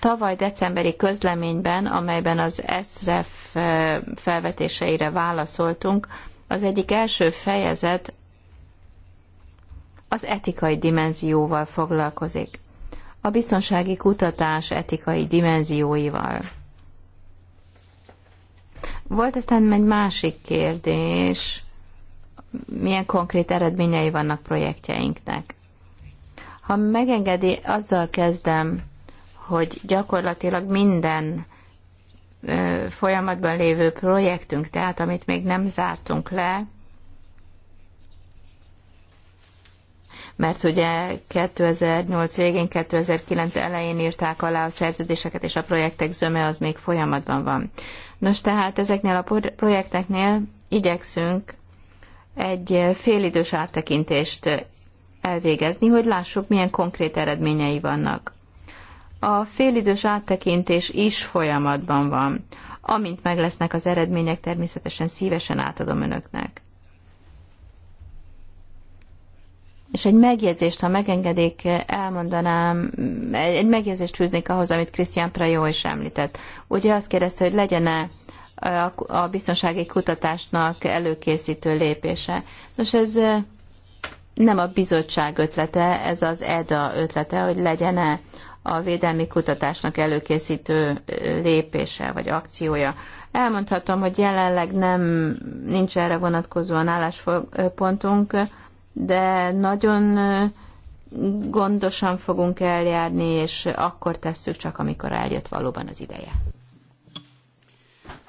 tavaly decemberi közleményben, amelyben az SRF eh, felvetéseire válaszoltunk, az egyik első fejezet az etikai dimenzióval foglalkozik. A biztonsági kutatás etikai dimenzióival. Volt aztán egy másik kérdés, milyen konkrét eredményei vannak projektjeinknek. Ha megengedi, azzal kezdem, hogy gyakorlatilag minden folyamatban lévő projektünk, tehát amit még nem zártunk le, mert ugye 2008 végén, 2009 elején írták alá a szerződéseket, és a projektek zöme az még folyamatban van. Nos, tehát ezeknél a projekteknél igyekszünk egy félidős áttekintést elvégezni, hogy lássuk, milyen konkrét eredményei vannak. A félidős áttekintés is folyamatban van. Amint meg lesznek az eredmények, természetesen szívesen átadom önöknek. És egy megjegyzést, ha megengedik, elmondanám, egy megjegyzést fűznék ahhoz, amit Krisztián Prajó is említett. Ugye azt kérdezte, hogy legyen-e a biztonsági kutatásnak előkészítő lépése. Nos, ez eh, nem a bizottság ötlete, ez az EDA ötlete, hogy legyen-e a védelmi kutatásnak előkészítő eh, lépése vagy akciója. Elmondhatom, hogy jelenleg nem nincs erre vonatkozóan álláspontunk, de nagyon gondosan fogunk eljárni, és akkor tesszük csak, amikor eljött valóban az ideje.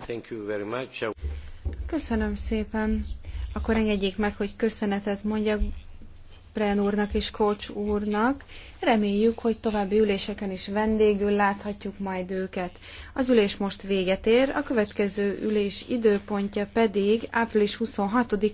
Thank you very much. Köszönöm szépen. Akkor engedjék meg, hogy köszönetet mondjak Bren úrnak és Kocs úrnak. Reméljük, hogy további üléseken is vendégül láthatjuk majd őket. Az ülés most véget ér, a következő ülés időpontja pedig április 26-a,